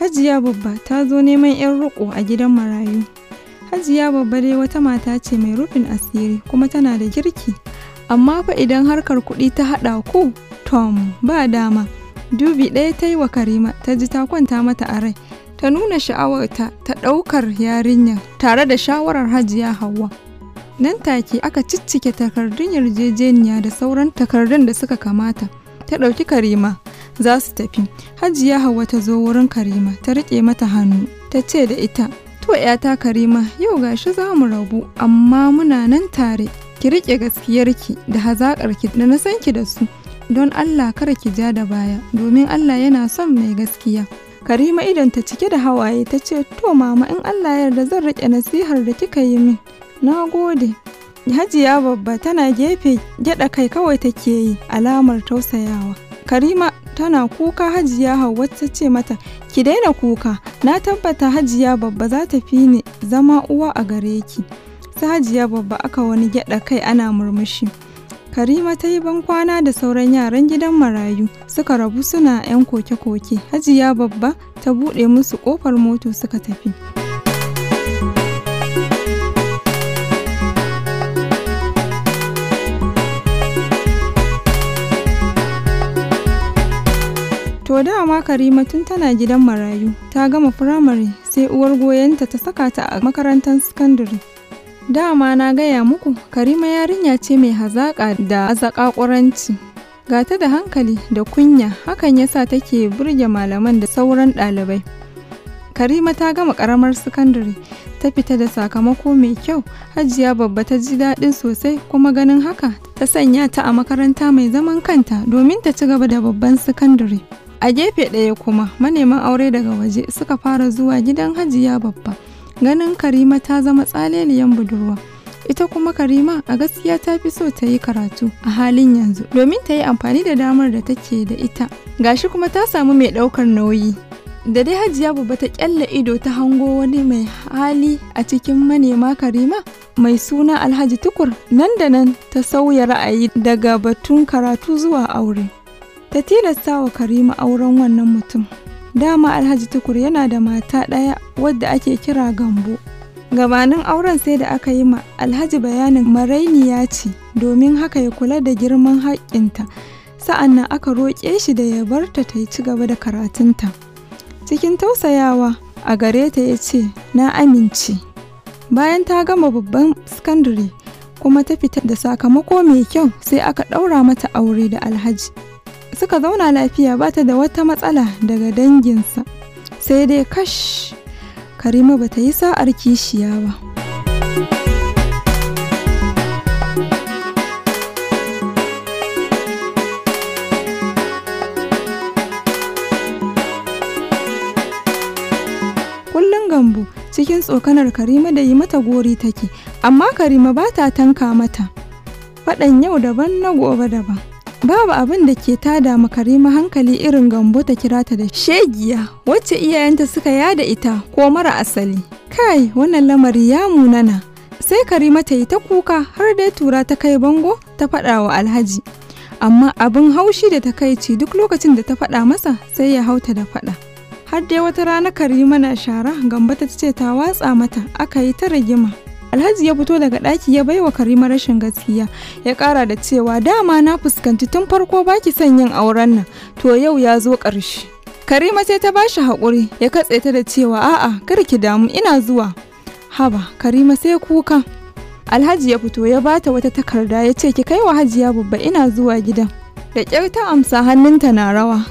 Hajiya Babba ta zo neman 'yan riƙo a gidan marayu. Hajiya Babba dai wata mata ce mai rufin asiri kuma tana da girki. amma fa idan harkar kuɗi ta haɗa ku tom ba dama dubi ɗaya ta yi wa karima ta ji ta kwanta mata a rai ta nuna sha'awarta ta ɗaukar yarinyar tare da shawarar hajiya hawa nan take aka ciccike takardun yarjejeniya da sauran takardun da suka kamata ta ɗauki karima za su tafi hajiya hawa ta zo wurin karima ta riƙe mata hannu ta ce da ita to 'yata karima yau gashi za mu rabu amma muna nan tare ki riƙe gaskiyarki da hazaƙarki da na san ki da su don Allah kar ki ja da baya domin Allah yana son mai gaskiya Karima ta cike da hawaye ta ce to mama in Allah yarda zan rike nasihar da kika yi min na gode Hajiya babba tana gefe gyaɗa kai kawai take yi alamar tausayawa Karima tana kuka hajiya Hauwa ta ce mata ki daina kuka na tabbata hajiya babba za ta fi ni zama uwa a gare ki su hajiya babba aka wani gyada kai ana murmushi Karima ta yi bankwana da sauran yaran gidan marayu suka rabu suna 'yan koke-koke. Hajiya babba ta buɗe musu ƙofar moto suka tafi. To dama Karima tun tana gidan marayu ta gama firamare sai uwar goyonta ta saka ta a makarantar sakandare. Dama na gaya muku, Karima yarinya ce mai hazaƙa da azaƙaƙuranci Ga ta da hankali da kunya, hakan yasa take burge malaman da sauran ɗalibai. Karima ta gama ƙaramar sakandare, ta fita da sakamako mai kyau, hajiya babba ta ji daɗin sosai kuma ganin haka ta sanya ta a makaranta mai zaman kanta domin ta ci gaba da babban sakandare. A gefe ɗaya kuma maneman aure daga waje suka fara zuwa gidan hajiya babba. ganin karima ta zama tsaleliyan budurwa ita kuma karima a gaskiya ta fi so ta yi karatu a halin yanzu domin ta yi amfani da damar da take da ita gashi kuma ta samu mai ɗaukar nauyi da dai hajiya babba ta kyalla ido ta hango wani mai hali a cikin manema karima mai suna alhaji tukur nan da nan ta sauya ra'ayi daga batun karatu zuwa aure ta tilasta wa karima auren wannan mutum dama alhaji tukur yana da mata ɗaya wadda ake kira gambo gabanin auren sai da aka yi ma alhaji bayanin marainiya ce domin haka ya kula da girman haƙƙinta sa'an nan aka roƙe shi da ya bar ta yi ci gaba da karatunta cikin tausayawa a gare ta ya ce na amince bayan ta gama babban sakandare kuma ta fita da sakamako mai kyau sai aka ɗaura mata aure da alhaji suka zauna lafiya ba ta da wata matsala daga danginsa sai dai kash karima ba ta yi sa'ar kishiya ba kullum gambo cikin tsokanar karima da yi mata gori take amma karima ba ta tanka mata faɗan yau daban na gobe daban Babu abin da ke tada makarima hankali irin gambo ta kira ta da shegiya wacce iyayenta suka yada ita ko mara asali. Kai wannan lamari ya munana. Sai Karima ta yi ta kuka har dai tura ta kai bango ta faɗawa wa Alhaji. Amma abin haushi da takaici duk lokacin da ta faɗa masa sai ya hauta da faɗa. Har dai wata rana Karima na shara Gambo ta ce ta watsa mata aka yi ta rigima. alhaji ya fito daga ɗaki ya baiwa karima rashin gaskiya ya ƙara da cewa dama na fuskanci tun farko baki son yin auren nan to yau ya zo ƙarshe karima sai ta bashi haƙuri ya katse ta da cewa a'a kar ki damu ina zuwa haba karima sai kuka alhaji ya fito ya bata wata takarda ya ce ki kai wa hajiya babba ina zuwa gidan da ƙyar ta amsa hannunta na rawa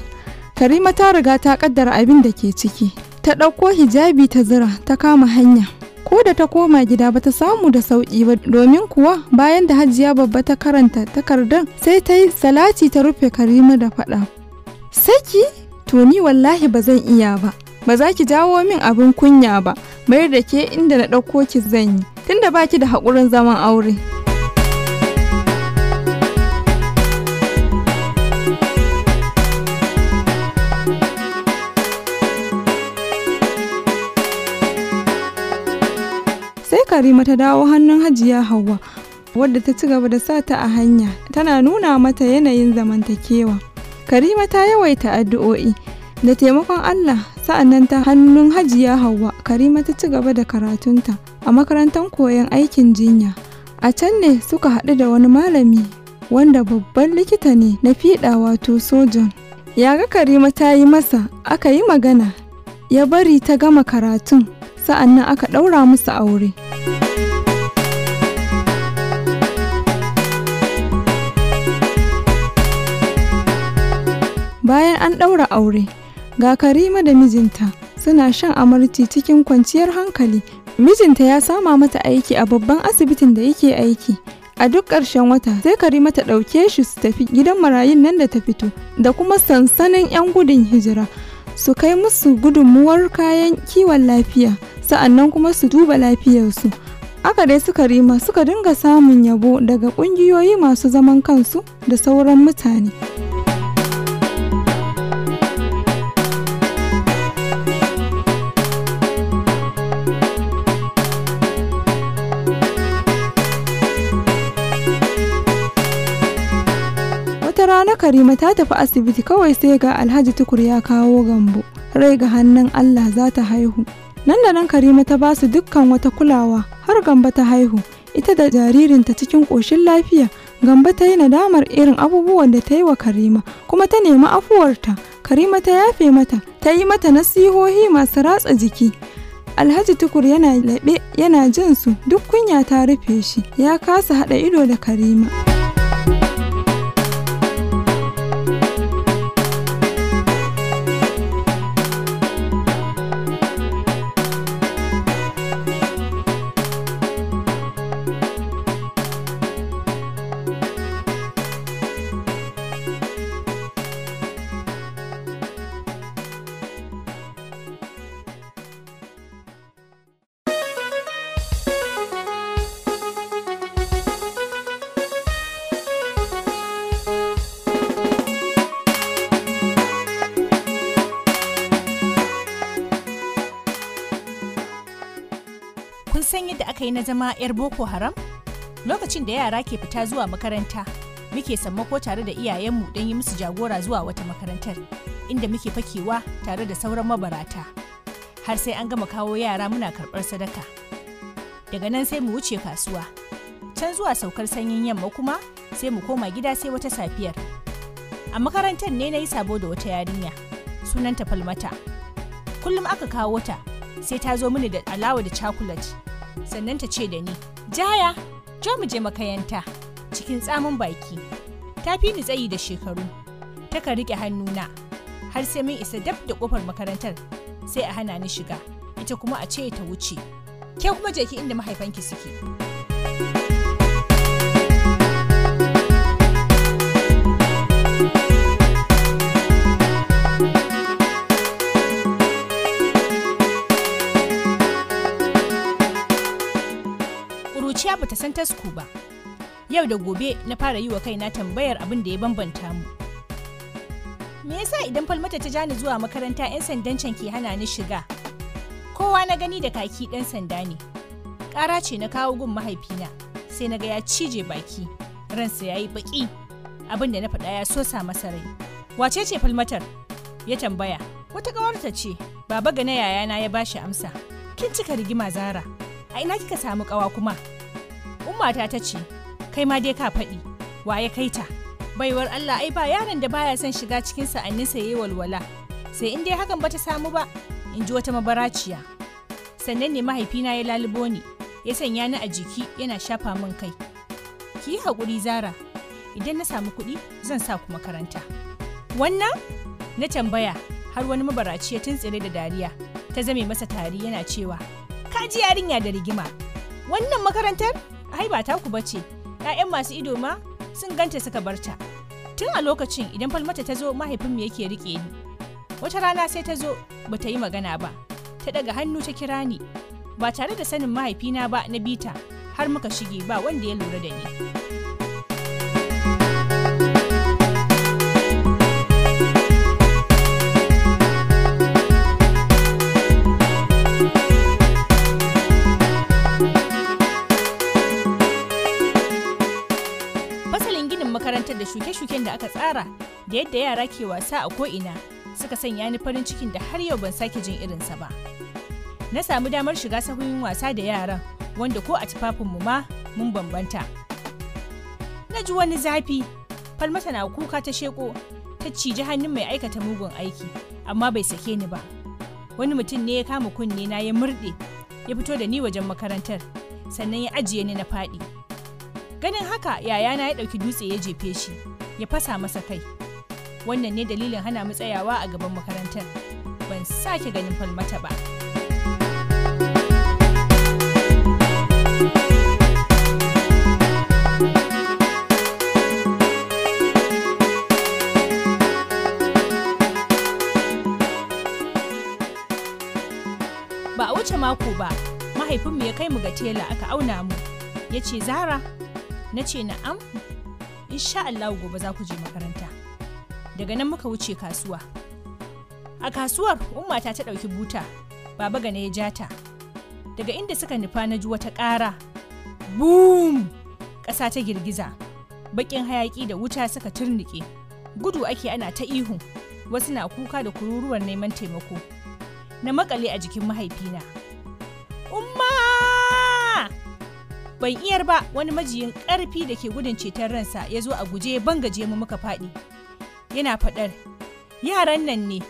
karima ta riga ta kaddara abin da ke ciki ta ɗauko hijabi ta zira ta kama hanya ko da ta koma gida ba ta samu da sauki ba domin kuwa bayan da hajiya babba ta karanta takardar sai ta yi salati ta rufe karima da fada saki to ni wallahi ba zan iya ba ba za ki jawo min abin kunya ba mayar da ke inda na ɗauko ki zan yi tunda baki da haƙurin zaman aure. karima ta dawo hannun hajiya hawa wadda ta ci gaba da sata a hanya tana nuna mata yanayin zamantakewa karima ta yawaita addu'o'i da taimakon allah sa'annan ta hannun hajiya hauwa karima ta ci gaba da karatunta a makarantar koyon aikin jinya a can ne suka haɗu da wani malami wanda babban likita ne na fiɗa wato sojon ya ga karima ta yi masa aka yi magana ya bari ta gama karatun sa'an nan aka ɗaura musu aure. Bayan an ɗaura aure, ga Karima da mijinta suna shan amarci cikin kwanciyar hankali. Mijinta ya sama mata aiki a babban asibitin da yake aiki. A duk ƙarshen wata sai Karima ta ɗauke shi su tafi gidan marayun nan da ta fito da kuma sansanin 'yan gudun hijira. su kai musu gudunmuwar kayan kiwon lafiya sa'annan kuma su duba lafiyarsu aka dai suka rima suka dinga samun yabo daga ƙungiyoyi masu zaman kansu da sauran mutane. na Karima ta tafi asibiti kawai sai ga Alhaji Tukur ya kawo gambo. Rai ga hannun Allah za ta haihu. Nan da nan Karima ta ba su dukkan wata kulawa har gamba ta haihu. Ita da jaririnta cikin koshin lafiya. Gamba ta yi nadamar irin abubuwan da ta yi wa Karima kuma ta nemi afuwarta. Karima ta yafe mata, ta yi mata nasihohi masu ratsa jiki. Alhaji Tukur yana laɓe yana jin su duk kunya ta rufe shi, ya kasa haɗa ido da Karima. na zama 'yar boko haram lokacin da yara ke fita zuwa makaranta muke sammako tare da iyayenmu don yi musu jagora zuwa wata makarantar inda muke fakewa tare da sauran mabarata har sai an gama kawo yara muna karɓar sadaka daga nan sai mu wuce kasuwa can zuwa saukar sanyin yamma kuma sai mu koma gida sai wata safiyar a makarantar ne na yi sabo da wata yarinya sunanta falmata kullum aka kawo ta sai ta zo mini da alawa da cakulat sannan ta ce da ni jaya jo mu je makayanta cikin tsamin baki ta fi ni tsayi da shekaru Ta ka riƙe hannuna har sai mun isa dab da ƙofar makarantar sai a hana ni shiga ita kuma a ce ta wuce ke kuma jeki inda mahaifanki suke ba ta san tasku ba yau da gobe na fara yi wa kaina tambayar abin da ya bambanta mu me yasa idan falmata ta jani zuwa makaranta 'yan sandan can ke hana ni shiga kowa na gani da kaki ɗan sanda ne ƙara ce na kawo gun mahaifina sai na ga ya cije baki ransa ya yi baƙi abin da na faɗa ya sosa masa rai wace ce falmatar ya tambaya wata ƙawarta ce baba ga na yayana ya bashi amsa kin cika rigima zara a ina kika samu ƙawa kuma ummata ta ce kai ma dai ka faɗi waye kai ta baiwar Allah ai ba yaron da baya son shiga cikin sa'anninsa yayi walwala sai in dai hakan bata samu ba in ji wata mabaraciya sannan ne mahaifina ya lalubo ni ya sanya ni a jiki yana shafa min kai ki yi haƙuri zara idan na samu kuɗi zan sa ku makaranta wannan na tambaya har wani mabaraci ya tuntsire da dariya ta zame masa tari yana cewa ka ji yarinya da rigima wannan makarantar ai ba taku ba ce, ‘ya'yan masu ido ma sun ganta suka barta. Tun a lokacin idan falmata ta zo mahaifinmu yake riƙe ni. Wata rana sai ta zo ba ta yi magana ba, ta daga hannu ta kira ni, ba tare da sanin mahaifina ba na bita har muka shige ba wanda ya lura da ni. da shuke-shuken da aka tsara da yadda yara ke wasa a ko'ina suka sanya ni farin cikin da har yau ban sake jin irinsa ba. Na samu damar shiga sahun wasa da yaran wanda ko a tufafinmu ma mun bambanta. Na ji wani zafi, falmata na kuka ta sheko ta ciji hannun mai aikata mugun aiki, amma bai sake ni ba. Wani mutum ne ya kama kunne na ya murɗe, ya fito da ni wajen makarantar, sannan ya ajiye ni na faɗi. ganin haka yayana ya ɗauki dutse ya jefe shi ya fasa masa kai wannan ne dalilin hana mu tsayawa a gaban makarantar ban sake ganin falmata ba ba a wuce mako ba mahaifinmu ya kai mu ga tela aka auna mu ya ce zara na ce na'am insha Allah gobe za ku je makaranta daga nan muka wuce kasuwa a kasuwar ummata ta ɗauki buta baba gane ya ja ta daga inda suka nufa na ji wata ƙara boom ƙasa ta girgiza baƙin hayaƙi da wuta suka turnike gudu ake ana ta ihu wasu na kuka da kururuwar neman taimako na makale a jikin mahaifina. ban iyar ba wani majiyin ƙarfi da ke gudun ceton ransa ya zo a guje bangaje mu muka faɗi yana faɗar yaran nan ne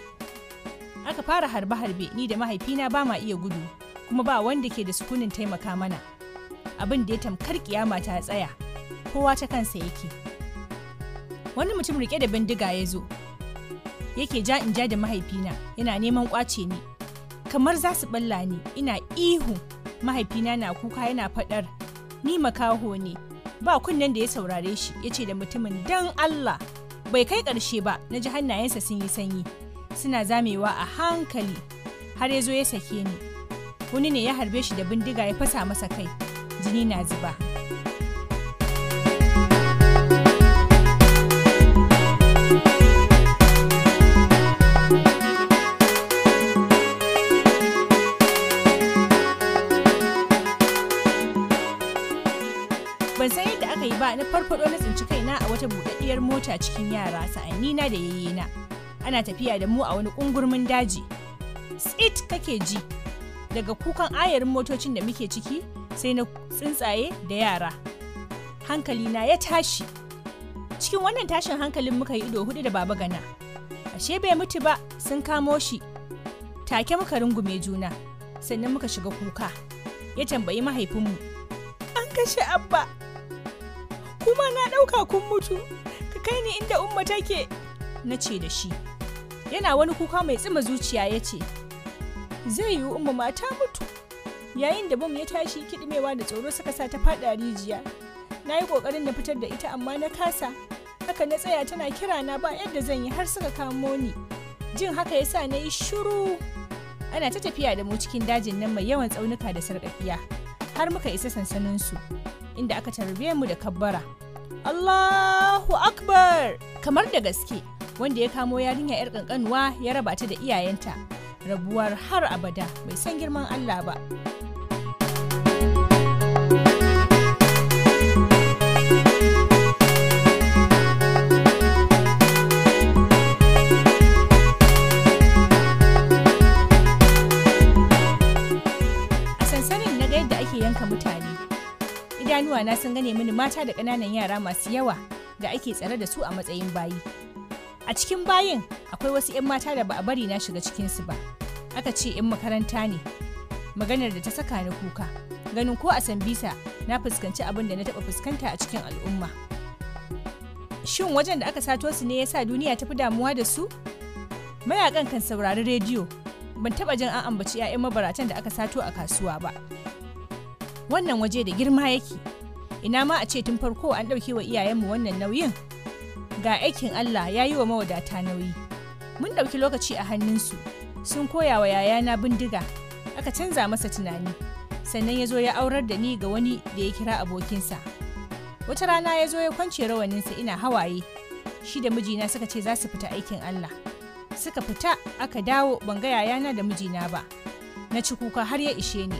aka fara harbe-harbe ni da mahaifina ba ma iya gudu kuma ba wanda ke da sukunin taimaka mana abin da ya tamkar kiyama ta tsaya kowa ta kansa yake wani mutum rike da bindiga ya zo yake ja in ja da mahaifina yana neman kwace ni kamar za su balla ni ina ihu mahaifina na kuka yana faɗar ni makaho ne ba kunnen da ya saurare shi ya ce da mutumin dan Allah bai kai ƙarshe ba na ji hannayensa sun yi sanyi suna zamewa a hankali har ya zo ya sake ni wani ne ya harbe shi da bindiga ya fasa masa kai jini na zuba. ba na farfado na tsinci kaina a wata buɗaɗɗiyar mota cikin yara sa'anni na da na ana tafiya da mu a wani ƙungurmin daji tsit kake ji daga kukan ayarin motocin da muke ciki sai na tsuntsaye da yara Hankali na ya tashi cikin wannan tashin hankalin muka yi ido hudu da baba gana ashe bai mutu ba sun kamo shi take muka rungume juna sannan muka shiga kuka ya tambayi mahaifinmu an kashe abba kuma na ɗauka kun mutu ka kai ni inda umma take na ce da shi yana wani kuka mai tsima zuciya ya ce zai yi umma mata mutu yayin da bom ya tashi kiɗimewa da tsoro suka sa ta faɗa rijiya na yi ƙoƙarin na fitar da ita amma na kasa haka na tsaya tana kira na ba yadda zan yi har suka kamo ni jin haka ya sa na yi shiru ana ta tafiya da mu cikin dajin nan mai yawan tsaunuka da sarƙaƙiya har muka isa sansaninsu inda aka tarbe mu da kabbara. Allahu Akbar! Kamar da gaske, wanda ya kamo yarinya 'yar ƙanƙanuwa ya rabata da iyayenta, rabuwar har abada bai san girman Allah ba. idanuwa na sun gane mini mata da ƙananan yara masu yawa da ake tsare da su a matsayin bayi a cikin bayin akwai wasu 'yan mata da ba a bari na shiga cikinsu ba aka ce 'yan makaranta ne maganar da ta saka ni kuka ganin ko a sambisa na fuskanci abin da na taɓa fuskanta a cikin al'umma shin wajen da aka sato su ne ya sa duniya ta fi damuwa da su mayakan kan saurari rediyo ban taɓa jin an ambaci 'ya'yan mabaratan da aka sato a kasuwa ba wannan waje da girma yake ina ma a ce tun farko an ɗauke wa iyayenmu wannan nauyin ga aikin Allah ya yi wa mawadata nauyi mun ɗauki lokaci a hannunsu sun koya wa yayana bindiga aka canza masa tunani sannan ya zo ya aurar da ni ga wani da ya kira abokinsa wata rana ya zo ya kwance rawaninsa ina hawaye shi da mijina suka ce za su fita aikin Allah suka fita aka dawo ban ga yayana da mijina ba na ci kuka har ya ishe ni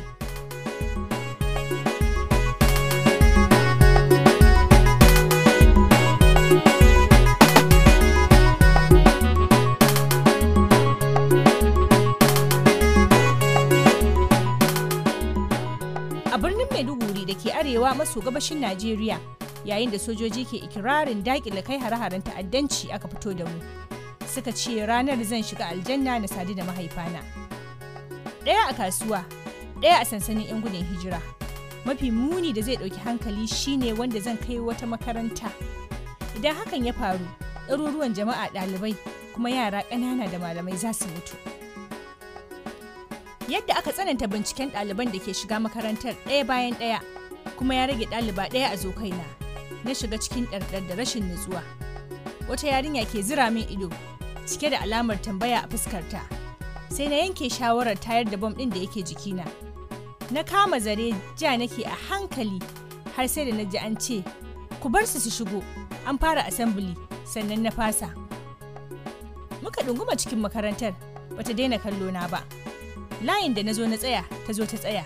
arewa maso gabashin Najeriya yayin da sojoji ke ikirarin daƙile kai hare-haren ta'addanci aka fito da mu. Suka ce ranar zan shiga aljanna na sadu da mahaifana. Ɗaya a kasuwa, ɗaya a sansanin 'yan gudun hijira. Mafi muni da zai ɗauki hankali shine wanda zan kai wata makaranta. Idan hakan ya faru, ɗaruruwan jama'a ɗalibai kuma yara ƙanana da malamai za su mutu. Yadda aka tsananta binciken ɗaliban da ke shiga makarantar ɗaya bayan ɗaya kuma ya rage ɗaliba ɗaya a zo kaina na shiga cikin ɗarɗar da rashin nutsuwa wata yarinya ke zira min ido cike da alamar tambaya a fuskarta sai na yanke shawarar tayar da bom ɗin da yake jikina na kama zare ja nake a hankali har sai da na ji an ce ku bar su su shigo an fara asambili sannan na fasa muka ɗunguma cikin makarantar bata daina kallo na ba layin da na zo na tsaya ta zo ta tsaya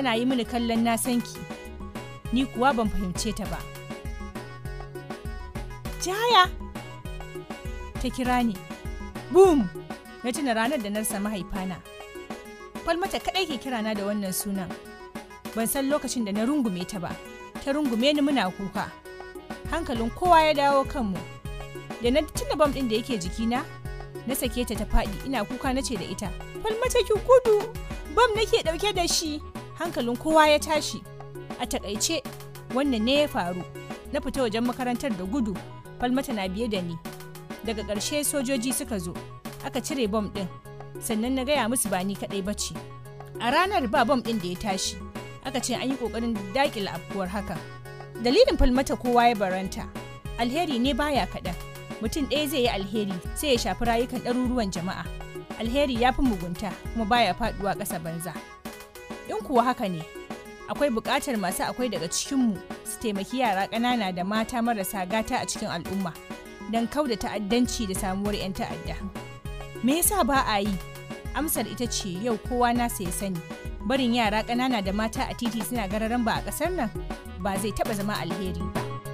tana yi mini kallon nasanki. ni kuwa ban fahimce ta ba jaya ta kira ni boom na tuna ranar da na rasa mahaifana falmata kadai ke kira na da wannan sunan ban san lokacin da na rungume ta ba ta rungume ni muna kuka hankalin kowa ya dawo kanmu da na tuna bam ɗin da yake jikina na sake ta ta faɗi ina kuka na ce da ita falmata ki gudu bam nake ɗauke da shi hankalin kowa ya tashi a takaice wannan ne ya faru na fita wajen makarantar da gudu falmata na biye da ni daga ƙarshe sojoji suka zo aka cire bom ɗin sannan na gaya musu ba ni kaɗai ba ce a ranar ba bom ɗin da ya tashi aka ce an yi ƙoƙarin daƙila afkuwar haka dalilin falmata kowa ya baranta alheri ne baya kaɗan mutum ɗaya zai yi alheri sai ya shafi rayukan ɗaruruwan jama'a alheri ya fi mugunta kuma baya faɗuwa ƙasa banza. in kuwa haka ne akwai buƙatar masu akwai daga cikinmu su taimaki yara ƙanana da mata marasa gata a cikin al'umma don kauda ta'addanci da samuwar 'yan ta'adda me yasa ba a yi amsar ita ce yau kowa na ya sani barin yara ƙanana da mata a titi suna gararan ba a ƙasar nan ba zai taɓa zama alheri ba